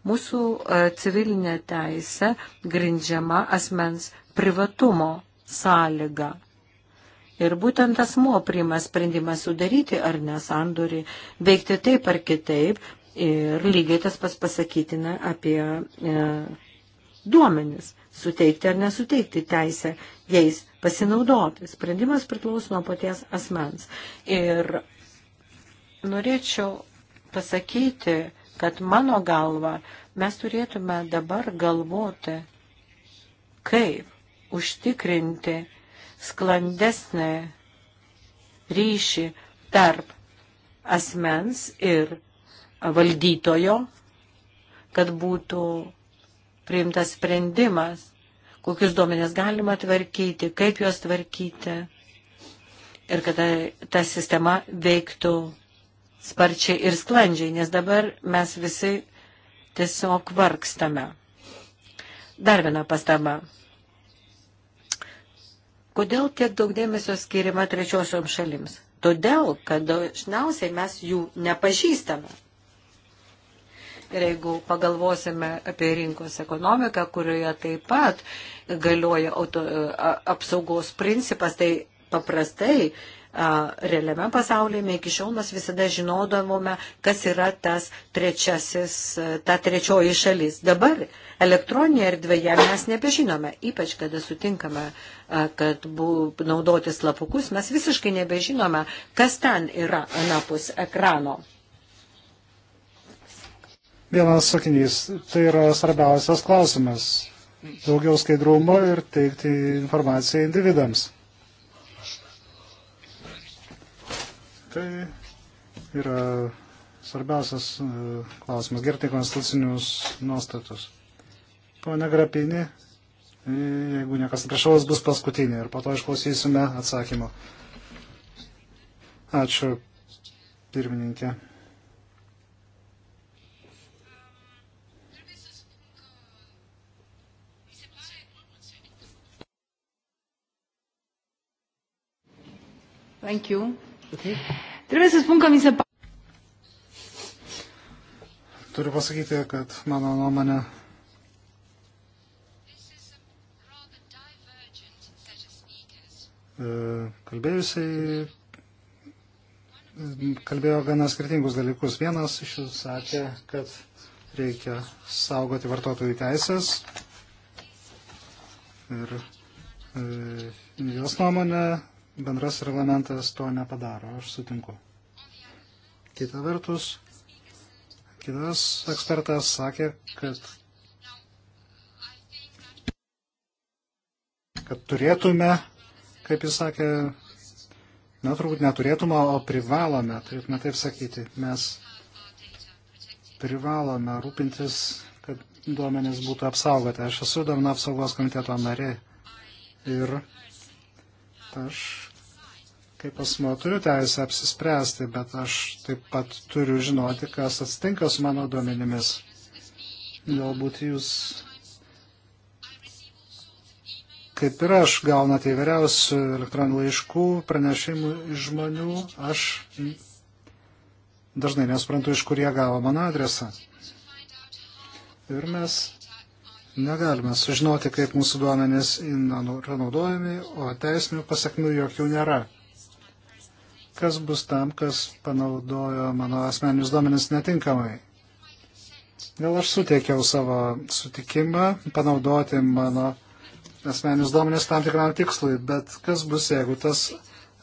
Mūsų e, civilinė teisė grindžiama asmens privatumo sąlyga. Ir būtent asmuo priima sprendimą sudaryti ar nesandorį, veikti taip ar kitaip. Ir lygiai tas pas pasakytina apie e, duomenis, suteikti ar nesuteikti teisę jais pasinaudoti. Sprendimas priklauso nuo paties asmens. Ir norėčiau pasakyti, kad mano galva mes turėtume dabar galvoti, kaip užtikrinti sklandesnį ryšį tarp asmens ir valdytojo, kad būtų priimtas sprendimas, kokius duomenės galima tvarkyti, kaip juos tvarkyti ir kad ta, ta sistema veiktų sparčiai ir sklandžiai, nes dabar mes visi tiesiog vargstame. Dar viena pastaba. Kodėl tiek daug dėmesio skiriama trečiosiom šalims? Todėl, kad dažniausiai mes jų nepažįstame. Ir jeigu pagalvosime apie rinkos ekonomiką, kurioje taip pat galioja auto, a, apsaugos principas, tai paprastai realiame pasaulyje iki šiol mes visada žinodavome, kas yra tas trečiasis, ta trečioji šalis. Dabar elektroninėje erdvėje mes nebežinome, ypač kada sutinkame, kad bu, naudotis lapukus, mes visiškai nebežinome, kas ten yra anapus ekrano. Vienas sakinys, tai yra svarbiausias klausimas. Daugiau skaidrumo ir teikti informaciją individams. Tai yra svarbiausias e, klausimas - gerti tai konstitucinius nuostatus. Pone Grapini, e, jeigu niekas atrašaus, bus paskutinė ir po to išklausysime atsakymo. Ačiū, pirmininkė. Thank you. Trebuie să spun că mi se Turiu pasakyti, kad mano nuomonė e, kalbėjusiai kalbėjo gana skirtingus dalykus. Vienas iš jų sakė, kad reikia saugoti vartotojų teisės ir e, jos nuomonė bendras reglamentas to nepadaro, aš sutinku. Kita vertus, kitas ekspertas sakė, kad, kad turėtume, kaip jis sakė, na turbūt neturėtume, o privalome, turėtume taip sakyti, mes privalome rūpintis, kad duomenys būtų apsaugoti. Aš esu duomenų apsaugos komiteto narė ir Aš kaip asmo turiu teisę apsispręsti, bet aš taip pat turiu žinoti, kas atsitinka su mano duomenimis. Galbūt jūs, kaip ir aš, gaunate įvairiausių elektroninių laiškų, pranešimų iš žmonių. Aš dažnai nesprantu, iš kur jie gavo mano adresą. Ir mes negalime sužinoti, kaip mūsų duomenys yra naudojami, o teisinių pasakmių jokių nėra. Kas bus tam, kas panaudojo mano asmeninius duomenys netinkamai? Gal aš suteikiau savo sutikimą panaudoti mano asmeninius duomenys tam tikram tikslui, bet kas bus, jeigu tas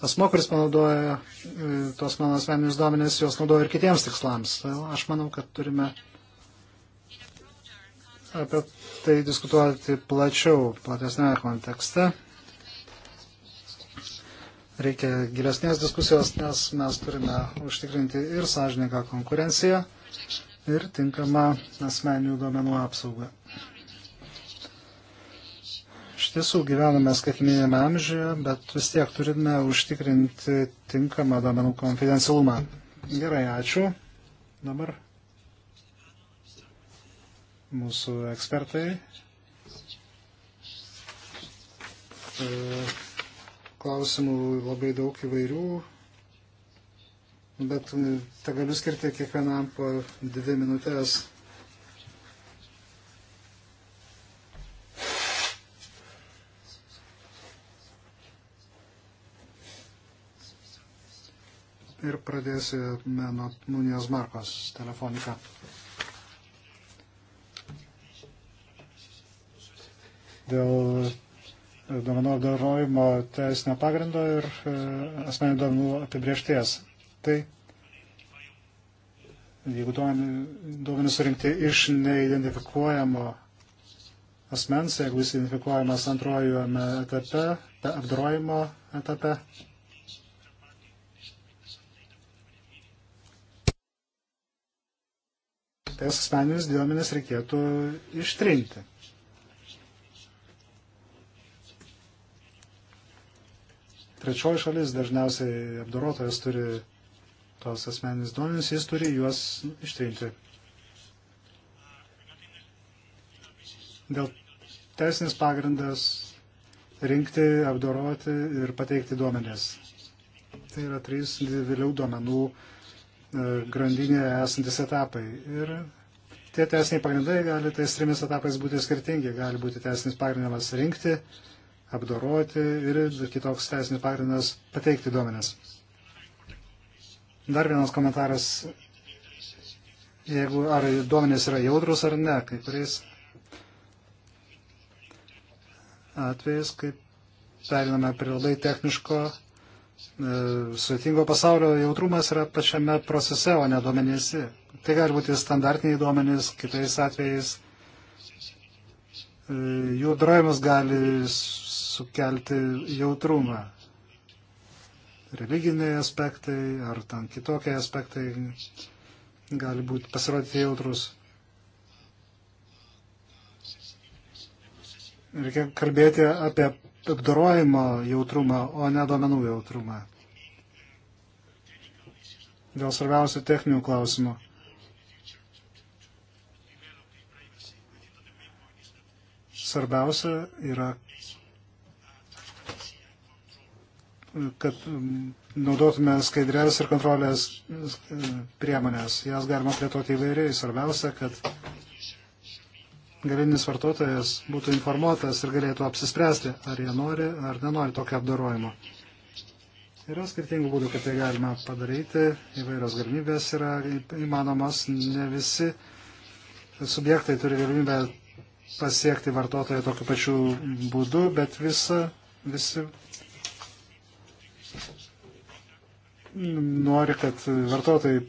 asmo, kuris panaudoja e, tuos mano asmeninius duomenys, juos naudoja ir kitiems tikslams? Tai aš manau, kad turime apie tai diskutuoti plačiau, platesnėme kontekste. Reikia gilesnės diskusijos, nes mes turime užtikrinti ir sąžininką konkurenciją, ir tinkamą asmeninių duomenų apsaugą. Iš tiesų gyvename skaitminėme amžiuje, bet vis tiek turime užtikrinti tinkamą duomenų konfidencialumą. Gerai, ačiū. Dabar mūsų ekspertai. E, klausimų labai daug įvairių, bet te galiu skirti kiekvienam po dvi minutės. ir pradėsime nuo Nunijos Markos telefoniką. dėl e, duomenų apdarojimo teisinio pagrindo ir e, asmeninių duomenų apibriešties. Tai jeigu duomenys surinkti iš neidentifikuojamo asmens, jeigu jis identifikuojamas antrojame etape, apdarojimo etape. Tai asmeninis duomenys reikėtų ištrinti. trečioji šalis, dažniausiai apdorotojas turi tos asmeninis duomenys, jis turi juos ištrinti. Dėl teisinis pagrindas rinkti, apdoroti ir pateikti duomenės. Tai yra trys vėliau duomenų e, grandinėje esantis etapai. Ir tie teisiniai pagrindai gali tais trimis etapais būti skirtingi. Gali būti teisinis pagrindas rinkti, apdoroti ir kitoks teisinis pagrindas pateikti duomenės. Dar vienas komentaras, jeigu ar duomenės yra jautrus ar ne, kai kuriais atvejais, kai periname prie labai techniško e, sudėtingo pasaulio jautrumas yra pačiame procese, o ne duomenėse. Tai gali būti standartiniai duomenys, kitais atvejais e, jų drojimas gali sukelti jautrumą. Religiniai aspektai ar tam kitokie aspektai gali būti pasirodyti jautrus. Reikia kalbėti apie apdorojimo jautrumą, o ne domenų jautrumą. Dėl svarbiausių techninių klausimų. svarbiausia yra kad mm, naudotume skaidrės ir kontrolės mm, priemonės. Jas galima plėtoti įvairiai. Svarbiausia, kad galinis vartotojas būtų informuotas ir galėtų apsispręsti, ar jie nori ar nenori tokio apdarojimo. Yra skirtingų būdų, kaip tai galima padaryti. Įvairios galimybės yra įmanomas. Ne visi subjektai turi galimybę pasiekti vartotoją tokiu pačiu būdu, bet visa, visi nori, kad vartotojai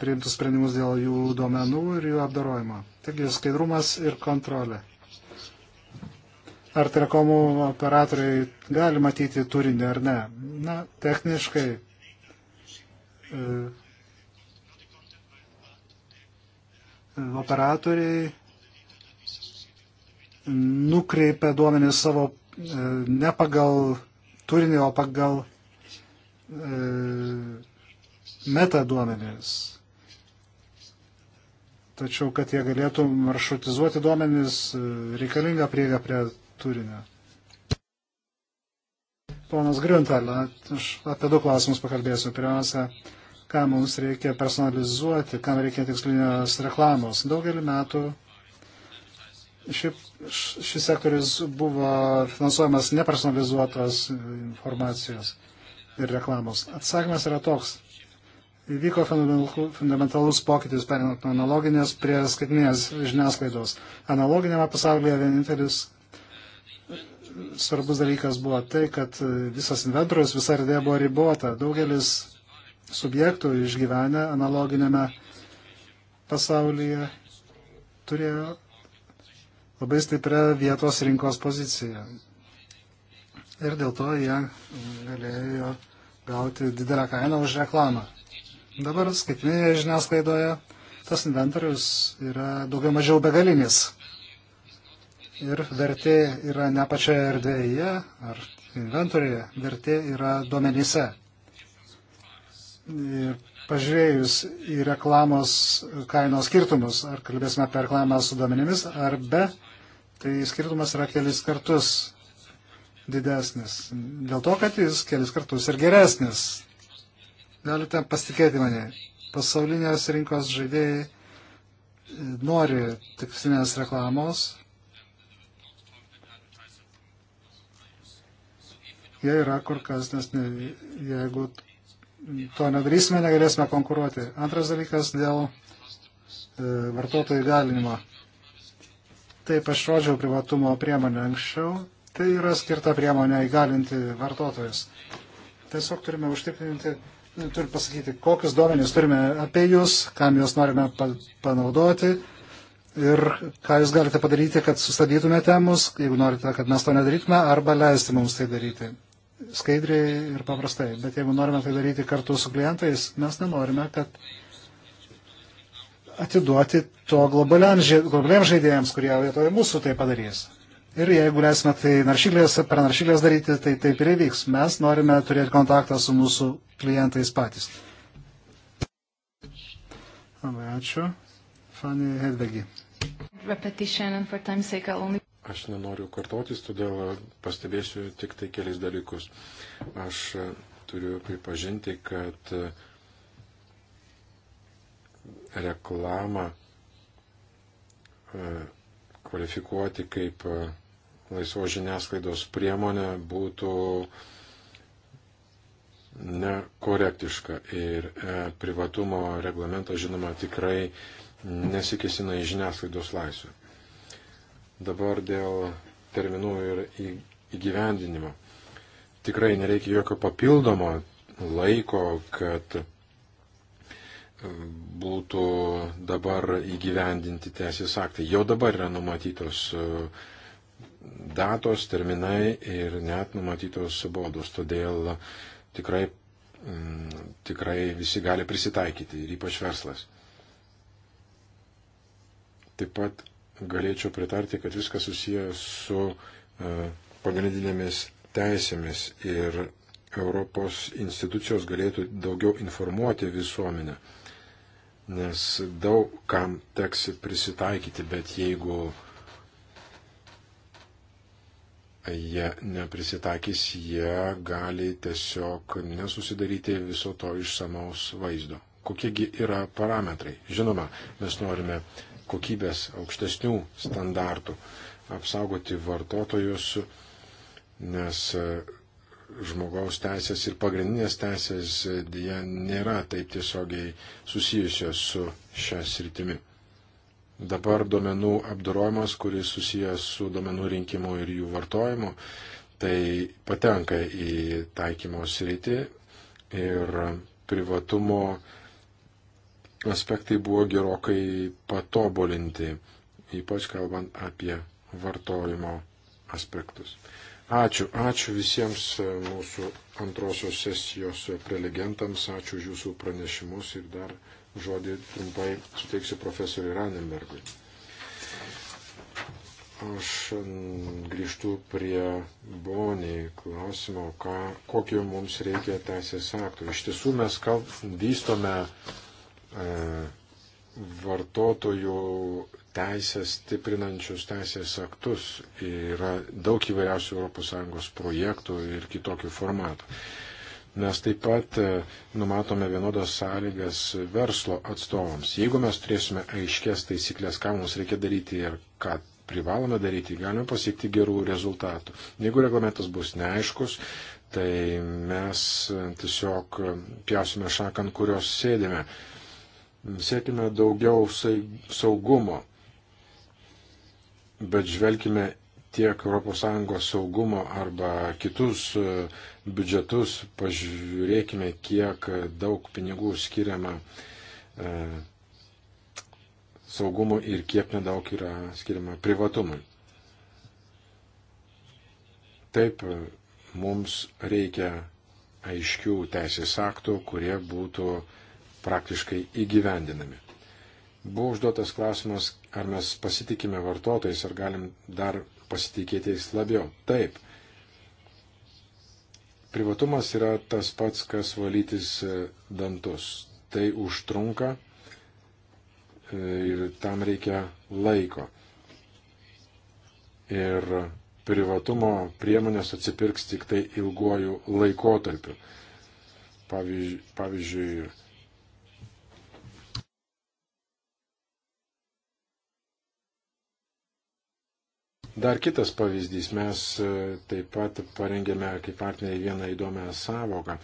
priimtų sprendimus dėl jų duomenų ir jų apdarojimo. Taigi skaidrumas ir kontrolė. Ar telekomų operatoriai gali matyti turinį ar ne? Na, techniškai. E, operatoriai nukreipia duomenį savo e, ne pagal turinį, o pagal E, metaduomenys. Tačiau, kad jie galėtų maršrutizuoti duomenys, e, reikalinga prieiga prie turinio. Ponas Grintal, aš apie du klausimus pakalbėsiu. Pirmiausia, ką mums reikia personalizuoti, kam reikia tikslinės reklamos. Daugelį metų ši, šis sektorius buvo finansuojamas nepersonalizuotos informacijos ir reklamos. Atsakymas yra toks. Įvyko fundamentalus pokytis perinant nuo analoginės prie skaitinės žiniasklaidos. Analoginėme pasaulyje vienintelis svarbus dalykas buvo tai, kad visas inventorius, visa erdvė buvo ribota. Daugelis subjektų išgyvenę analoginėme pasaulyje turėjo labai stiprią vietos rinkos poziciją ir dėl to jie galėjo gauti didelę kainą už reklamą. Dabar skaitminėje žiniasklaidoje tas inventorius yra daugiau mažiau begalinis. Ir vertė yra ne pačioje erdvėje ar inventoriuje, vertė yra duomenyse. Ir pažiūrėjus į reklamos kainos skirtumus, ar kalbėsime apie reklamą su duomenimis ar be, tai skirtumas yra kelis kartus didesnis. Dėl to, kad jis kelis kartus ir geresnis. Galite pasitikėti mane. Pasaulinės rinkos žaidėjai e, nori tikslinės reklamos. Jie yra kur kas, nes ne, jeigu to nedarysime, negalėsime konkuruoti. Antras dalykas dėl e, vartotojų galinimo. Taip, aš rodžiau privatumo priemonę anksčiau, Tai yra skirta priemonė įgalinti vartotojus. Tiesiog turime užtikrinti, turime pasakyti, kokius duomenys turime apie jūs, kam juos norime pa panaudoti ir ką jūs galite padaryti, kad sustabdytumėte mus, jeigu norite, kad mes to nedarytume, arba leisti mums tai daryti. Skaidriai ir paprastai. Bet jeigu norime tai daryti kartu su klientais, mes nenorime, kad atiduoti to globaliam žaidėjams, kurie vietoje mūsų tai padarys. Ir jeigu leisime tai naršyklės, per naršyklės daryti, tai taip ir įvyks. Mes norime turėti kontaktą su mūsų klientais patys. Labai ačiū. Fanny Hedvegi. Aš nenoriu kartotis, todėl pastebėsiu tik tai kelis dalykus. Aš e, turiu pripažinti, kad e, reklamą e, kvalifikuoti kaip laisvo žiniasklaidos priemonė būtų nekorektiška ir e, privatumo reglamentas, žinoma, tikrai nesikesina į žiniasklaidos laisvę. Dabar dėl terminų ir įgyvendinimo. Tikrai nereikia jokio papildomo laiko, kad e, būtų dabar įgyvendinti teisės aktai. Jau dabar yra numatytos uh, datos, terminai ir net numatytos baudos. Todėl tikrai, m, mm, tikrai visi gali prisitaikyti ir ypač verslas. Taip pat galėčiau pritarti, kad viskas susiję su e, pagrindinėmis teisėmis ir Europos institucijos galėtų daugiau informuoti visuomenę, nes daug kam teks prisitaikyti, bet jeigu jie neprisitaikys, jie gali tiesiog nesusidaryti viso to išsamaus vaizdo. Kokiegi yra parametrai? Žinoma, mes norime kokybės aukštesnių standartų, apsaugoti vartotojus, nes e, žmogaus teisės ir pagrindinės teisės e, dėja nėra taip tiesiogiai susijusios su šią sritimi dabar duomenų apdorojimas, kuris susijęs su duomenų rinkimu ir jų vartojimu, tai patenka į taikymo sritį ir privatumo aspektai buvo gerokai patobulinti, ypač kalbant apie vartojimo aspektus. Ačiū, ačiū visiems mūsų antrosios sesijos prelegentams, ačiū už jūsų pranešimus ir dar žodį trumpai suteiksiu profesoriui Ranenbergui. Aš grįžtu prie Boniai klausimo, ką, kokio mums reikia teisės aktų. Iš tiesų mes kal, vystome e, vartotojų teisės stiprinančius teisės aktus. Yra daug įvairiausių ES projektų ir kitokių formatų. E, Mes taip pat e, numatome vienodas sąlygas verslo atstovams. Jeigu mes turėsime aiškės taisyklės, ką mums reikia daryti ir ką privalome daryti, galime pasiekti gerų rezultatų. Jeigu reglamentas bus neaiškus, tai mes e, tiesiog e, pjausime šaką, ant kurios sėdime. Siekime daugiau saugumo, bet žvelgime tiek ES saugumo arba kitus e, biudžetus, pažiūrėkime, kiek daug pinigų skiriama e, saugumui ir kiek nedaug yra skiriama privatumui. Taip e, mums reikia aiškių teisės aktų, kurie būtų praktiškai įgyvendinami. Buvo užduotas klausimas, ar mes pasitikime vartotojais, ar galim dar pasitikėti jais labiau. Taip. Privatumas yra tas pats, kas valytis e, dantus. Tai užtrunka e, ir tam reikia laiko. Ir privatumo priemonės atsipirks tik tai ilguoju laikotarpiu. Pavyzdžiui, pavyzdžiui Dar kitas pavyzdys. Mes e, taip pat parengėme kaip partneriai vieną įdomią savoką,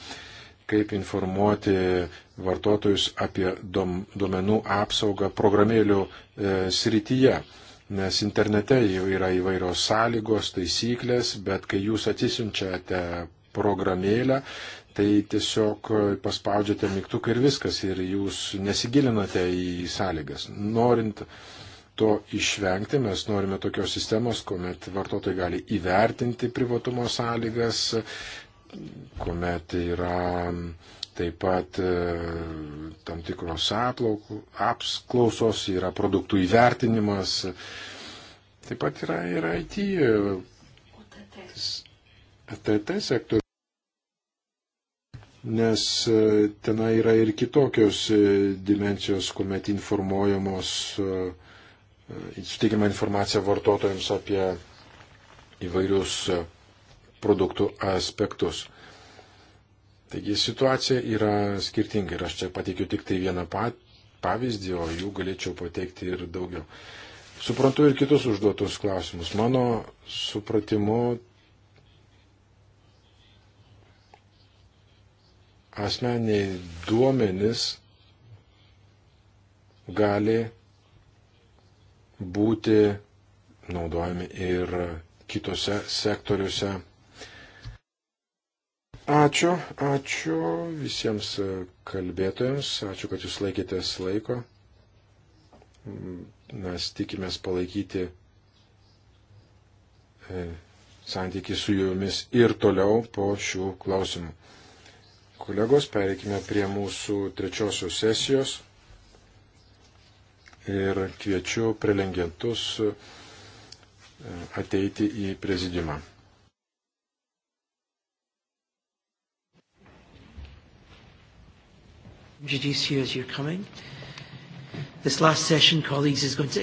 kaip informuoti vartotojus apie duomenų apsaugą programėlių e, srityje. Nes internete jau yra įvairios sąlygos, taisyklės, bet kai jūs atsisunčiate programėlę, tai tiesiog e, paspaudžiate mygtuką ir viskas, ir jūs nesigilinate į sąlygas. Norint uh, to išvengti. Mes norime tokios sistemos, kuomet vartotojai gali įvertinti privatumo sąlygas, kuomet yra taip pat e, tam tikros atlaukų, apklausos, yra produktų įvertinimas. Taip pat yra ir IT. ATT e, sektorius. Nes e, tenai yra ir kitokios dimencijos, kuomet informuojamos uh, E, suteikiama informacija vartotojams apie įvairius e, produktų aspektus. Taigi situacija yra skirtinga ir aš čia pateikiu tik tai vieną pavyzdį, o jų galėčiau pateikti ir daugiau. Suprantu ir kitus užduotus klausimus. Mano supratimu, asmeniai duomenys gali būti naudojami ir kitose sektoriuose. Ačiū, ačiū visiems kalbėtojams, ačiū, kad jūs laikėtės laiko. Mes tikimės palaikyti e, santykių su jumis ir toliau po šių klausimų. Kolegos, pereikime prie mūsų trečiosios sesijos ir kviečiu prelengentus e, ateiti į prezidiumą. Introduce you as you're coming. This last session, colleagues, is going to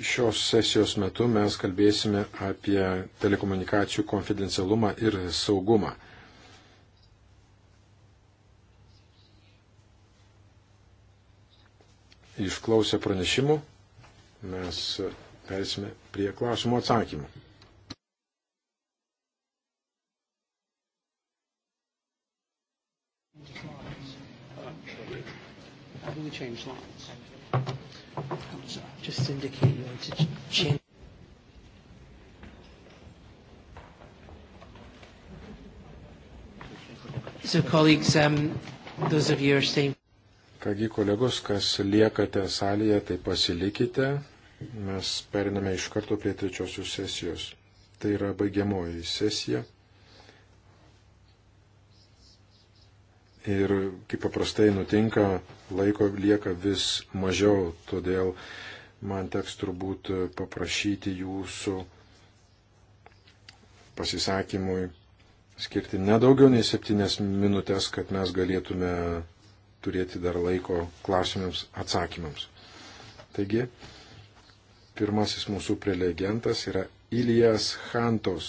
šios sesijos metu mes kalbėsime apie telekomunikacijų konfidencialumą ir saugumą. išklausę pranešimų, mes persime prie klausimų atsakymų. How do we change lines? Just indicate you want to change. So, colleagues, um, those of you who are staying. Kągi kolegos, kas liekate salėje, tai pasilikite. Mes periname iš karto prie trečiosios sesijos. Tai yra baigiamoji sesija. Ir kaip paprastai nutinka, laiko lieka vis mažiau, todėl man teks turbūt paprašyti jūsų pasisakymui skirti nedaugiau nei septynias minutės, kad mes galėtume turėti dar laiko klausimams atsakymams. Taigi, pirmasis mūsų prelegentas yra Ilijas Hantos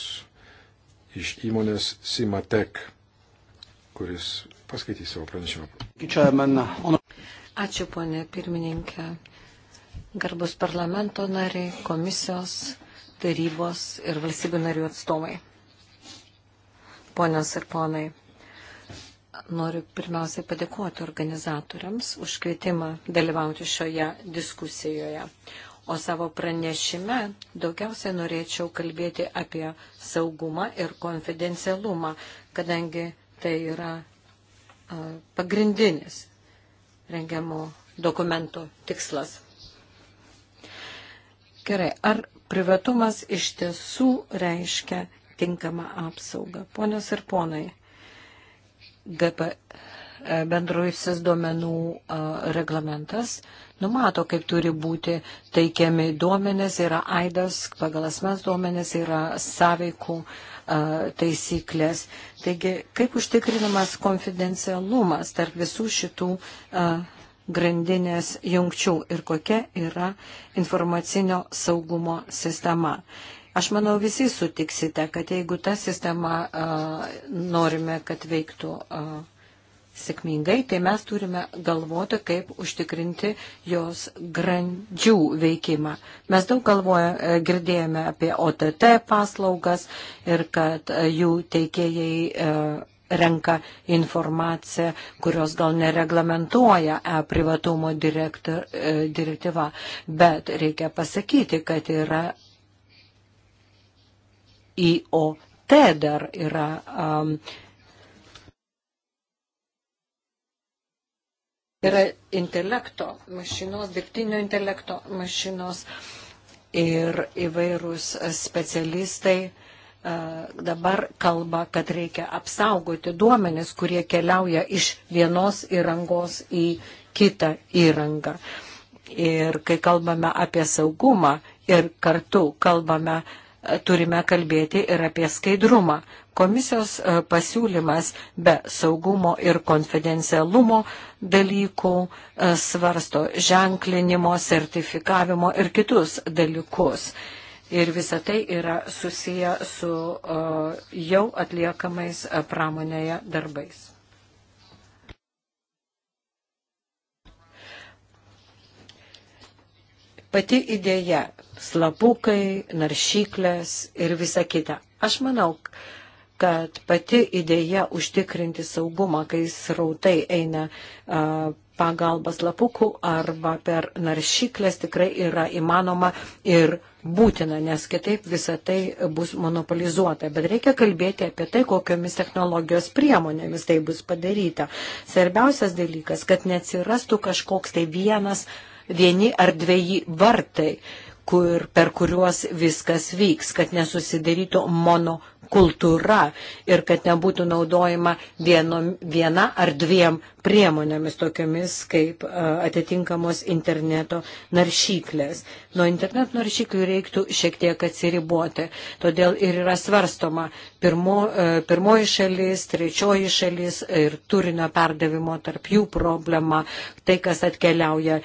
iš įmonės Simatek, kuris paskaitys savo pranešimą. Ačiū, ponė pirmininkė. Garbus parlamento nariai, komisijos, tarybos ir valstybių narių atstovai. Ponios ir ponai noriu pirmiausiai padėkoti organizatoriams už kvietimą dalyvauti šioje diskusijoje. O savo pranešime daugiausiai norėčiau kalbėti apie saugumą ir konfidencialumą, kadangi tai yra pagrindinis rengiamo dokumento tikslas. Gerai, ar privatumas iš tiesų reiškia tinkamą apsaugą? Ponios ir ponai, DP e, bendrojusis duomenų e, reglamentas numato, kaip turi būti teikiami duomenės, yra aidas, pagal asmens duomenės yra sąveikų e, taisyklės. Taigi, kaip užtikrinamas konfidencialumas tarp visų šitų grandinės jungčių ir kokia yra informacinio saugumo sistema. Aš manau, visi sutiksite, kad jeigu ta sistema a, norime, kad veiktų a, sėkmingai, tai mes turime galvoti, kaip užtikrinti jos grandžių veikimą. Mes daug galvoja, e, girdėjome apie OTT paslaugas ir kad e, jų teikėjai e, renka informaciją, kurios gal nereglamentuoja e privatumo direktyva, bet reikia pasakyti, kad yra IOT dar yra. Um, yra intelekto mašinos, dirbtinio intelekto mašinos ir įvairūs specialistai dabar kalba, kad reikia apsaugoti duomenis, kurie keliauja iš vienos įrangos į kitą įrangą. Ir kai kalbame apie saugumą ir kartu kalbame turime kalbėti ir apie skaidrumą. Komisijos e, pasiūlymas be saugumo ir konfidencialumo dalykų e, svarsto ženklinimo, sertifikavimo ir kitus dalykus. Ir visa tai yra susiję su e, jau atliekamais pramonėje darbais. pati idėja - slapukai, naršyklės ir visa kita. Aš manau, kad pati idėja užtikrinti saugumą, kai srautai eina a, pagalbas lapukų arba per naršyklės tikrai yra įmanoma ir būtina, nes kitaip visa tai bus monopolizuota. Bet reikia kalbėti apie tai, kokiomis technologijos priemonėmis tai bus padaryta. Svarbiausias dalykas, kad neatsirastų kažkoks tai vienas vieni ar dviejai vartai, kur, per kuriuos viskas vyks, kad nesusidarytų mono kultūra ir kad nebūtų naudojama vieno, viena ar dviem priemonėmis tokiamis kaip atitinkamos interneto naršyklės. Nuo interneto naršyklių reiktų šiek tiek atsiriboti. Todėl ir yra svarstoma pirmo, pirmoji šalis, trečioji šalis ir turinio perdavimo tarp jų problema, tai kas atkeliauja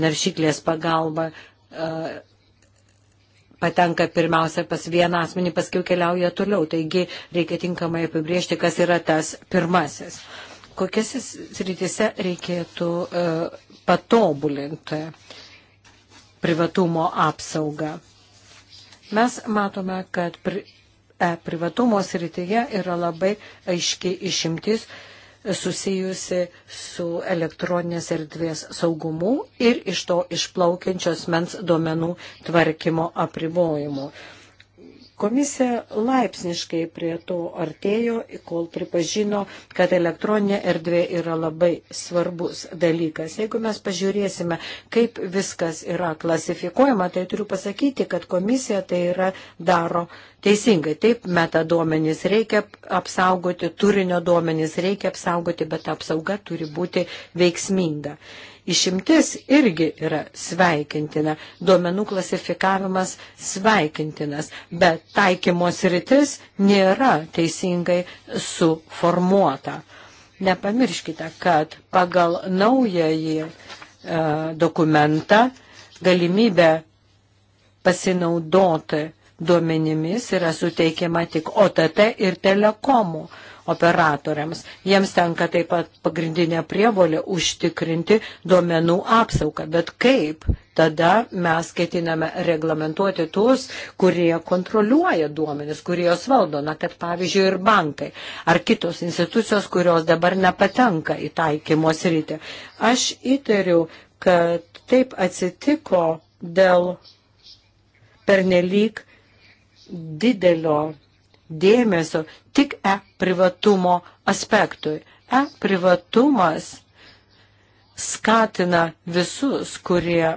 naršyklės pagalba patenka pirmiausia pas vieną asmenį, paskui keliauja toliau. Taigi reikia tinkamai apibriežti, kas yra tas pirmasis. Kokias srityse reikėtų uh, patobulinti privatumo apsaugą? Mes matome, kad pri, e, privatumo srityje yra labai aiški išimtis, uh, susijusi su elektroninės erdvės saugumu ir iš to išplaukiančios mens duomenų tvarkymo apribojimu. Komisija laipsniškai prie to artėjo, kol pripažino, kad elektroninė erdvė yra labai svarbus dalykas. Jeigu mes pažiūrėsime, kaip viskas yra klasifikuojama, tai turiu pasakyti, kad komisija tai yra daro teisingai. Taip, metaduomenys reikia apsaugoti, turinio duomenys reikia apsaugoti, bet apsauga turi būti veiksminga. Išimtis irgi yra sveikintina, duomenų klasifikavimas sveikintinas, bet taikymos rytis nėra teisingai suformuota. Nepamirškite, kad pagal naująjį e, dokumentą galimybę pasinaudoti duomenimis yra suteikiama tik OTT ir telekomų operatoriams. Jiems tenka taip pat pagrindinė prievolė užtikrinti duomenų apsaugą. Bet kaip tada mes ketiname reglamentuoti tuos, kurie kontroliuoja duomenis, kurie jos valdo, na, kad pavyzdžiui ir bankai ar kitos institucijos, kurios dabar nepatenka į taikymos rytį. Aš įtariu, kad taip atsitiko dėl pernelyg didelio dėmesio tik e-privatumo aspektui. E-privatumas skatina visus, kurie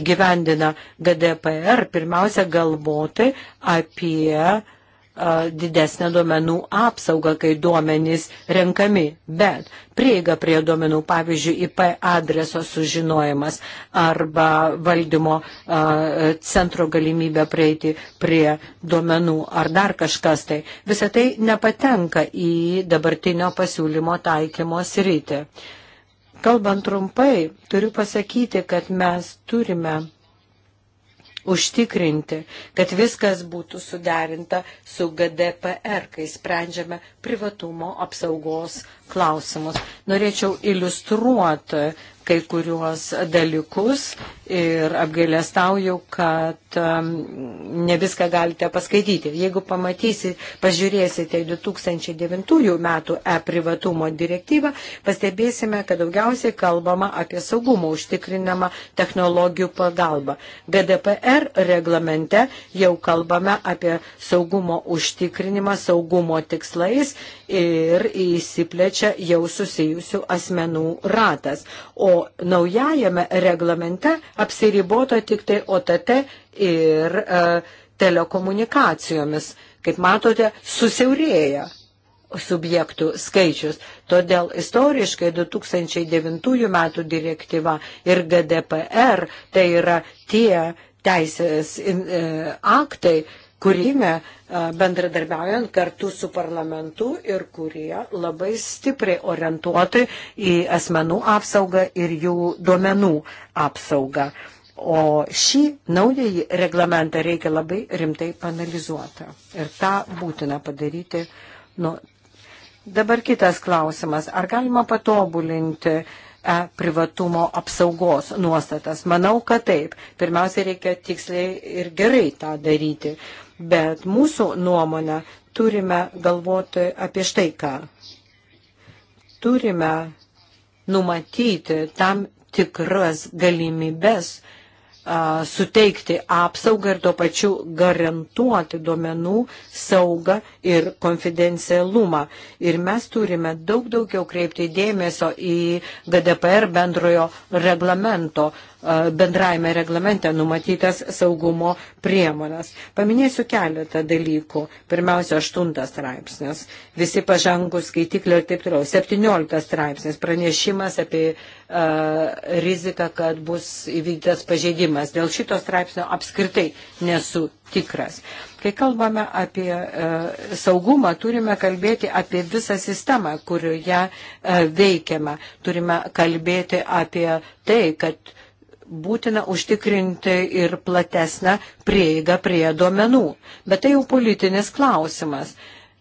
įgyvendina GDPR, pirmiausia galvoti apie didesnę duomenų apsaugą, kai duomenys renkami, bet prieiga prie duomenų, pavyzdžiui, IP adreso sužinojimas arba valdymo centro galimybė prieiti prie duomenų ar dar kažkas tai, visą tai nepatenka į dabartinio pasiūlymo taikymo sritį. Kalbant trumpai, turiu pasakyti, kad mes turime užtikrinti, kad viskas būtų suderinta su GDPR, kai sprendžiame privatumo apsaugos klausimus. Norėčiau iliustruoti kai kuriuos dalykus ir apgailestauju, kad um, ne viską galite paskaityti. Jeigu pamatysi, pažiūrėsite 2009 metų e-privatumo direktyvą, pastebėsime, kad daugiausiai kalbama apie saugumą užtikrinamą technologijų pagalbą. GDPR reglamente jau kalbame apie saugumo užtikrinimą, saugumo tikslais ir įsiplečia liečia jau susijusių asmenų ratas, o naujajame reglamente apsiriboto tik tai OTT ir e, telekomunikacijomis. Kaip matote, susiaurėja subjektų skaičius. Todėl istoriškai 2009 metų direktyva ir GDPR tai yra tie teisės e, aktai, kurime bendradarbiaujant kartu su parlamentu ir kurie labai stipriai orientuoti į asmenų apsaugą ir jų duomenų apsaugą. O šį naująjį reglamentą reikia labai rimtai panalizuoti. Ir tą būtina padaryti. Nu, dabar kitas klausimas. Ar galima patobulinti uh, privatumo apsaugos nuostatas. Manau, kad taip. Pirmiausia, reikia tiksliai ir gerai tą daryti. Bet mūsų nuomonę turime galvoti apie štai ką. Turime numatyti tam tikras galimybės a, suteikti apsaugą ir tuo pačiu garantuoti duomenų saugą ir konfidencialumą. Ir mes turime daug daugiau kreipti dėmesio į GDPR bendrojo reglamento bendraime reglamente numatytas saugumo priemonės. Paminėsiu keletą dalykų. Pirmiausia, 8 straipsnis. Visi pažangus skaitikliai ir taip toliau. 17 straipsnis. Pranešimas apie uh, riziką, kad bus įvykdytas pažeidimas. Dėl šito straipsnio apskritai nesu tikras. Kai kalbame apie e, saugumą, turime kalbėti apie visą sistemą, kurioje e, veikiame. Turime kalbėti apie tai, kad būtina užtikrinti ir platesnę prieigą prie duomenų. Bet tai jau politinis klausimas.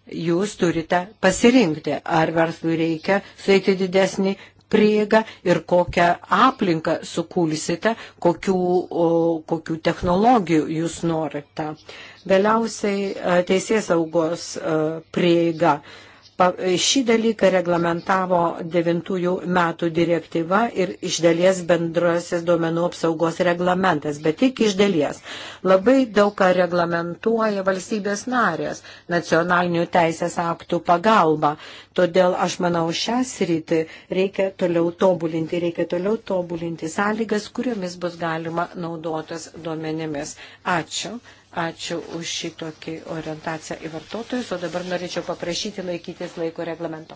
Jūs turite pasirinkti, ar verslui reikia sueiti didesnį prieigą ir kokią aplinką sukūlysite, kokių, o, kokių technologijų jūs norite. Galiausiai e, teisės saugos e, prieiga. Šį dalyką reglamentavo 9 metų direktyva ir iš dalies bendrasis duomenų apsaugos reglamentas, bet tik iš dalies. Labai daug ką reglamentuoja valstybės narės nacionalinių teisės aktų pagalba. Todėl aš manau, šią sritį reikia toliau tobulinti, reikia toliau tobulinti sąlygas, kuriomis bus galima naudotas duomenimis. Ačiū. Ačiū už šitokį orientaciją į vartotojus, o dabar norėčiau paprašyti laikytis laiko reglamento.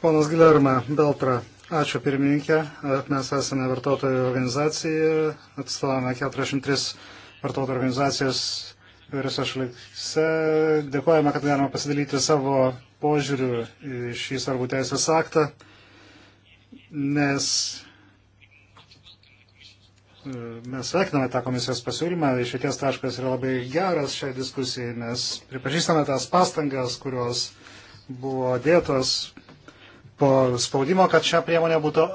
Ponas Gilerma, Beltra, ačiū pirmininkė. Mes esame vartotojų organizacija, atstovame 43 vartotojų organizacijas įvairiose šalyse. Dėkojame, kad galime pasidalyti savo požiūrių į šį svarbų teisės aktą, nes mes sveikiname tą komisijos pasiūlymą, išėties taškas yra labai geras šiai diskusijai, mes pripažįstame tas pastangas, kurios buvo dėtos po spaudimo, kad šią priemonę būtų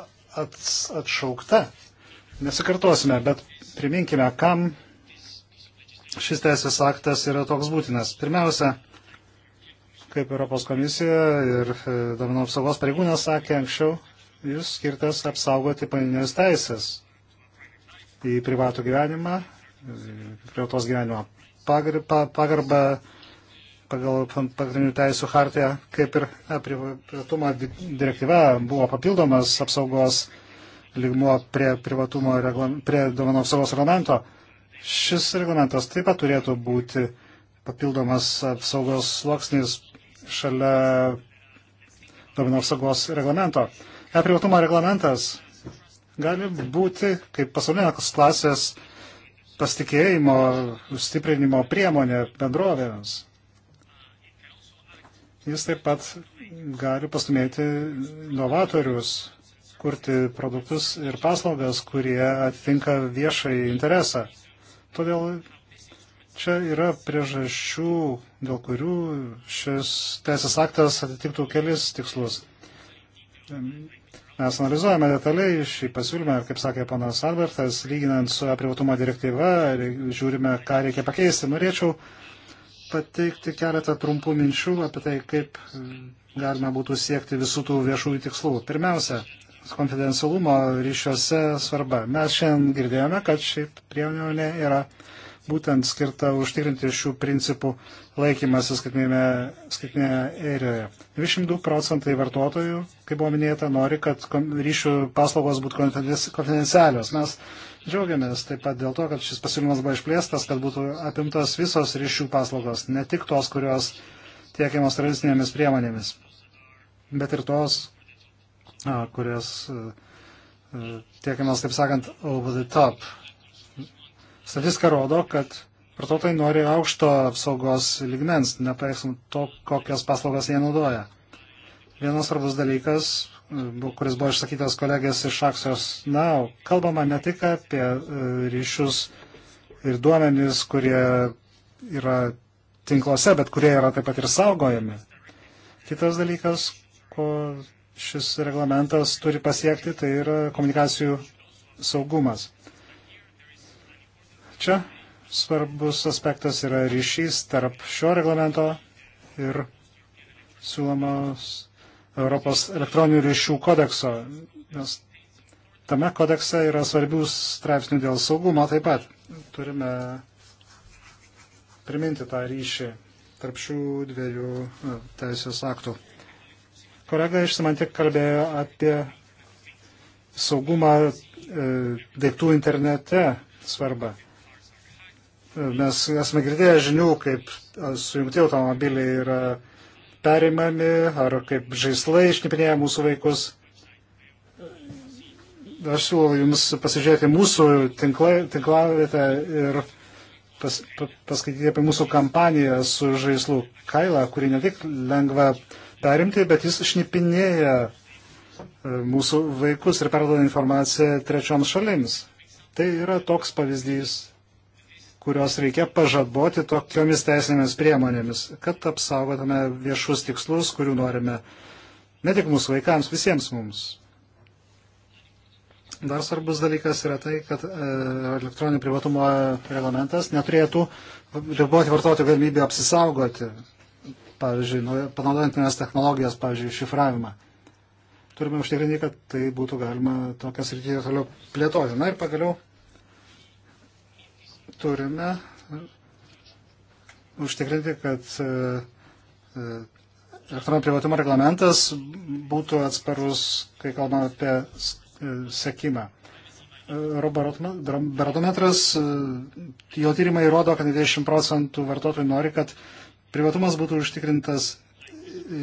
atšaukta. Nesikartosime, bet priminkime, kam šis teisės aktas yra toks būtinas. Pirmiausia, kaip Europos komisija ir e, domenų apsaugos pareigūnas sakė anksčiau, jis skirtas apsaugoti paninės teisės į privatų gyvenimą, privataus gyvenimo pagarbą pagal pagrindinių teisų hartiją, kaip ir privatumo direktyva buvo papildomas apsaugos lygmuo prie privatumo, prie duomenų apsaugos reglamento. Šis reglamentas taip pat turėtų būti papildomas apsaugos sluoksnis šalia duomenų apsaugos reglamento. E privatumo reglamentas gali būti kaip pasaulinės klasės pasitikėjimo stiprinimo priemonė bendrovėms. Jis taip pat gali pastumėti novatorius, kurti produktus ir paslaugas, kurie atitinka viešai interesą. Todėl čia yra priežasčių, dėl kurių šis teisės aktas atitiktų kelis tikslus Mes analizuojame detaliai šį pasiūlymą, kaip sakė panas Albertas, lyginant su privatumo direktyva, žiūrime, ką reikia pakeisti. Norėčiau pateikti keletą trumpų minčių apie tai, kaip galima būtų siekti visų tų viešųjų tikslų. Pirmiausia, konfidencialumo ryšiuose svarba. Mes šiandien girdėjome, kad ši priemonė yra būtent skirta užtikrinti šių principų laikymasi skaitinėje erijoje. 22 procentai vartotojų, kaip buvo minėta, nori, kad ryšių paslaugos būtų konfidencialios. Mes džiaugiamės taip pat dėl to, kad šis pasiūlymas buvo išplėstas, kad būtų apimtos visos ryšių paslaugos, ne tik tos, kurios tiekiamos tradicinėmis priemonėmis, bet ir tos, kurios tiekiamas, kaip sakant, over the top Statistika rodo, kad vartotojai nori aukšto apsaugos lygmens, nepaėksim to, kokias paslaugas jie naudoja. Vienas svarbus dalykas, e, kuris buvo išsakytas kolegės iš akcijos NAU, kalbama ne tik apie e, ryšius ir duomenys, kurie yra tinkluose, bet kurie yra taip pat ir saugojami. Kitas dalykas, ko šis reglamentas turi pasiekti, tai yra komunikacijų saugumas. Čia svarbus aspektas yra ryšys tarp šio reglamento ir siūlomos Europos elektroninių ryšių kodekso, nes tame kodekse yra svarbių straipsnių dėl saugumo taip pat. Turime priminti tą ryšį tarp šių dviejų na, e, teisės aktų. Kolega iš Simantik kalbėjo apie saugumą e, daiktų internete svarbą. Mes esame girdėję žinių, kaip sujungti automobiliai yra perimami ar kaip žaislai išnipinėja mūsų vaikus. Aš siūlau Jums pasižiūrėti mūsų tinklavietę ir pas, pa, paskaityti apie mūsų kampaniją su žaislu Kaila, kurį ne tik lengva perimti, bet jis šnipinėja e, mūsų vaikus ir perduoda informaciją trečioms šalims. Tai yra toks pavyzdys kurios reikia pažaboti tokiomis teisinėmis priemonėmis, kad apsaugotume viešus tikslus, kurių norime ne tik mūsų vaikams, visiems mums. Dar svarbus dalykas yra tai, kad e, elektroninio privatumo reglamentas neturėtų riboti vartotojų galimybę apsisaugoti, pavyzdžiui, panaudojant naujas technologijas, pavyzdžiui, šifravimą. Turime užtikrinti, kad tai būtų galima tokias rytyje toliau plėtoti. Na ir pagaliau turime užtikrinti, kad e, e, elektroninio privatumo reglamentas būtų atsparus, kai kalbame apie e, sekimą. Barometras, jo tyrimai rodo, kad 20 procentų vartotojų nori, kad privatumas būtų užtikrintas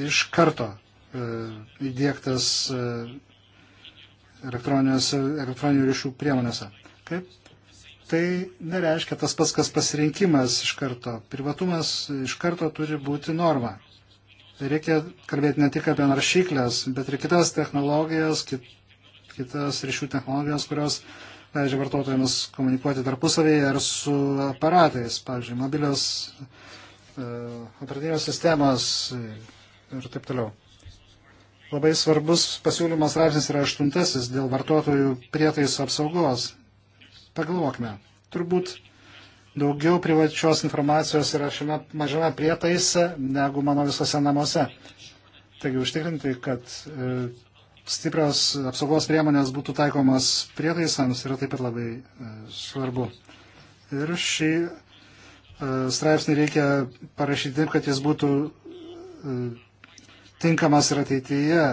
iš karto įdėktas elektroninių ryšių priemonėse. Kaip tai nereiškia tas pats, kas pasirinkimas iš karto. Privatumas iš karto turi būti norma. Reikia kalbėti ne tik apie naršyklės, bet ir kitas technologijas, kit, kitas ryšių technologijas, kurios leidžia vartotojams komunikuoti tarpusavėje ir su aparatais, pavyzdžiui, mobilios e, operatyvinės sistemos ir taip toliau. Labai svarbus pasiūlymas rašnis yra aštuntasis dėl vartotojų prietaisų apsaugos. Pagalvokime, turbūt daugiau privačios informacijos yra šiame mažame prietaise negu mano visose namuose. Taigi užtikrinti, kad e, stiprios apsaugos priemonės būtų taikomas prietaisams yra taip pat labai e, svarbu. Ir šį e, straipsnį reikia parašyti taip, kad jis būtų e, tinkamas ir ateityje.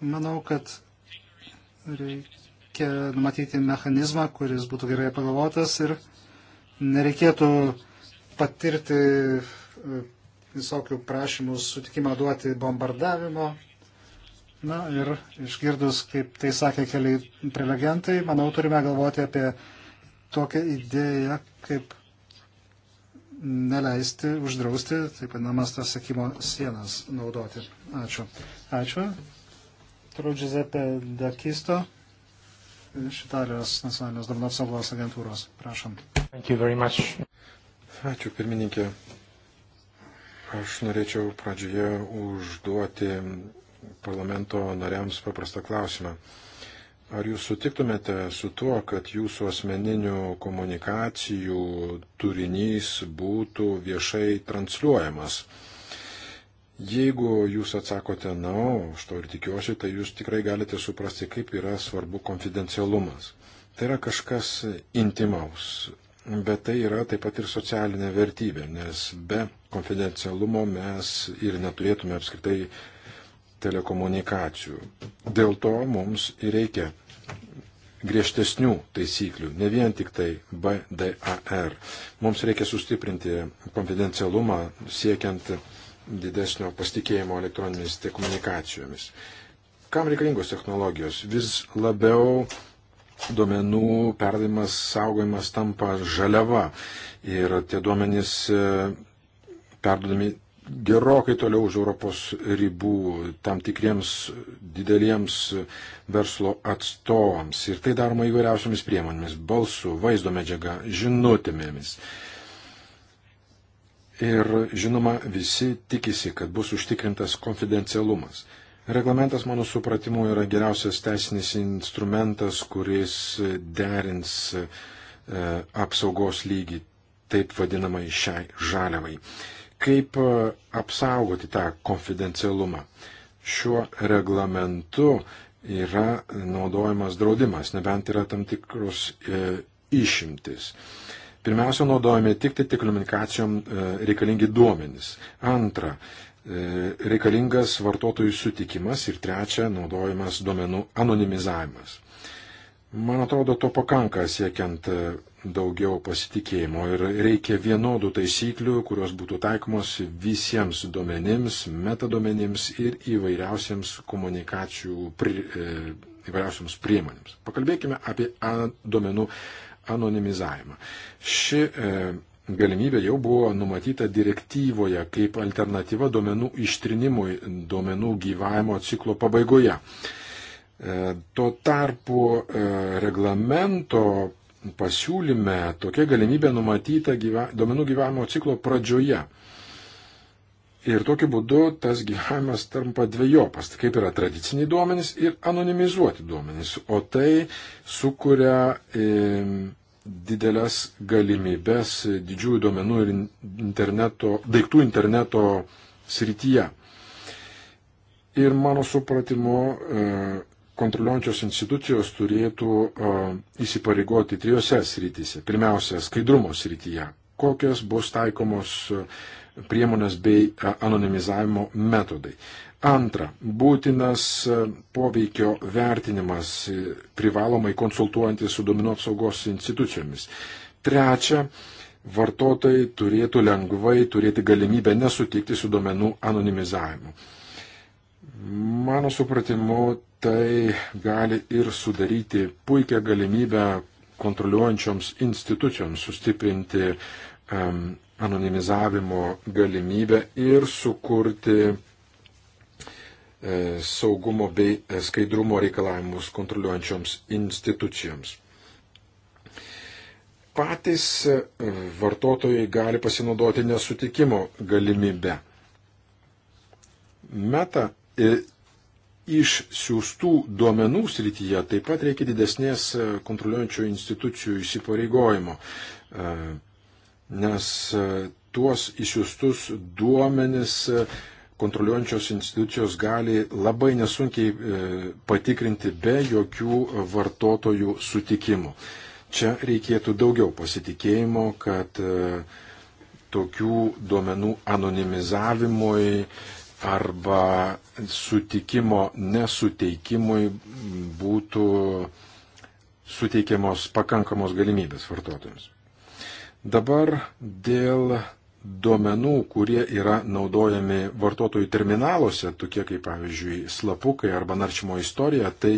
Manau, kad reikia numatyti mechanizmą, kuris būtų gerai pagalvotas ir nereikėtų patirti e, visokių prašymų sutikimą duoti bombardavimo. Na ir išgirdus, kaip tai sakė keliai prelegentai, manau, turime galvoti apie tokią idėją, kaip neleisti, uždrausti, taip vadinamas tas sakymo sienas naudoti. Ačiū. Ačiū. Toliau Giuseppe Dakisto iš Italijos nacionalinės duomenų apsaugos agentūros. Prašom. Ačiū, pirmininkė. Aš norėčiau pradžioje užduoti parlamento nariams paprastą klausimą. Ar jūs sutiktumėte su tuo, kad jūsų asmeninių komunikacijų turinys būtų viešai transliuojamas? Jeigu jūs atsakote, na, no, aš to ir tikiuosi, tai jūs tikrai galite suprasti, kaip yra svarbu konfidencialumas. Tai yra kažkas intimaus, bet tai yra taip pat ir socialinė vertybė, nes be konfidencialumo mes ir neturėtume apskritai telekomunikacijų. Dėl to mums ir reikia griežtesnių taisyklių, ne vien tik tai BDAR. Mums reikia sustiprinti konfidencialumą siekiant didesnio pasitikėjimo elektroninėmis komunikacijomis. Kam reikalingos technologijos? Vis labiau duomenų perdavimas, saugojimas tampa žaliava ir tie duomenys e, perdodami gerokai toliau už Europos ribų tam tikriems dideliems verslo atstovams. Ir tai daroma įvairiausiamis priemonėmis - balsu, vaizdo medžiaga, žinutėmėmis ir žinoma visi tikisi, kad bus užtikrintas konfidencialumas. Reglamentas, mano supratimu, yra geriausias teisinis instrumentas, kuris derins e, apsaugos lygį taip vadinamai šiai žaliavai. Kaip e, apsaugoti tą konfidencialumą? Šiuo reglamentu yra naudojamas draudimas, nebent yra tam tikrus e, išimtis. E, Pirmiausia, naudojame tik tai telekomunikacijom e, reikalingi duomenys. Antra, e, reikalingas vartotojų sutikimas. Ir trečia, naudojamas duomenų anonimizavimas. Man atrodo, to pakanka siekiant e, daugiau pasitikėjimo ir reikia vienodų taisyklių, kurios būtų taikomos visiems duomenims, metaduomenims ir įvairiausiams komunikacijų pri, įvairiausiams priemonėms. Pakalbėkime apie duomenų anonimizavimą. Ši e, galimybė jau buvo numatyta direktyvoje kaip alternatyva duomenų ištrinimui duomenų gyvavimo ciklo pabaigoje. E, tuo tarpu e, reglamento pasiūlyme tokia galimybė numatyta gyva, duomenų gyvavimo ciklo pradžioje. Ir tokiu būdu tas gyvavimas tampa dviejopas, kaip yra tradiciniai duomenys ir anonimizuoti duomenys, o tai sukuria e, didelės galimybės didžiųjų duomenų ir interneto, daiktų interneto srityje. Ir mano supratimu, e, kontroliuojančios institucijos turėtų e, įsipareigoti trijose srityse. Pirmiausia, skaidrumo srityje. Kokios bus taikomos. E, priemonės bei e, anonimizavimo metodai. Antra, būtinas e, poveikio vertinimas e, privalomai konsultuojantis su domino apsaugos institucijomis. Trečia, vartotojai turėtų lengvai turėti galimybę nesutikti su domenų anonimizavimu. Mano supratimu, tai gali ir sudaryti puikią galimybę kontroliuojančioms institucijoms sustiprinti um, anonimizavimo galimybę ir sukurti e, saugumo bei e, skaidrumo reikalavimus kontroliuojančioms institucijoms. Patys e, vartotojai gali pasinaudoti nesutikimo galimybę. Meta iš siūstų duomenų srityje taip pat reikia didesnės kontroliuojančių institucijų įsipareigojimo nes e, tuos išsiųstus duomenis e, kontroliuojančios institucijos gali labai nesunkiai e, patikrinti be jokių vartotojų sutikimų. Čia reikėtų daugiau pasitikėjimo, kad tokių duomenų anonimizavimui arba sutikimo nesuteikimui būtų suteikiamos pakankamos galimybės vartotojams. Dabar dėl duomenų, kurie yra naudojami vartotojų terminaluose, tokie kaip pavyzdžiui slapukai arba naršymo istorija, tai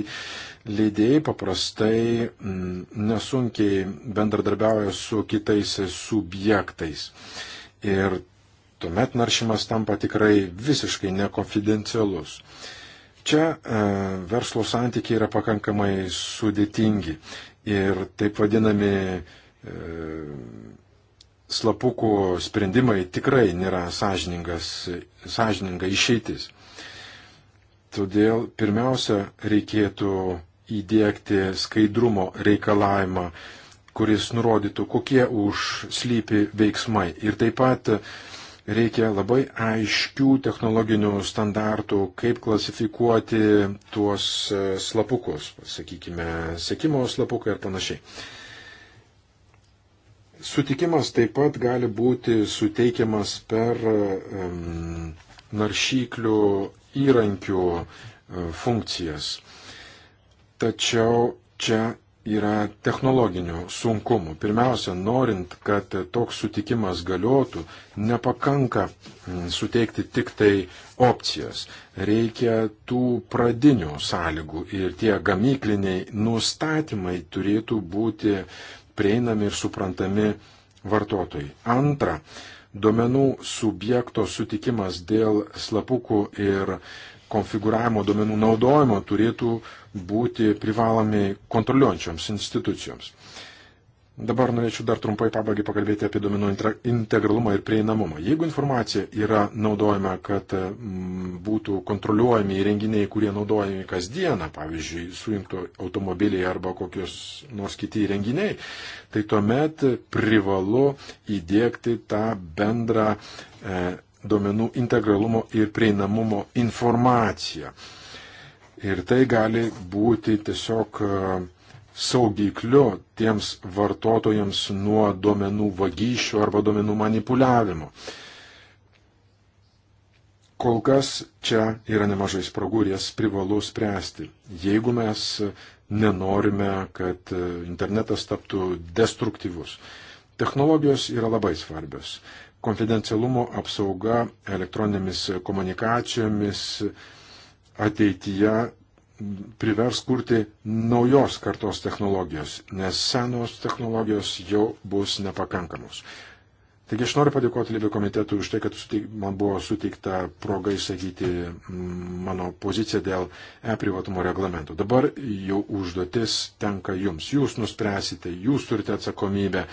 leidėjai paprastai m, mm, nesunkiai bendradarbiauja su kitais subjektais. Ir tuomet naršymas tampa tikrai visiškai nekonfidencialus. Čia e, verslo santykiai yra pakankamai sudėtingi ir taip vadinami E, slapukų sprendimai tikrai nėra sąžininga išeitis. Todėl pirmiausia reikėtų įdėkti skaidrumo reikalavimą, kuris nurodytų, kokie užslypi veiksmai. Ir taip pat reikia labai aiškių technologinių standartų, kaip klasifikuoti tuos e, slapukus, sakykime, sekimo slapukai ir panašiai. Sutikimas taip pat gali būti suteikiamas per um, naršyklių įrankių e, funkcijas. Tačiau čia yra technologinių sunkumų. Pirmiausia, norint, kad toks sutikimas galiotų, nepakanka suteikti tik tai opcijas. Reikia tų pradinių sąlygų ir tie gamykliniai nustatymai turėtų būti prieinami ir suprantami vartotojai. Antra, duomenų subjekto sutikimas dėl slapukų ir konfigūravimo duomenų naudojimo turėtų būti privalomi kontroliuojančioms institucijoms. Dabar norėčiau dar trumpai pabaigai pakalbėti apie duomenų integralumą ir prieinamumą. Jeigu informacija yra naudojama, kad mm, būtų kontroliuojami įrenginiai, kurie naudojami kasdieną, pavyzdžiui, sujungtų automobiliai arba kokios nors kiti įrenginiai, tai tuomet privalu įdėkti tą bendrą e, duomenų integralumo ir prieinamumo informaciją. Ir tai gali būti tiesiog e, saugikliu tiems vartotojams nuo duomenų vagysčių arba duomenų manipuliavimo. Kol kas čia yra nemažai spragų ir jas privalu spręsti. Jeigu mes nenorime, kad internetas taptų destruktyvus. Technologijos yra labai svarbios. Konfidencialumo apsauga elektroninėmis komunikacijomis ateityje privers kurti naujos kartos technologijos, nes senos technologijos jau bus nepakankamos. Taigi aš noriu padėkoti Libijų komitetui už tai, kad man buvo suteikta proga įsakyti mm, mano poziciją dėl e-privatumo reglamento. Dabar jau užduotis tenka jums. Jūs nuspręsite, jūs turite atsakomybę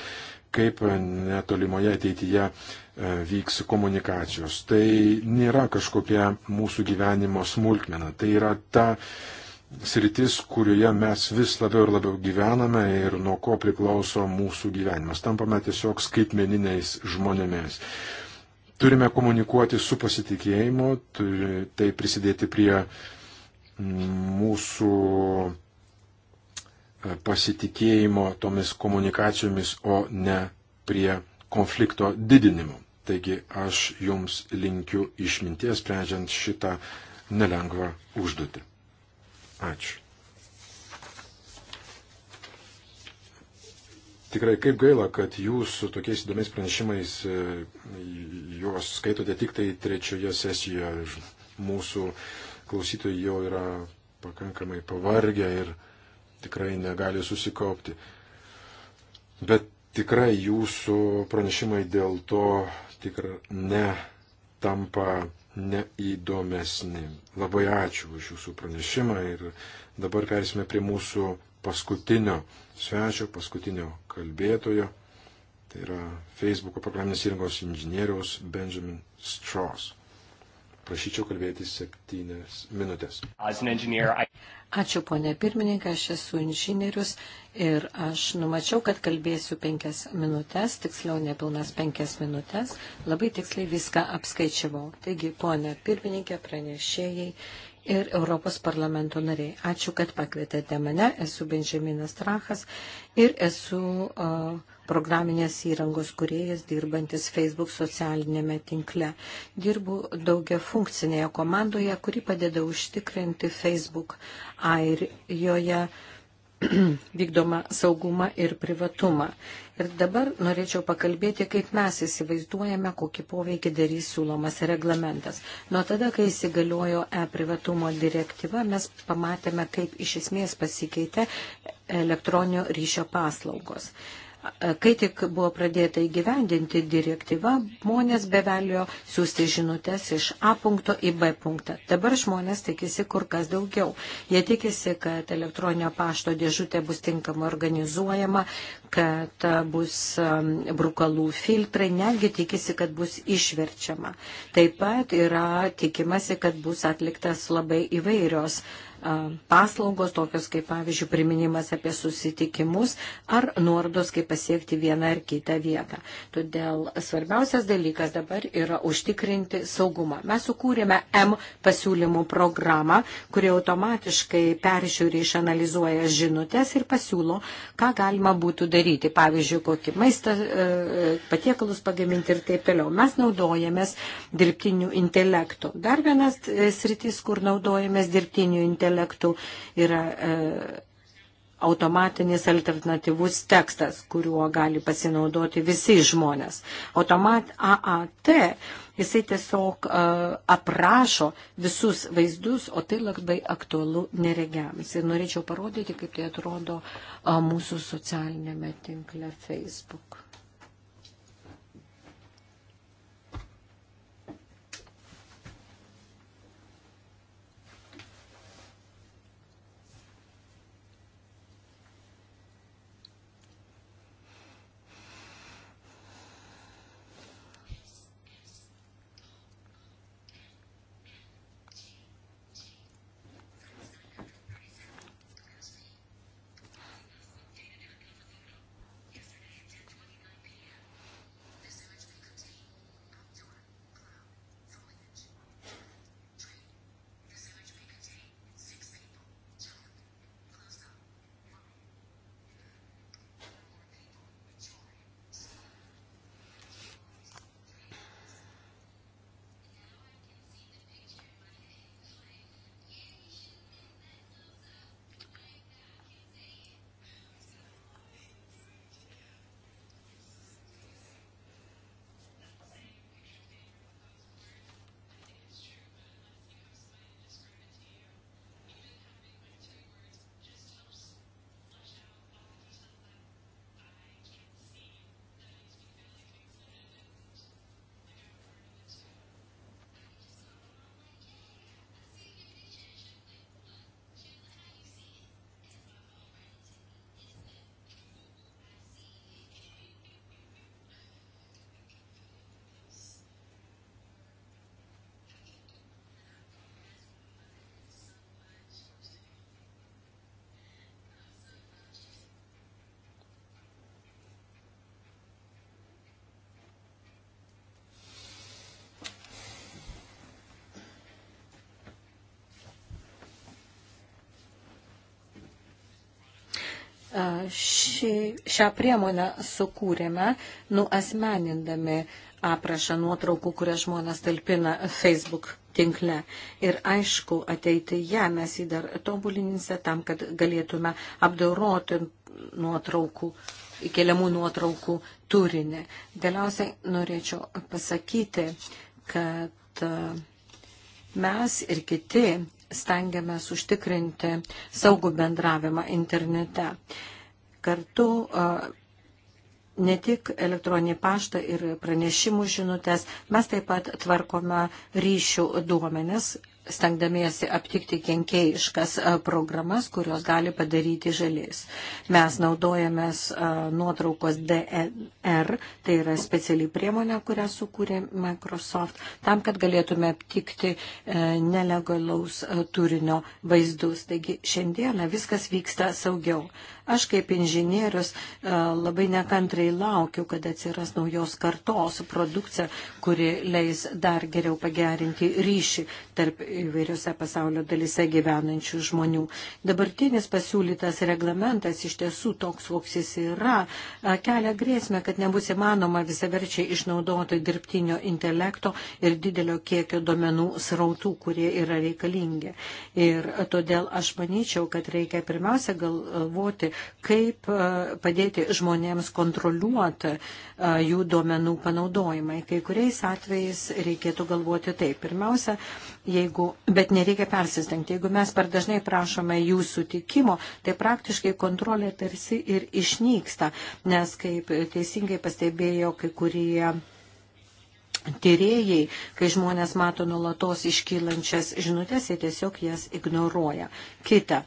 kaip netolimoje ateityje e, vyks komunikacijos. Tai nėra kažkokia mūsų gyvenimo smulkmena. Tai yra ta sritis, kurioje mes vis labiau ir labiau gyvename ir nuo ko priklauso mūsų gyvenimas. Tampame tiesiog skaitmeniniais žmonėmis. Turime komunikuoti su pasitikėjimu, turi tai prisidėti prie mūsų pasitikėjimo tomis komunikacijomis, o ne prie konflikto didinimo. Taigi aš jums linkiu išminties sprendžiant šitą nelengvą užduotį. Ačiū. Tikrai kaip gaila, kad jūs su tokiais įdomiais pranešimais e, juos skaitote tik tai trečioje sesijoje. Mūsų klausytojai jau yra pakankamai pavargę ir tikrai negali susikaupti. Bet tikrai jūsų pranešimai dėl to tikrai netampa neįdomesni. Labai ačiū už jūsų pranešimą ir dabar persime prie mūsų paskutinio svečio, paskutinio kalbėtojo. Tai yra Facebook'o programinės įrangos inžinieriaus Benjamin Strauss. Prašyčiau kalbėti septynes minutės. Ačiū, ponė pirmininkė, aš esu inžinierius ir aš numačiau, kad kalbėsiu penkias minutės, tiksliau nepilnas penkias minutės, labai tiksliai viską apskaičiavau. Taigi, ponė pirmininkė, pranešėjai ir Europos parlamento nariai. Ačiū, kad pakvietėte mane, esu Benjaminas Trachas ir esu. Uh, programinės įrangos kuriejas, dirbantis Facebook socialinėme tinkle. Dirbu daugia funkcinėje komandoje, kuri padeda užtikrinti Facebook airijoje vykdomą saugumą ir privatumą. Ir dabar norėčiau pakalbėti, kaip mes įsivaizduojame, kokį poveikį darys siūlomas reglamentas. Nuo tada, kai įsigaliojo e-privatumo direktyva, mes pamatėme, kaip iš esmės pasikeitė elektroninio ryšio paslaugos. Kai tik buvo pradėta įgyvendinti direktyva, žmonės bevelio siūsti žinutės iš A punkto į B punktą. Dabar žmonės tikisi kur kas daugiau. Jie tikisi, kad elektroninio pašto dėžutė bus tinkamai organizuojama, kad bus brukalų filtrai, netgi tikisi, kad bus išverčiama. Taip pat yra tikimasi, kad bus atliktas labai įvairios uh, paslaugos, tokios kaip pavyzdžiui priminimas apie susitikimus ar nuorodos, kaip pasiekti vieną ar kitą vietą. Todėl svarbiausias dalykas dabar yra užtikrinti saugumą. Mes sukūrėme M pasiūlymų programą, kuri automatiškai peržiūri, išanalizuoja žinutės ir pasiūlo, ką galima būtų daryti. Pavyzdžiui, kokį maistą, e, patiekalus pagaminti ir taip toliau. Mes naudojamės dirbtiniu intelektu. Dar vienas e, sritis, kur naudojamės dirbtiniu intelektu intelektų yra e, automatinis alternatyvus tekstas, kuriuo gali pasinaudoti visi žmonės. Automat AAT jisai tiesiog e, aprašo visus vaizdus, o tai labai aktualu neregiams. Ir norėčiau parodyti, kaip tai atrodo e, mūsų socialinėme tinkle Facebook. šį, šią priemonę sukūrėme, nuasmenindami aprašą nuotraukų, kurias žmonės talpina Facebook tinkle. Ir aišku, ateityje ja, mes jį dar tobulinsime tam, kad galėtume apdoroti nuotraukų, įkeliamų nuotraukų turinį. Galiausiai norėčiau pasakyti, kad mes ir kiti stengiamės užtikrinti saugų bendravimą internete. Kartu ne tik elektroninį paštą ir pranešimų žinutės, mes taip pat tvarkome ryšių duomenis, stengdamiesi aptikti kenkėjiškas programas, kurios gali padaryti žaliais. Mes naudojamės nuotraukos DNR, e tai yra speciali priemonė, kurią sukūrė Microsoft, tam, kad galėtume aptikti e, nelegalaus turinio vaizdus. Taigi šiandieną viskas vyksta saugiau. Aš kaip inžinierius e, labai nekantrai laukiu, kad atsiras naujos kartos produkcija, kuri leis dar geriau pagerinti ryšį tarp įvairiose pasaulio dalise gyvenančių žmonių. Dabartinis pasiūlytas reglamentas iš tiesų toks, koks jis yra, e, kelia grėsmę, kad nebus įmanoma visaverčiai išnaudoti dirbtinio intelekto ir didelio kiekio duomenų srautų, kurie yra reikalingi. Ir todėl aš manyčiau, kad reikia pirmiausia galvoti, kaip e, padėti žmonėms kontroliuoti e, jų duomenų panaudojimai. Kai kuriais atvejais reikėtų galvoti taip. Pirmiausia, jeigu, bet nereikia persistengti. Jeigu mes per dažnai prašome jų sutikimo, tai praktiškai kontrolė tarsi ir išnyksta, nes kaip teisingai pastebėjo kai kurie tyrėjai, kai žmonės mato nulatos iškylančias žinutės, jie tiesiog jas ignoruoja. Kita,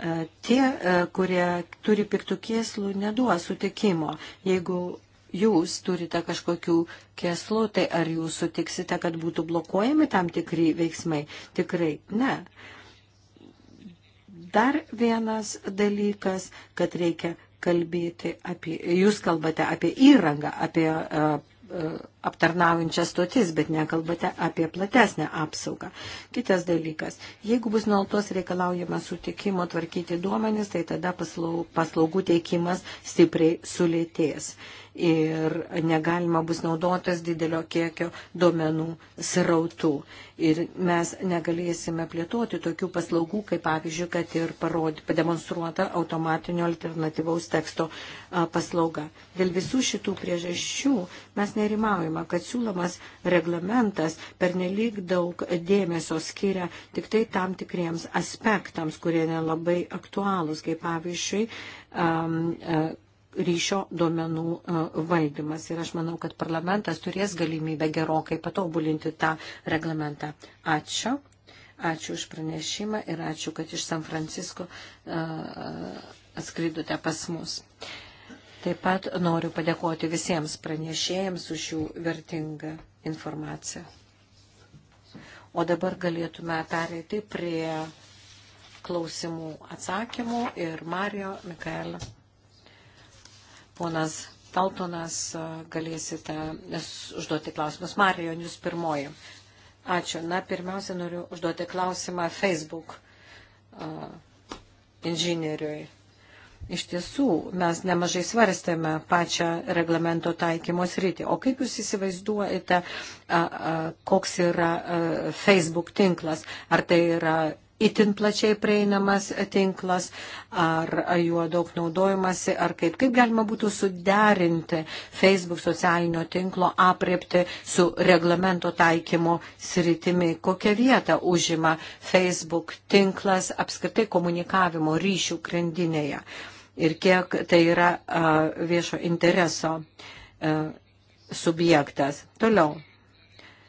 E, tie, e, kurie turi piktų kėslų, neduos sutikimo. Jeigu jūs turite kažkokių kėslų, tai ar jūs sutiksite, kad būtų blokuojami tam tikri veiksmai? Tikrai ne. Dar vienas dalykas, kad reikia kalbėti apie, jūs kalbate apie įrangą, apie uh, uh, aptarnaujančias stotis, bet nekalbate apie platesnę apsaugą. Kitas dalykas, jeigu bus nuolatos reikalaujama sutikimo tvarkyti duomenis, tai tada paslaugų teikimas stipriai sulėtės ir negalima bus naudotas didelio kiekio duomenų srautų. Ir mes negalėsime plėtoti tokių paslaugų, kaip pavyzdžiui, kad ir parodė, pademonstruota automatinio alternatyvaus teksto paslauga. Dėl visų šitų priežasčių mes nerimaujame manoma, kad siūlomas reglamentas per nelik daug dėmesio skiria tik tai tam tikriems aspektams, kurie nelabai aktualūs, kaip pavyzdžiui, um, uh, ryšio duomenų e, valdymas. Ir aš manau, kad parlamentas turės galimybę gerokai patobulinti tą reglamentą. Ačiū. Ačiū už pranešimą ir ačiū, kad iš San Francisko e, atskridote pas mus. Taip pat noriu padėkoti visiems pranešėjams už jų vertingą informaciją. O dabar galėtume pereiti prie klausimų atsakymų ir Mario, Mikaelio. Ponas Taltonas, galėsite užduoti klausimus. Marijo, jūs pirmoji. Ačiū. Na, pirmiausia, noriu užduoti klausimą Facebook uh, inžinieriui. Iš tiesų, mes nemažai svarstėme pačią reglamento taikymo sritį. O kaip jūs įsivaizduojate, koks yra Facebook tinklas? Ar tai yra itin plačiai prieinamas tinklas, ar juo daug naudojimasi, ar kaip, kaip galima būtų suderinti Facebook socialinio tinklo apriepti su reglamento taikymo sritimi, kokią vietą užima Facebook tinklas apskritai komunikavimo ryšių grandinėje. Uh, ir kiek tai yra viešo intereso subjektas. Toliau.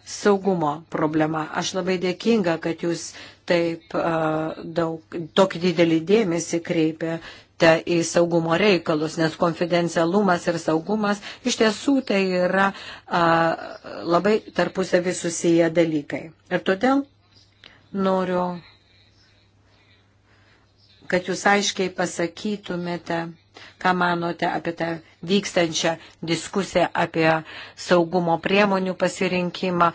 Saugumo problema. Aš labai dėkinga, kad jūs taip daug, tokį didelį dėmesį kreipia te į saugumo reikalus, nes konfidencialumas ir saugumas iš tiesų tai yra a, labai tarpusavį susiję dalykai. Ir todėl noriu kad jūs aiškiai pasakytumėte, ką manote apie tą vykstančią diskusiją apie saugumo priemonių pasirinkimą,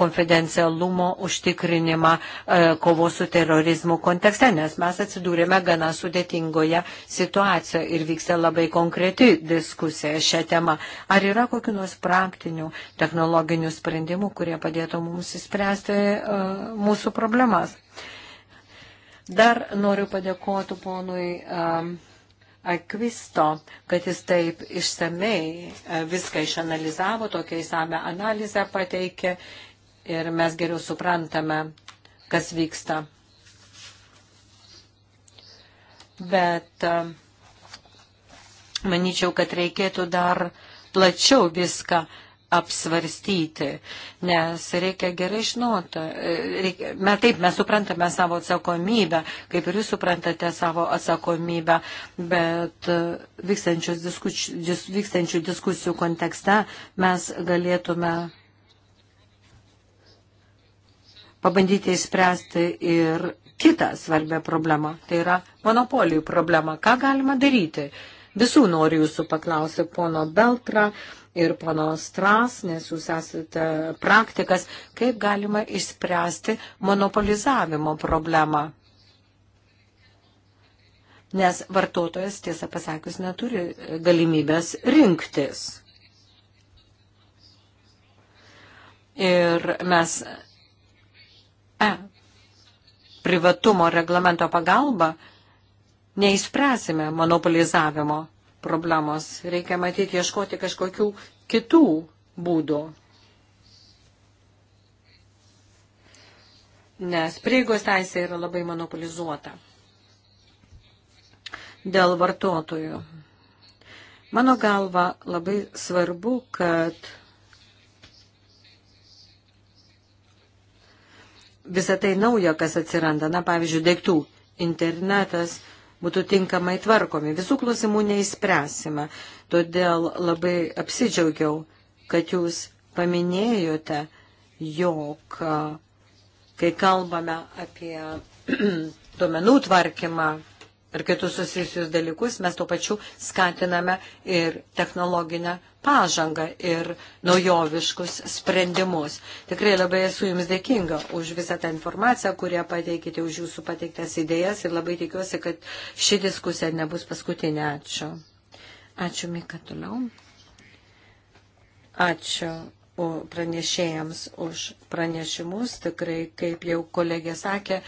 konfidencialumo užtikrinimą kovos su terorizmu kontekste, nes mes atsidūrėme gana sudėtingoje situacijoje ir vyksta labai konkreti diskusija šią temą. Ar yra kokiu nors praktinių technologinių sprendimų, kurie padėtų mums įspręsti mūsų problemas? Dar noriu padėkoti ponui um, Akvisto, kad jis taip išsamei uh, viską išanalizavo, tokia įsame analizę pateikė ir mes geriau suprantame, kas vyksta. Bet um, manyčiau, kad reikėtų dar plačiau viską apsvarstyti, nes reikia gerai žinoti, reikia, mes taip, mes suprantame savo atsakomybę, kaip ir jūs suprantate savo atsakomybę, bet diskusijų, dis, vykstančių diskusijų kontekste mes galėtume pabandyti išspręsti ir kitą svarbę problemą, tai yra monopolijų problema. Ką galima daryti? Visų noriu jūsų paklausyti, pono Beltra, ir panos Tras, nes jūs esate praktikas, kaip galima išspręsti monopolizavimo problemą. Nes vartotojas, tiesą pasakius, neturi galimybės rinktis. Ir mes e, privatumo reglamento pagalba neįspręsime monopolizavimo problemos. Reikia matyti, ieškoti kažkokių kitų būdų. Nes prieigos teisė yra labai monopolizuota dėl vartotojų. Mano galva labai svarbu, kad visą tai naujo, kas atsiranda, na pavyzdžiui, daiktų internetas būtų tinkamai tvarkomi. Visų klausimų neįspręsime, todėl labai apsidžiaugiau, kad jūs paminėjote, jog kai kalbame apie duomenų tvarkymą ir kitus susijusius dalykus, mes tuo pačiu skatiname ir technologinę pažangą ir naujoviškus sprendimus. Tikrai labai esu Jums dėkinga už visą tą informaciją, kurią pateikite, už Jūsų pateiktas idėjas ir labai tikiuosi, kad ši diskusija nebus paskutinė. Ačiū. Ačiū, Mika, toliau. Ačiū pranešėjams už pranešimus. Tikrai, kaip jau kolegė sakė,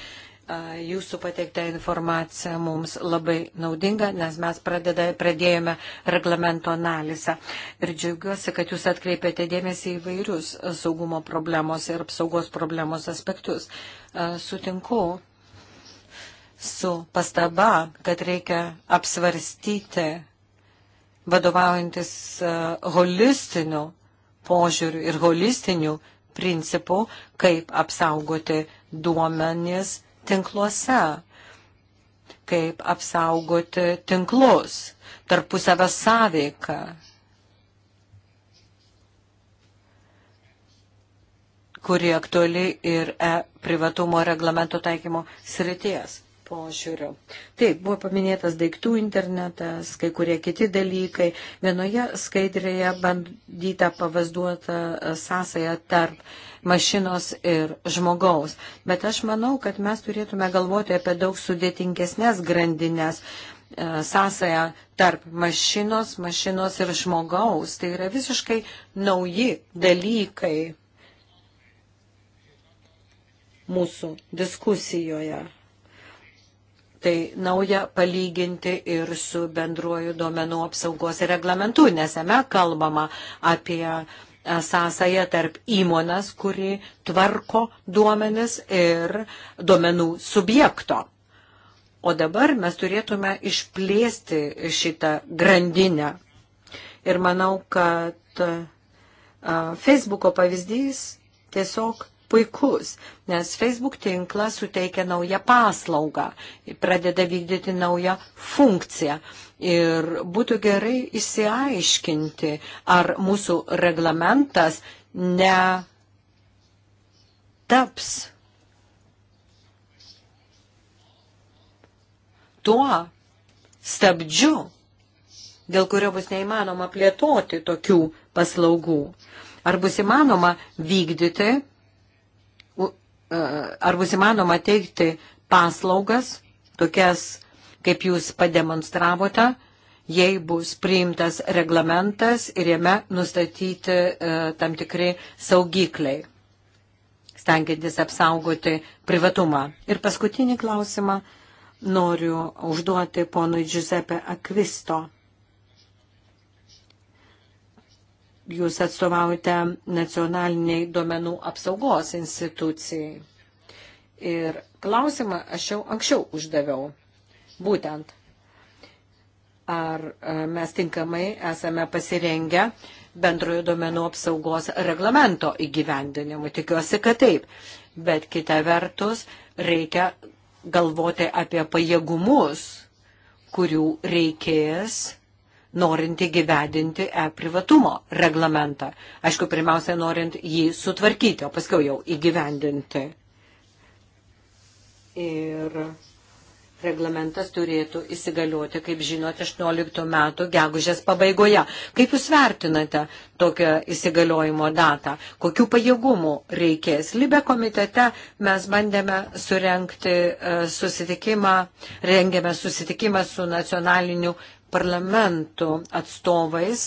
jūsų pateikta informacija mums labai naudinga, nes mes pradeda, pradėjome reglamento analizą. Ir džiaugiuosi, kad jūs atkreipėte dėmesį į vairius saugumo problemos ir apsaugos problemos aspektus. Sutinku su pastaba, kad reikia apsvarstyti vadovaujantis holistiniu požiūriu ir holistiniu principu, kaip apsaugoti duomenis tinkluose, kaip apsaugoti tinklus, tarpusavę sąveiką. kuri aktuali ir e privatumo reglamento taikymo srities požiūriu. Taip, buvo paminėtas daiktų internetas, kai kurie kiti dalykai. Vienoje skaidrėje bandyta pavaizduota e, sąsaja tarp mašinos ir žmogaus. Bet aš manau, kad mes turėtume galvoti apie daug sudėtingesnės grandinės e, sąsają tarp mašinos, mašinos ir žmogaus. Tai yra visiškai nauji dalykai mūsų diskusijoje tai nauja palyginti ir su bendruoju duomenų apsaugos reglamentu, nes jame kalbama apie e, sąsąją tarp įmonės, kuri tvarko duomenis ir duomenų subjekto. O dabar mes turėtume išplėsti šitą grandinę. Ir manau, kad e, Facebooko pavyzdys tiesiog puikus, nes Facebook tinklas suteikia naują paslaugą, pradeda vykdyti naują funkciją. Ir būtų gerai įsiaiškinti, ar mūsų reglamentas ne taps tuo stabdžiu, dėl kurio bus neįmanoma plėtoti tokių paslaugų. Ar bus įmanoma vykdyti E, ar bus įmanoma teikti paslaugas, tokias, kaip jūs pademonstravote, jei bus priimtas reglamentas ir jame nustatyti e, tam tikri saugikliai, stengiantis apsaugoti privatumą. Ir paskutinį klausimą noriu užduoti ponui Giuseppe Akvisto. jūs atstovaujate nacionaliniai duomenų apsaugos institucijai. Ir klausimą aš jau anksčiau uždaviau. Būtent, ar e, mes tinkamai esame pasirengę bendrojo duomenų apsaugos reglamento įgyvendinimu. Tikiuosi, kad taip. Bet kita vertus, reikia galvoti apie pajėgumus, kurių reikės norint įgyvedinti e-privatumo reglamentą. Aišku, pirmiausia, norint jį sutvarkyti, o paskui jau įgyvendinti. Ir reglamentas turėtų įsigalioti, kaip žinote, 18 metų gegužės pabaigoje. Kaip Jūs vertinate tokią įsigaliojimo datą? Kokių pajėgumų reikės? Libe komitete mes bandėme surenkti e, susitikimą, rengėme susitikimą su nacionaliniu parlamentų atstovais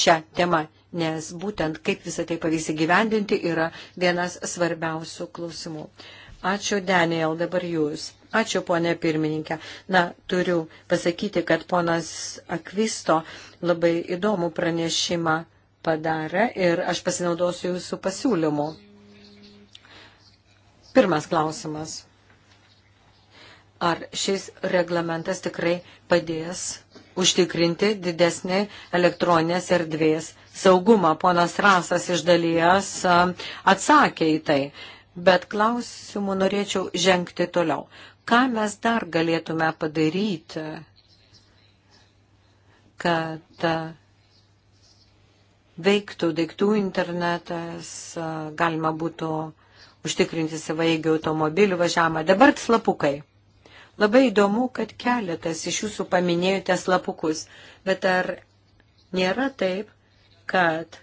šią temą, nes būtent kaip visą tai pavyks įgyvendinti yra vienas svarbiausių klausimų. Ačiū, Daniel, dabar jūs. Ačiū, ponė pirmininkė. Na, turiu pasakyti, kad ponas Akvisto labai įdomų pranešimą padarė ir aš pasinaudosiu jūsų pasiūlymu. Pirmas klausimas. Ar šis reglamentas tikrai padės užtikrinti didesnį elektroninės erdvės saugumą. Ponas Rasas iš dalies atsakė į tai, bet klausimų norėčiau žengti toliau. Ką mes dar galėtume padaryti, kad veiktų daiktų internetas, galima būtų užtikrinti savaigių automobilių važiavimą. Dabar slapukai. Labai įdomu, kad keletas iš jūsų paminėjote slapukus, bet ar nėra taip, kad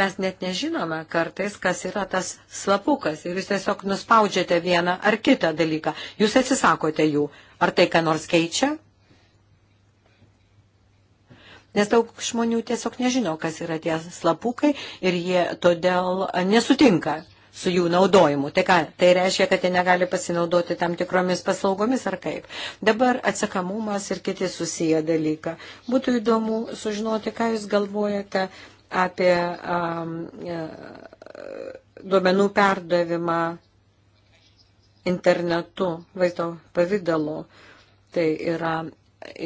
mes net nežinome kartais, kas yra tas slapukas ir jūs tiesiog nuspaudžiate vieną ar kitą dalyką. Jūs atsisakote jų. Ar tai ką nors keičia? Nes daug žmonių tiesiog nežino, kas yra tie slapukai ir jie todėl nesutinka su jų naudojimu. Tai, ką, tai reiškia, kad jie negali pasinaudoti tam tikromis paslaugomis ar kaip. Dabar atsakamumas ir kiti susiję dalyką. Būtų įdomu sužinoti, ką jūs galvojate apie um, duomenų perdavimą internetu, vaizdo pavydalu. Tai yra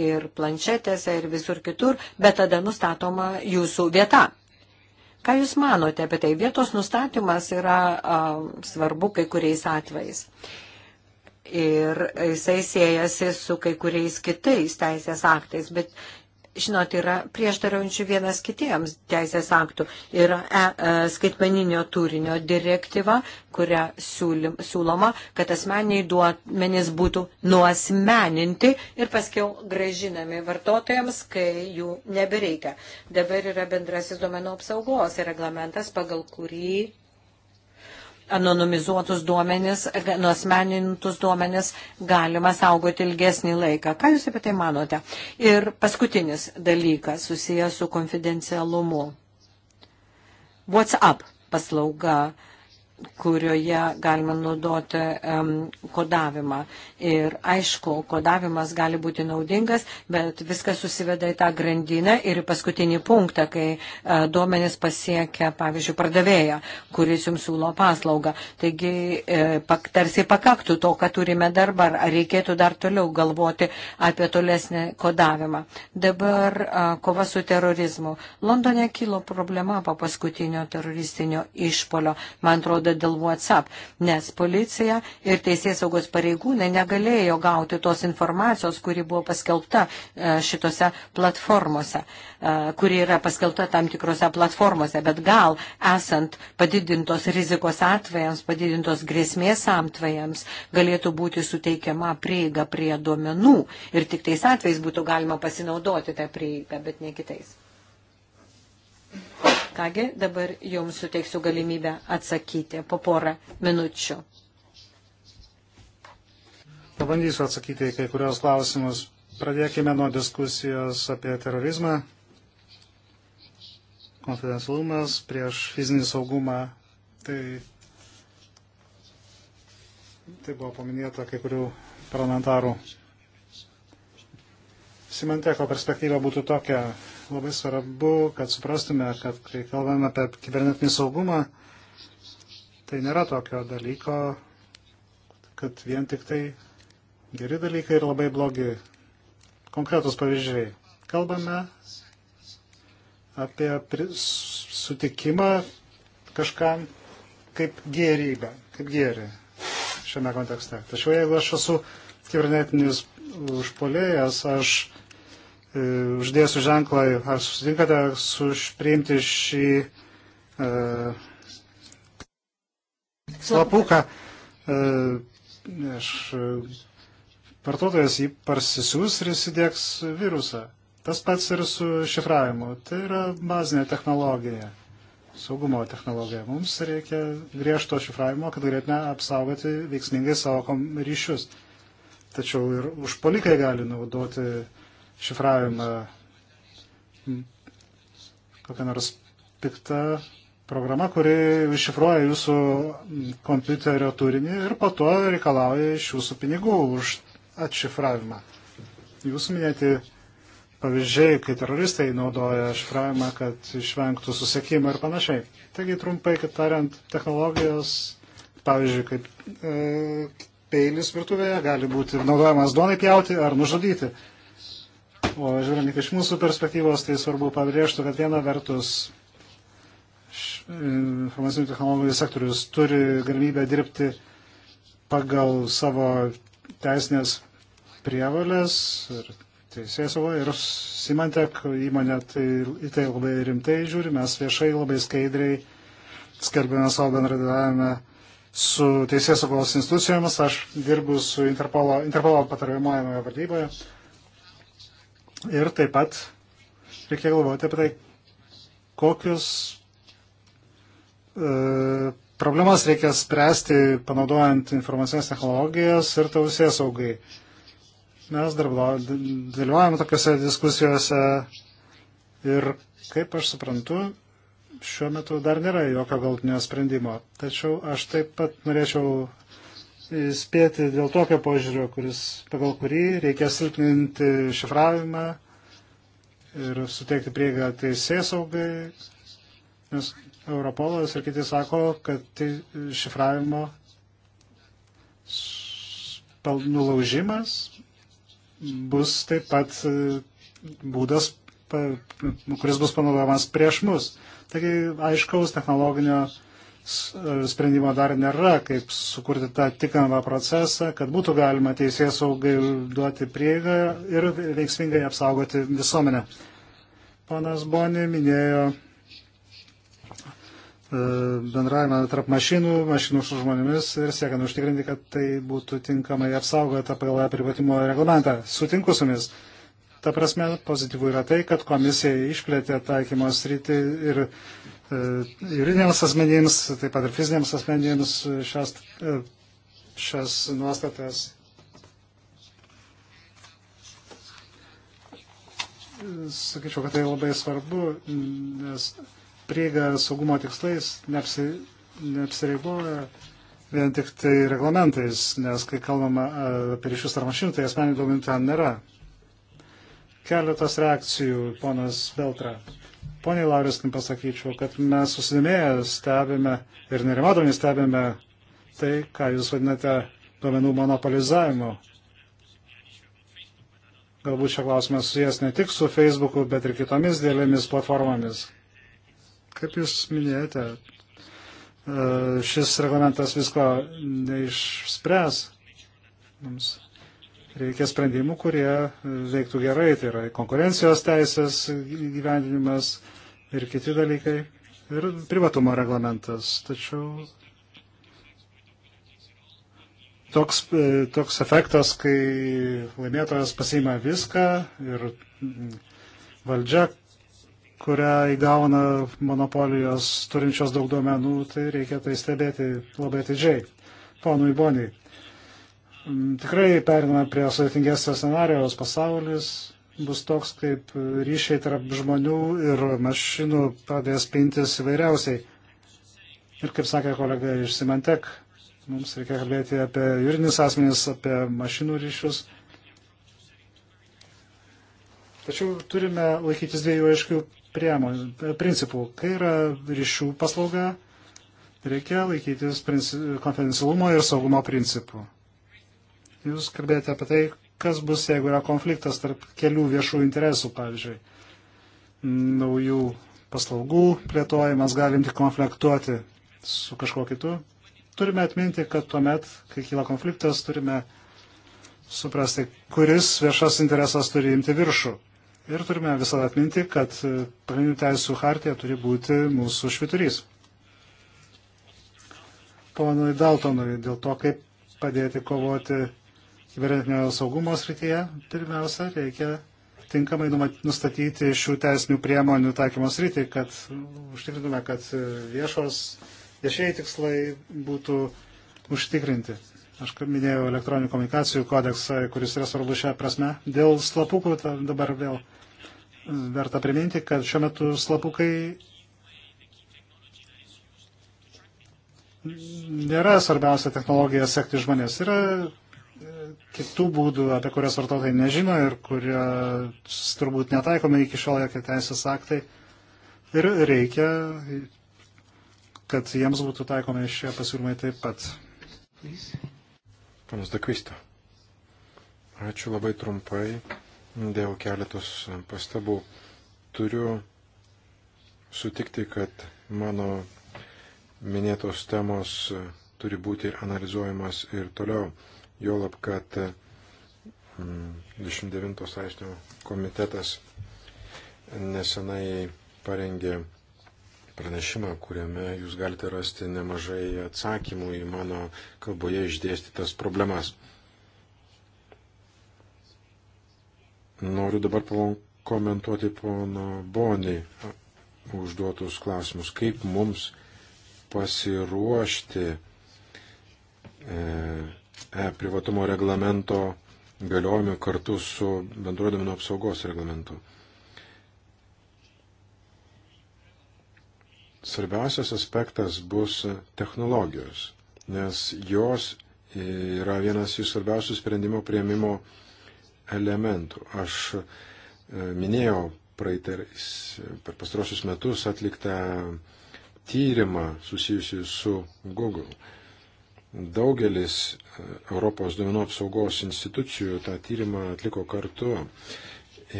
ir planšetėse, ir visur kitur, bet tada nustatoma jūsų vieta Ką Jūs manote apie tai? Vietos nustatymas yra a, svarbu kai kuriais atvejais. Ir jisai siejasi su kai kuriais kitais teisės aktais, bet žinot, yra prieštaraujančių vienas kitiems teisės aktų. Yra e, e, skaitmeninio turinio direktyva, kuria siūlim, siūloma, kad asmeniai duomenys būtų nuosmeninti ir paskiau gražinami vartotojams, kai jų nebereikia. Dabar yra bendrasis duomenų apsaugos reglamentas, pagal kurį anonimizuotus duomenis, nuosmenintus duomenis galima saugoti ilgesnį laiką. Ką Jūs apie tai manote? Ir paskutinis dalykas susijęs su konfidencialumu. WhatsApp paslauga kurioje galima naudoti um, kodavimą. Ir aišku, kodavimas gali būti naudingas, bet viskas susiveda į tą grandinę ir į paskutinį punktą, kai uh, e, duomenis pasiekia, pavyzdžiui, pardavėja, kuris jums siūlo paslaugą. Taigi, uh, pak, tarsi pakaktų to, ką turime dabar, ar reikėtų dar toliau galvoti apie tolesnį kodavimą. Dabar uh, kova su terorizmu. Londone kilo problema po paskutinio teroristinio išpolio. Man atrodo, dėl WhatsApp, nes policija ir teisės saugos pareigūnai negalėjo gauti tos informacijos, kuri buvo paskelbta e, šitose platformose, e, kuri yra paskelbta tam tikrose platformose, bet gal esant padidintos rizikos atvejams, padidintos grėsmės atvejams, galėtų būti suteikiama prieiga prie duomenų ir tik tais atvejais būtų galima pasinaudoti tą prieigą, bet ne kitais. Kągi, dabar jums suteiksiu galimybę atsakyti po porą minučių. Pabandysiu atsakyti į kai kurios klausimus. Pradėkime nuo diskusijos apie terorizmą, konfidencialumas prieš fizinį saugumą. Tai, tai buvo paminėta kai kurių parlamentarų Simanteko perspektyva būtų tokia. Labai svarbu, kad suprastume, kad kai kalbame apie kibernetinį saugumą, tai nėra tokio dalyko, kad vien tik tai geri dalykai ir labai blogi. Konkretus pavyzdžiai. Kalbame apie sutikimą kažkam kaip gėrybę, kaip gėri šiame kontekste. Tačiau jeigu aš esu kibernetinis užpolėjas, aš E, uždėsiu ženklą, ar susitinkate su priimti šį uh, slapuką. Uh, aš vartotojas jį parsisiūs ir įsidėks virusą. Tas pats ir su šifravimu. Tai yra bazinė technologija, saugumo technologija. Mums reikia griežto šifravimo, kad galėtume apsaugoti veiksmingai savo ryšius. Tačiau ir užpolikai gali naudoti uh, šifravimą kokią nors piktą programą, kuri šifruoja jūsų kompiuterio turinį ir po to reikalauja iš jūsų pinigų už atšifravimą. Jūsų minėti pavyzdžiai, kai teroristai naudoja šifravimą, kad išvengtų susiekimą ir panašiai. Taigi trumpai, kad tariant, technologijos, pavyzdžiui, kaip e, peilis virtuvėje gali būti naudojamas duonai pjauti ar nužudyti. O žiūrint iš mūsų perspektyvos, tai svarbu pabrėžti, kad viena vertus e, informacinių technologijų sektorius turi galimybę dirbti pagal savo teisinės prievalės ir teisėsavo ir Simantek įmonė tai, į tai labai rimtai žiūri, mes viešai labai skaidriai skelbėme savo bendradavimą su teisėsaugos institucijomis, aš dirbu su Interpolo, Interpolo patariamojamoje valdyboje Ir taip pat reikia galvoti apie tai, kokius e, problemas reikia spręsti panaudojant informacinės technologijas ir tausės saugai. Mes dalyvaujame tokiuose diskusijose ir, kaip aš suprantu, šiuo metu dar nėra jokio galtinio sprendimo. Tačiau aš taip pat norėčiau spėti dėl tokio požiūrio, kuris, pagal kurį reikia silpninti šifravimą ir suteikti prieigą teisės saugai, nes Europolas ir kiti sako, kad tai šifravimo nulaužimas bus taip pat e, būdas, kuris bus panaudojamas prieš mus. Taigi aiškaus technologinio uh, sprendimo dar nėra, kaip sukurti tą tikamą procesą, kad būtų galima teisės saugai duoti prieigą ir veiksmingai apsaugoti visuomenę. Ponas Boni minėjo e, bendravimą tarp mašinų, mašinų su žmonėmis ir siekiant užtikrinti, kad tai būtų tinkamai apsaugota pagal privatimo reglamentą. Sutinku su jumis. Ta prasme, pozityvų yra tai, kad komisija išplėtė taikymos rytį ir E, juridiniams asmenims, taip pat ir fiziniams asmenims šias, e, šias nuostatas. Sakyčiau, kad tai labai svarbu, nes prieiga saugumo tikslais neapsi, neapsiriboja vien tik tai reglamentais, nes kai kalbama apie ryšius tarp mašinų, tai asmeninių duomenų ten nėra. Keletas reakcijų, ponas Beltra. Pone Lauristin pasakyčiau, kad mes susidėmėję stebime ir nerimadami stebime tai, ką jūs vadinate duomenų monopolizavimu. Galbūt čia klausimas susijęs ne tik su Facebooku, bet ir kitomis dėlėmis platformomis. Kaip jūs minėjote, e, šis reglamentas visko neišspręs. Mums reikia sprendimų, kurie veiktų gerai. Tai yra konkurencijos teisės gyvendinimas, ir kiti dalykai, ir privatumo reglamentas. Tačiau toks, e, toks efektas, kai laimėtojas pasiima viską ir mm, valdžia, kurią įgauna monopolijos turinčios daug duomenų, tai reikia tai stebėti labai atidžiai. Ponui Boniai. Mm, tikrai periname prie sudėtingesnio scenarijos pasaulis, bus toks, kaip ryšiai tarp žmonių ir mašinų pradės pintis įvairiausiai. Ir kaip sakė kolega iš Simantek, mums reikia kalbėti apie jūrinis asmenys, apie mašinų ryšius. Tačiau turime laikytis dviejų aiškių priemonių, principų. Kai yra ryšių paslauga, reikia laikytis konfidencialumo ir saugumo principų. Jūs kalbėjote apie tai, kas bus, jeigu yra konfliktas tarp kelių viešų interesų, pavyzdžiui, naujų paslaugų plėtojimas galinti konfliktuoti su kažkuo kitu. Turime atminti, kad tuomet, kai kyla konfliktas, turime suprasti, kuris viešas interesas turi imti viršų. Ir turime visada atminti, kad pagrindinių teisų hartija turi būti mūsų šviturys. Ponui Daltonui dėl to, kaip padėti kovoti kibernetinio saugumo srityje, pirmiausia, reikia tinkamai nustatyti šių teisinių priemonių taikymo sritį, kad užtikrintume, kad viešos, viešieji tikslai būtų užtikrinti. Aš minėjau elektroninių komunikacijų kodeksą, kuris yra svarbus šią prasme. Dėl slapukų dabar vėl e, verta priminti, kad šiuo metu slapukai nėra svarbiausia technologija sekti žmonės. Yra kitų būdų, apie kurias vartotojai nežino ir kurie turbūt netaikomi iki šiol jokie teisės aktai. Ir reikia, kad jiems būtų taikomi šie pasiūlymai taip pat. Panas Dakvisto. Ačiū labai trumpai dėl keletos pastabų. Turiu sutikti, kad mano minėtos temos turi būti analizuojamas ir toliau. Jolab, kad 29 mm, straipsnio komitetas nesenai parengė pranešimą, kuriame jūs galite rasti nemažai atsakymų į mano kalboje išdėstytas problemas. Noriu dabar komentuoti pono Boni užduotus klausimus, kaip mums pasiruošti e, E, privatumo reglamento galiojimu kartu su bendruoju duomenų apsaugos reglamentu. Svarbiausias aspektas bus technologijos, nes jos yra vienas iš svarbiausių sprendimo prieimimo elementų. Aš e, minėjau praeitais per pastarosius metus atliktą tyrimą susijusiu su Google. Daugelis e, Europos duomenų apsaugos institucijų tą tyrimą atliko kartu.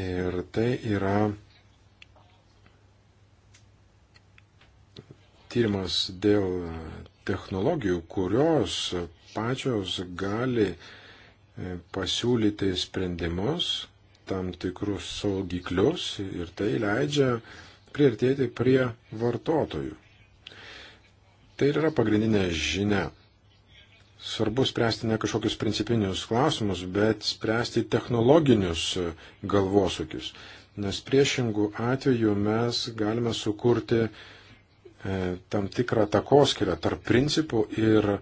Ir tai yra tyrimas dėl technologijų, kurios pačios gali e, pasiūlyti sprendimus, tam tikrus saugiklius ir tai leidžia priartėti prie vartotojų. Tai yra pagrindinė žinia Svarbu spręsti ne kažkokius principinius klausimus, bet spręsti technologinius e, galvosukius. Nes priešingų atveju mes galime sukurti e, tam tikrą takoskirą tarp principų ir e,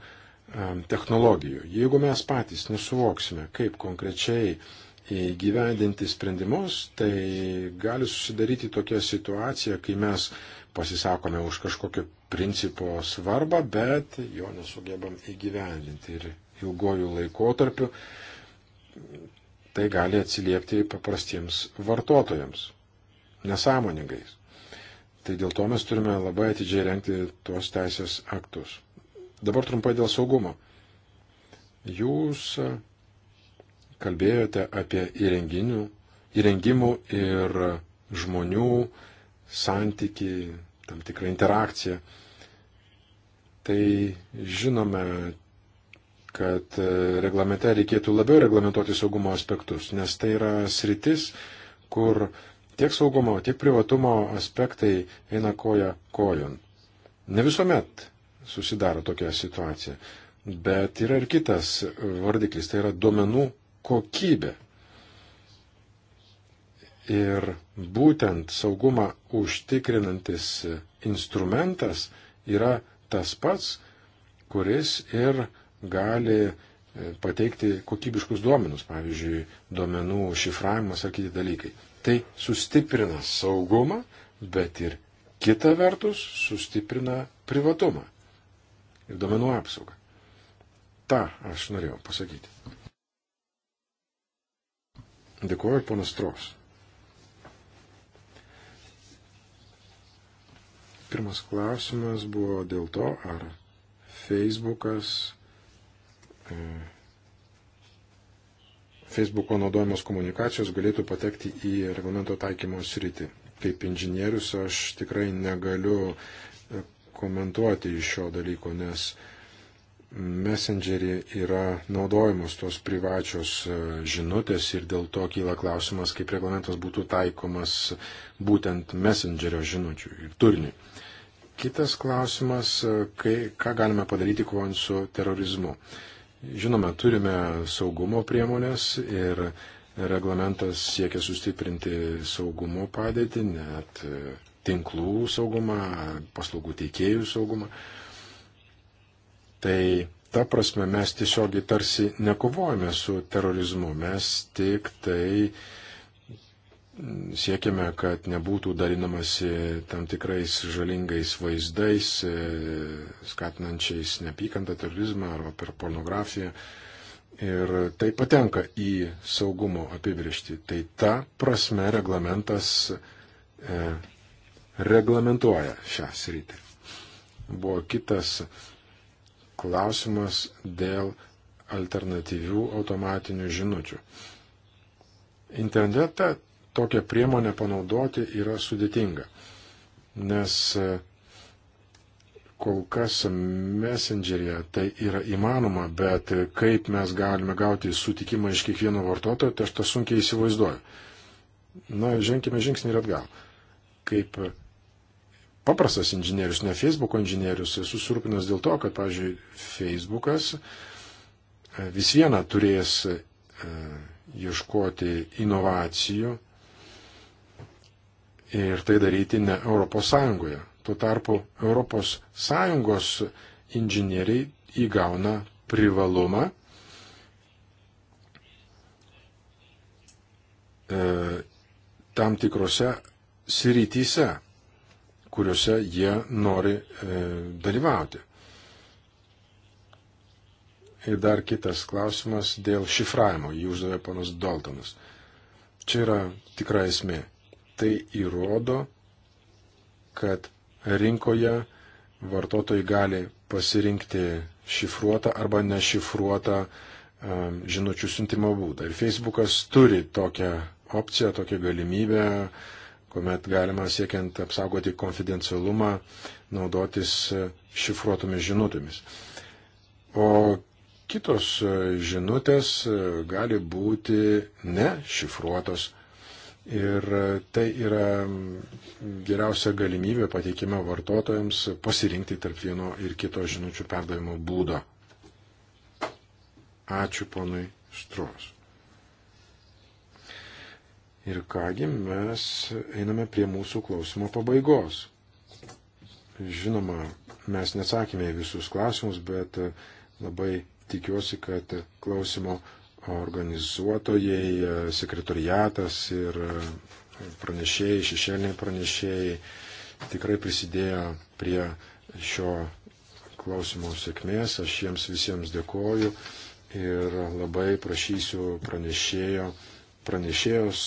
technologijų. Jeigu mes patys nesuvoksime, kaip konkrečiai įgyvendinti sprendimus, tai gali susidaryti tokia situacija, kai mes pasisakome už kažkokio principo svarbą, bet jo nesugebam įgyvendinti. Ir ilgojų laikotarpių tai gali atsiliepti paprastiems vartotojams, nesąmoningais. Tai dėl to mes turime labai atidžiai renkti tuos teisės aktus. Dabar trumpai dėl saugumo. Jūs kalbėjote apie įrenginių, įrengimų ir žmonių santyki, tam tikrą interakciją. Tai žinome, kad e, reglamente reikėtų labiau reglamentuoti saugumo aspektus, nes tai yra sritis, kur tiek saugumo, tiek privatumo aspektai eina koja kojon. Ne visuomet susidaro tokia situacija, bet yra ir kitas vardiklis, tai yra duomenų kokybė. Ir būtent saugumą užtikrinantis instrumentas yra tas pats, kuris ir gali e, pateikti kokybiškus duomenus, pavyzdžiui, duomenų šifravimas ar kiti dalykai. Tai sustiprina saugumą, bet ir kita vertus sustiprina privatumą ir duomenų apsaugą. Ta aš norėjau pasakyti. Dėkuoju, ponas Tros. Pirmas klausimas buvo dėl to, ar Facebookas, e, Facebooko naudojamos komunikacijos galėtų patekti į reglamento taikymo sritį. Kaip inžinierius aš tikrai negaliu e, komentuoti iš šio dalyko, nes Messengerį yra naudojamos tos privačios e, žinutės ir dėl to kyla klausimas, kaip reglamentas būtų taikomas būtent Messengerio žinučių ir turiniui. Kitas klausimas, kai, ką galime padaryti kovant su terorizmu. Žinoma, turime saugumo priemonės ir reglamentas siekia sustiprinti saugumo padėtį, net tinklų saugumą, paslaugų teikėjų saugumą. Tai ta prasme mes tiesiog tarsi nekovojame su terorizmu, mes tik tai uh, siekiame, kad nebūtų dalinamasi tam tikrais žalingais vaizdais, e, skatinančiais neapykantą, terorizmą arba per pornografiją. Ir tai patenka į saugumo apibrišti. Tai ta prasme reglamentas e, reglamentuoja šią sritį. Buvo kitas klausimas dėl alternatyvių automatinių žinučių. Internetą tokią priemonę panaudoti yra sudėtinga, nes e, kol kas messengeryje tai yra įmanoma, bet kaip mes galime gauti sutikimą iš kiekvieno vartotojo, tai aš tą sunkiai įsivaizduoju. Na, ženkime žingsnį ir atgal. Kaip paprastas inžinierius, ne Facebooko inžinierius, susirūpinęs dėl to, kad, pavyzdžiui, Facebookas e, vis viena turės e, ieškoti inovacijų ir tai daryti ne ES. Tuo tarpu ES inžinieriai įgauna privalumą e, tam tikrose srityse, kuriuose jie nori e, dalyvauti. Ir dar kitas klausimas dėl šifravimo, jį uždavė panas Daltonas. Čia yra tikra esmė. Tai įrodo, kad rinkoje vartotojai gali pasirinkti šifruotą arba nešifruotą um, žinučių siuntimo būdą. Ir Facebookas turi tokią opciją, tokią galimybę, kuomet galima siekiant apsaugoti konfidencialumą naudotis e, šifruotomis žinutėmis. O kitos e, žinutės e, gali būti nešifruotos. Ir tai yra geriausia galimybė pateikime vartotojams pasirinkti tarp vieno ir kito žinučių perdavimo būdo. Ačiū ponui Štros. Ir kągi mes einame prie mūsų klausimo pabaigos. Žinoma, mes nesakėme visus klausimus, bet labai tikiuosi, kad klausimo organizuotojai, sekretoriatas ir pranešėjai, šešėliniai pranešėjai tikrai prisidėjo prie šio klausimo sėkmės. Aš jiems visiems dėkoju ir labai prašysiu pranešėjo, pranešėjos,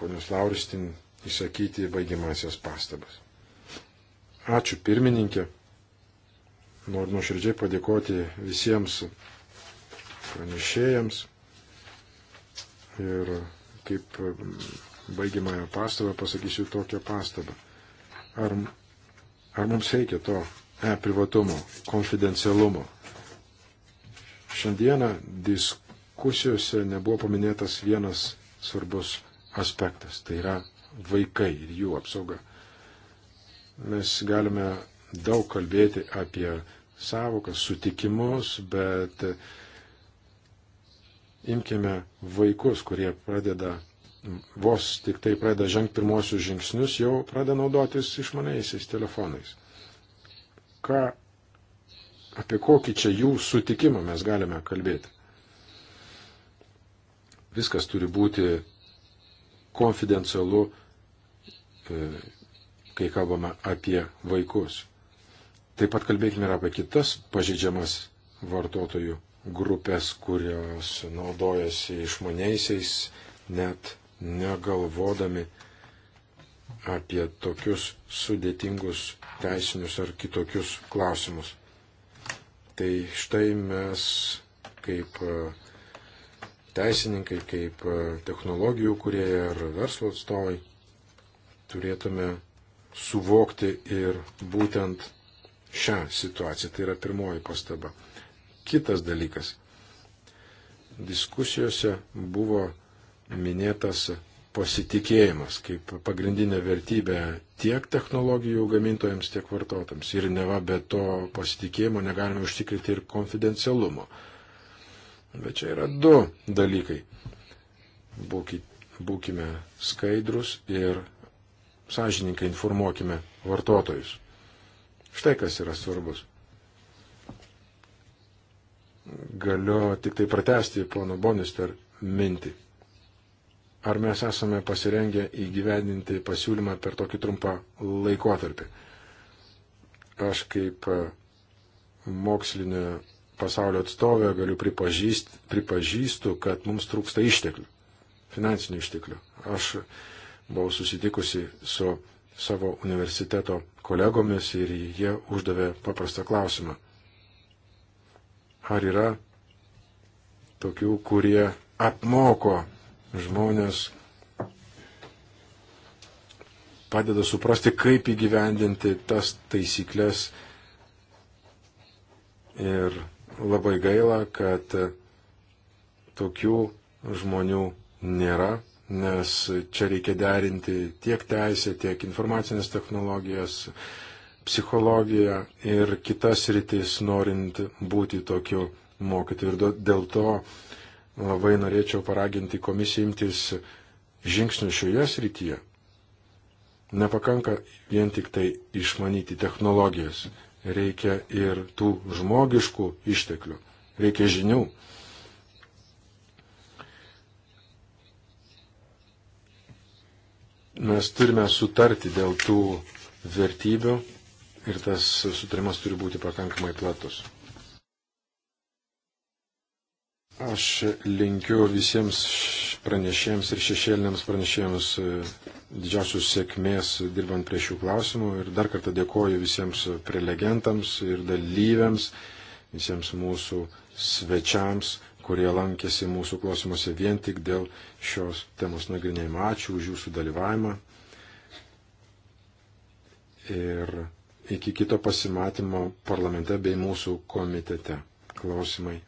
ponios Lauristin, išsakyti baigiamasias pastabas. Ačiū pirmininkė. Noriu nuoširdžiai padėkoti visiems pranešėjams ir kaip baigiamąją pastabą pasakysiu tokią pastabą. Ar, ar mums reikia to e-privatumo, konfidencialumo? Šiandieną diskusijose nebuvo paminėtas vienas svarbus aspektas, tai yra vaikai ir jų apsauga. Mes galime daug kalbėti apie savokas, sutikimus, bet Imkime vaikus, kurie pradeda, vos tik tai pradeda žengti pirmosius žingsnius, jau pradeda naudotis išmaniaisiais telefonais. Ką, apie kokį čia jų sutikimą mes galime kalbėti? Viskas turi būti konfidencialu, e, kai kalbame apie vaikus. Taip pat kalbėkime ir apie kitas pažeidžiamas vartotojų grupės, kurios naudojasi išmaniaisiais, net negalvodami apie tokius sudėtingus teisinius ar kitokius klausimus. Tai štai mes kaip e, teisininkai, kaip e, technologijų kurie ir verslo atstovai turėtume suvokti ir būtent šią situaciją. Tai yra pirmoji pastaba. Kitas dalykas. Diskusijose buvo minėtas pasitikėjimas kaip pagrindinė vertybė tiek technologijų gamintojams, tiek vartotojams. Ir neva be to pasitikėjimo negalime užtikrinti ir konfidencialumo. Bet čia yra du dalykai. Būkite būkime skaidrus ir sąžininkai informuokime vartotojus. Štai kas yra svarbus galiu tik tai pratesti pono Bonister mintį. Ar mes esame pasirengę įgyvendinti pasiūlymą per tokį trumpą laikotarpį? Aš kaip e, mokslinio pasaulio atstovė galiu pripažįst, pripažįstu, kad mums trūksta išteklių, finansinių išteklių. Aš buvau susitikusi su savo universiteto kolegomis ir jie uždavė paprastą klausimą Ar yra tokių, kurie apmoko žmonės, padeda suprasti, kaip įgyvendinti tas taisyklės. Ir labai gaila, kad tokių žmonių nėra, nes čia reikia derinti tiek teisę, tiek informacinės technologijas, psichologiją ir kitas rytis, norint būti tokiu mokytoju. Ir dėl to labai norėčiau paraginti komisiją imtis žingsnių šioje srityje. Nepakanka vien tik tai išmanyti technologijas, reikia ir tų žmogiškų išteklių, reikia žinių. Mes turime sutarti dėl tų vertybių ir tas sutarimas turi būti pakankamai platus. Aš linkiu visiems pranešėjams ir šešėliniams pranešėjams e, didžiausios sėkmės dirbant prie šių klausimų ir dar kartą dėkoju visiems prelegentams ir dalyviams, visiems mūsų svečiams, kurie lankėsi mūsų klausimuose vien tik dėl šios temos nagrinėjimo. Ačiū už jūsų dalyvavimą. Ir iki kito pasimatymo parlamente bei mūsų komitete. Klausimai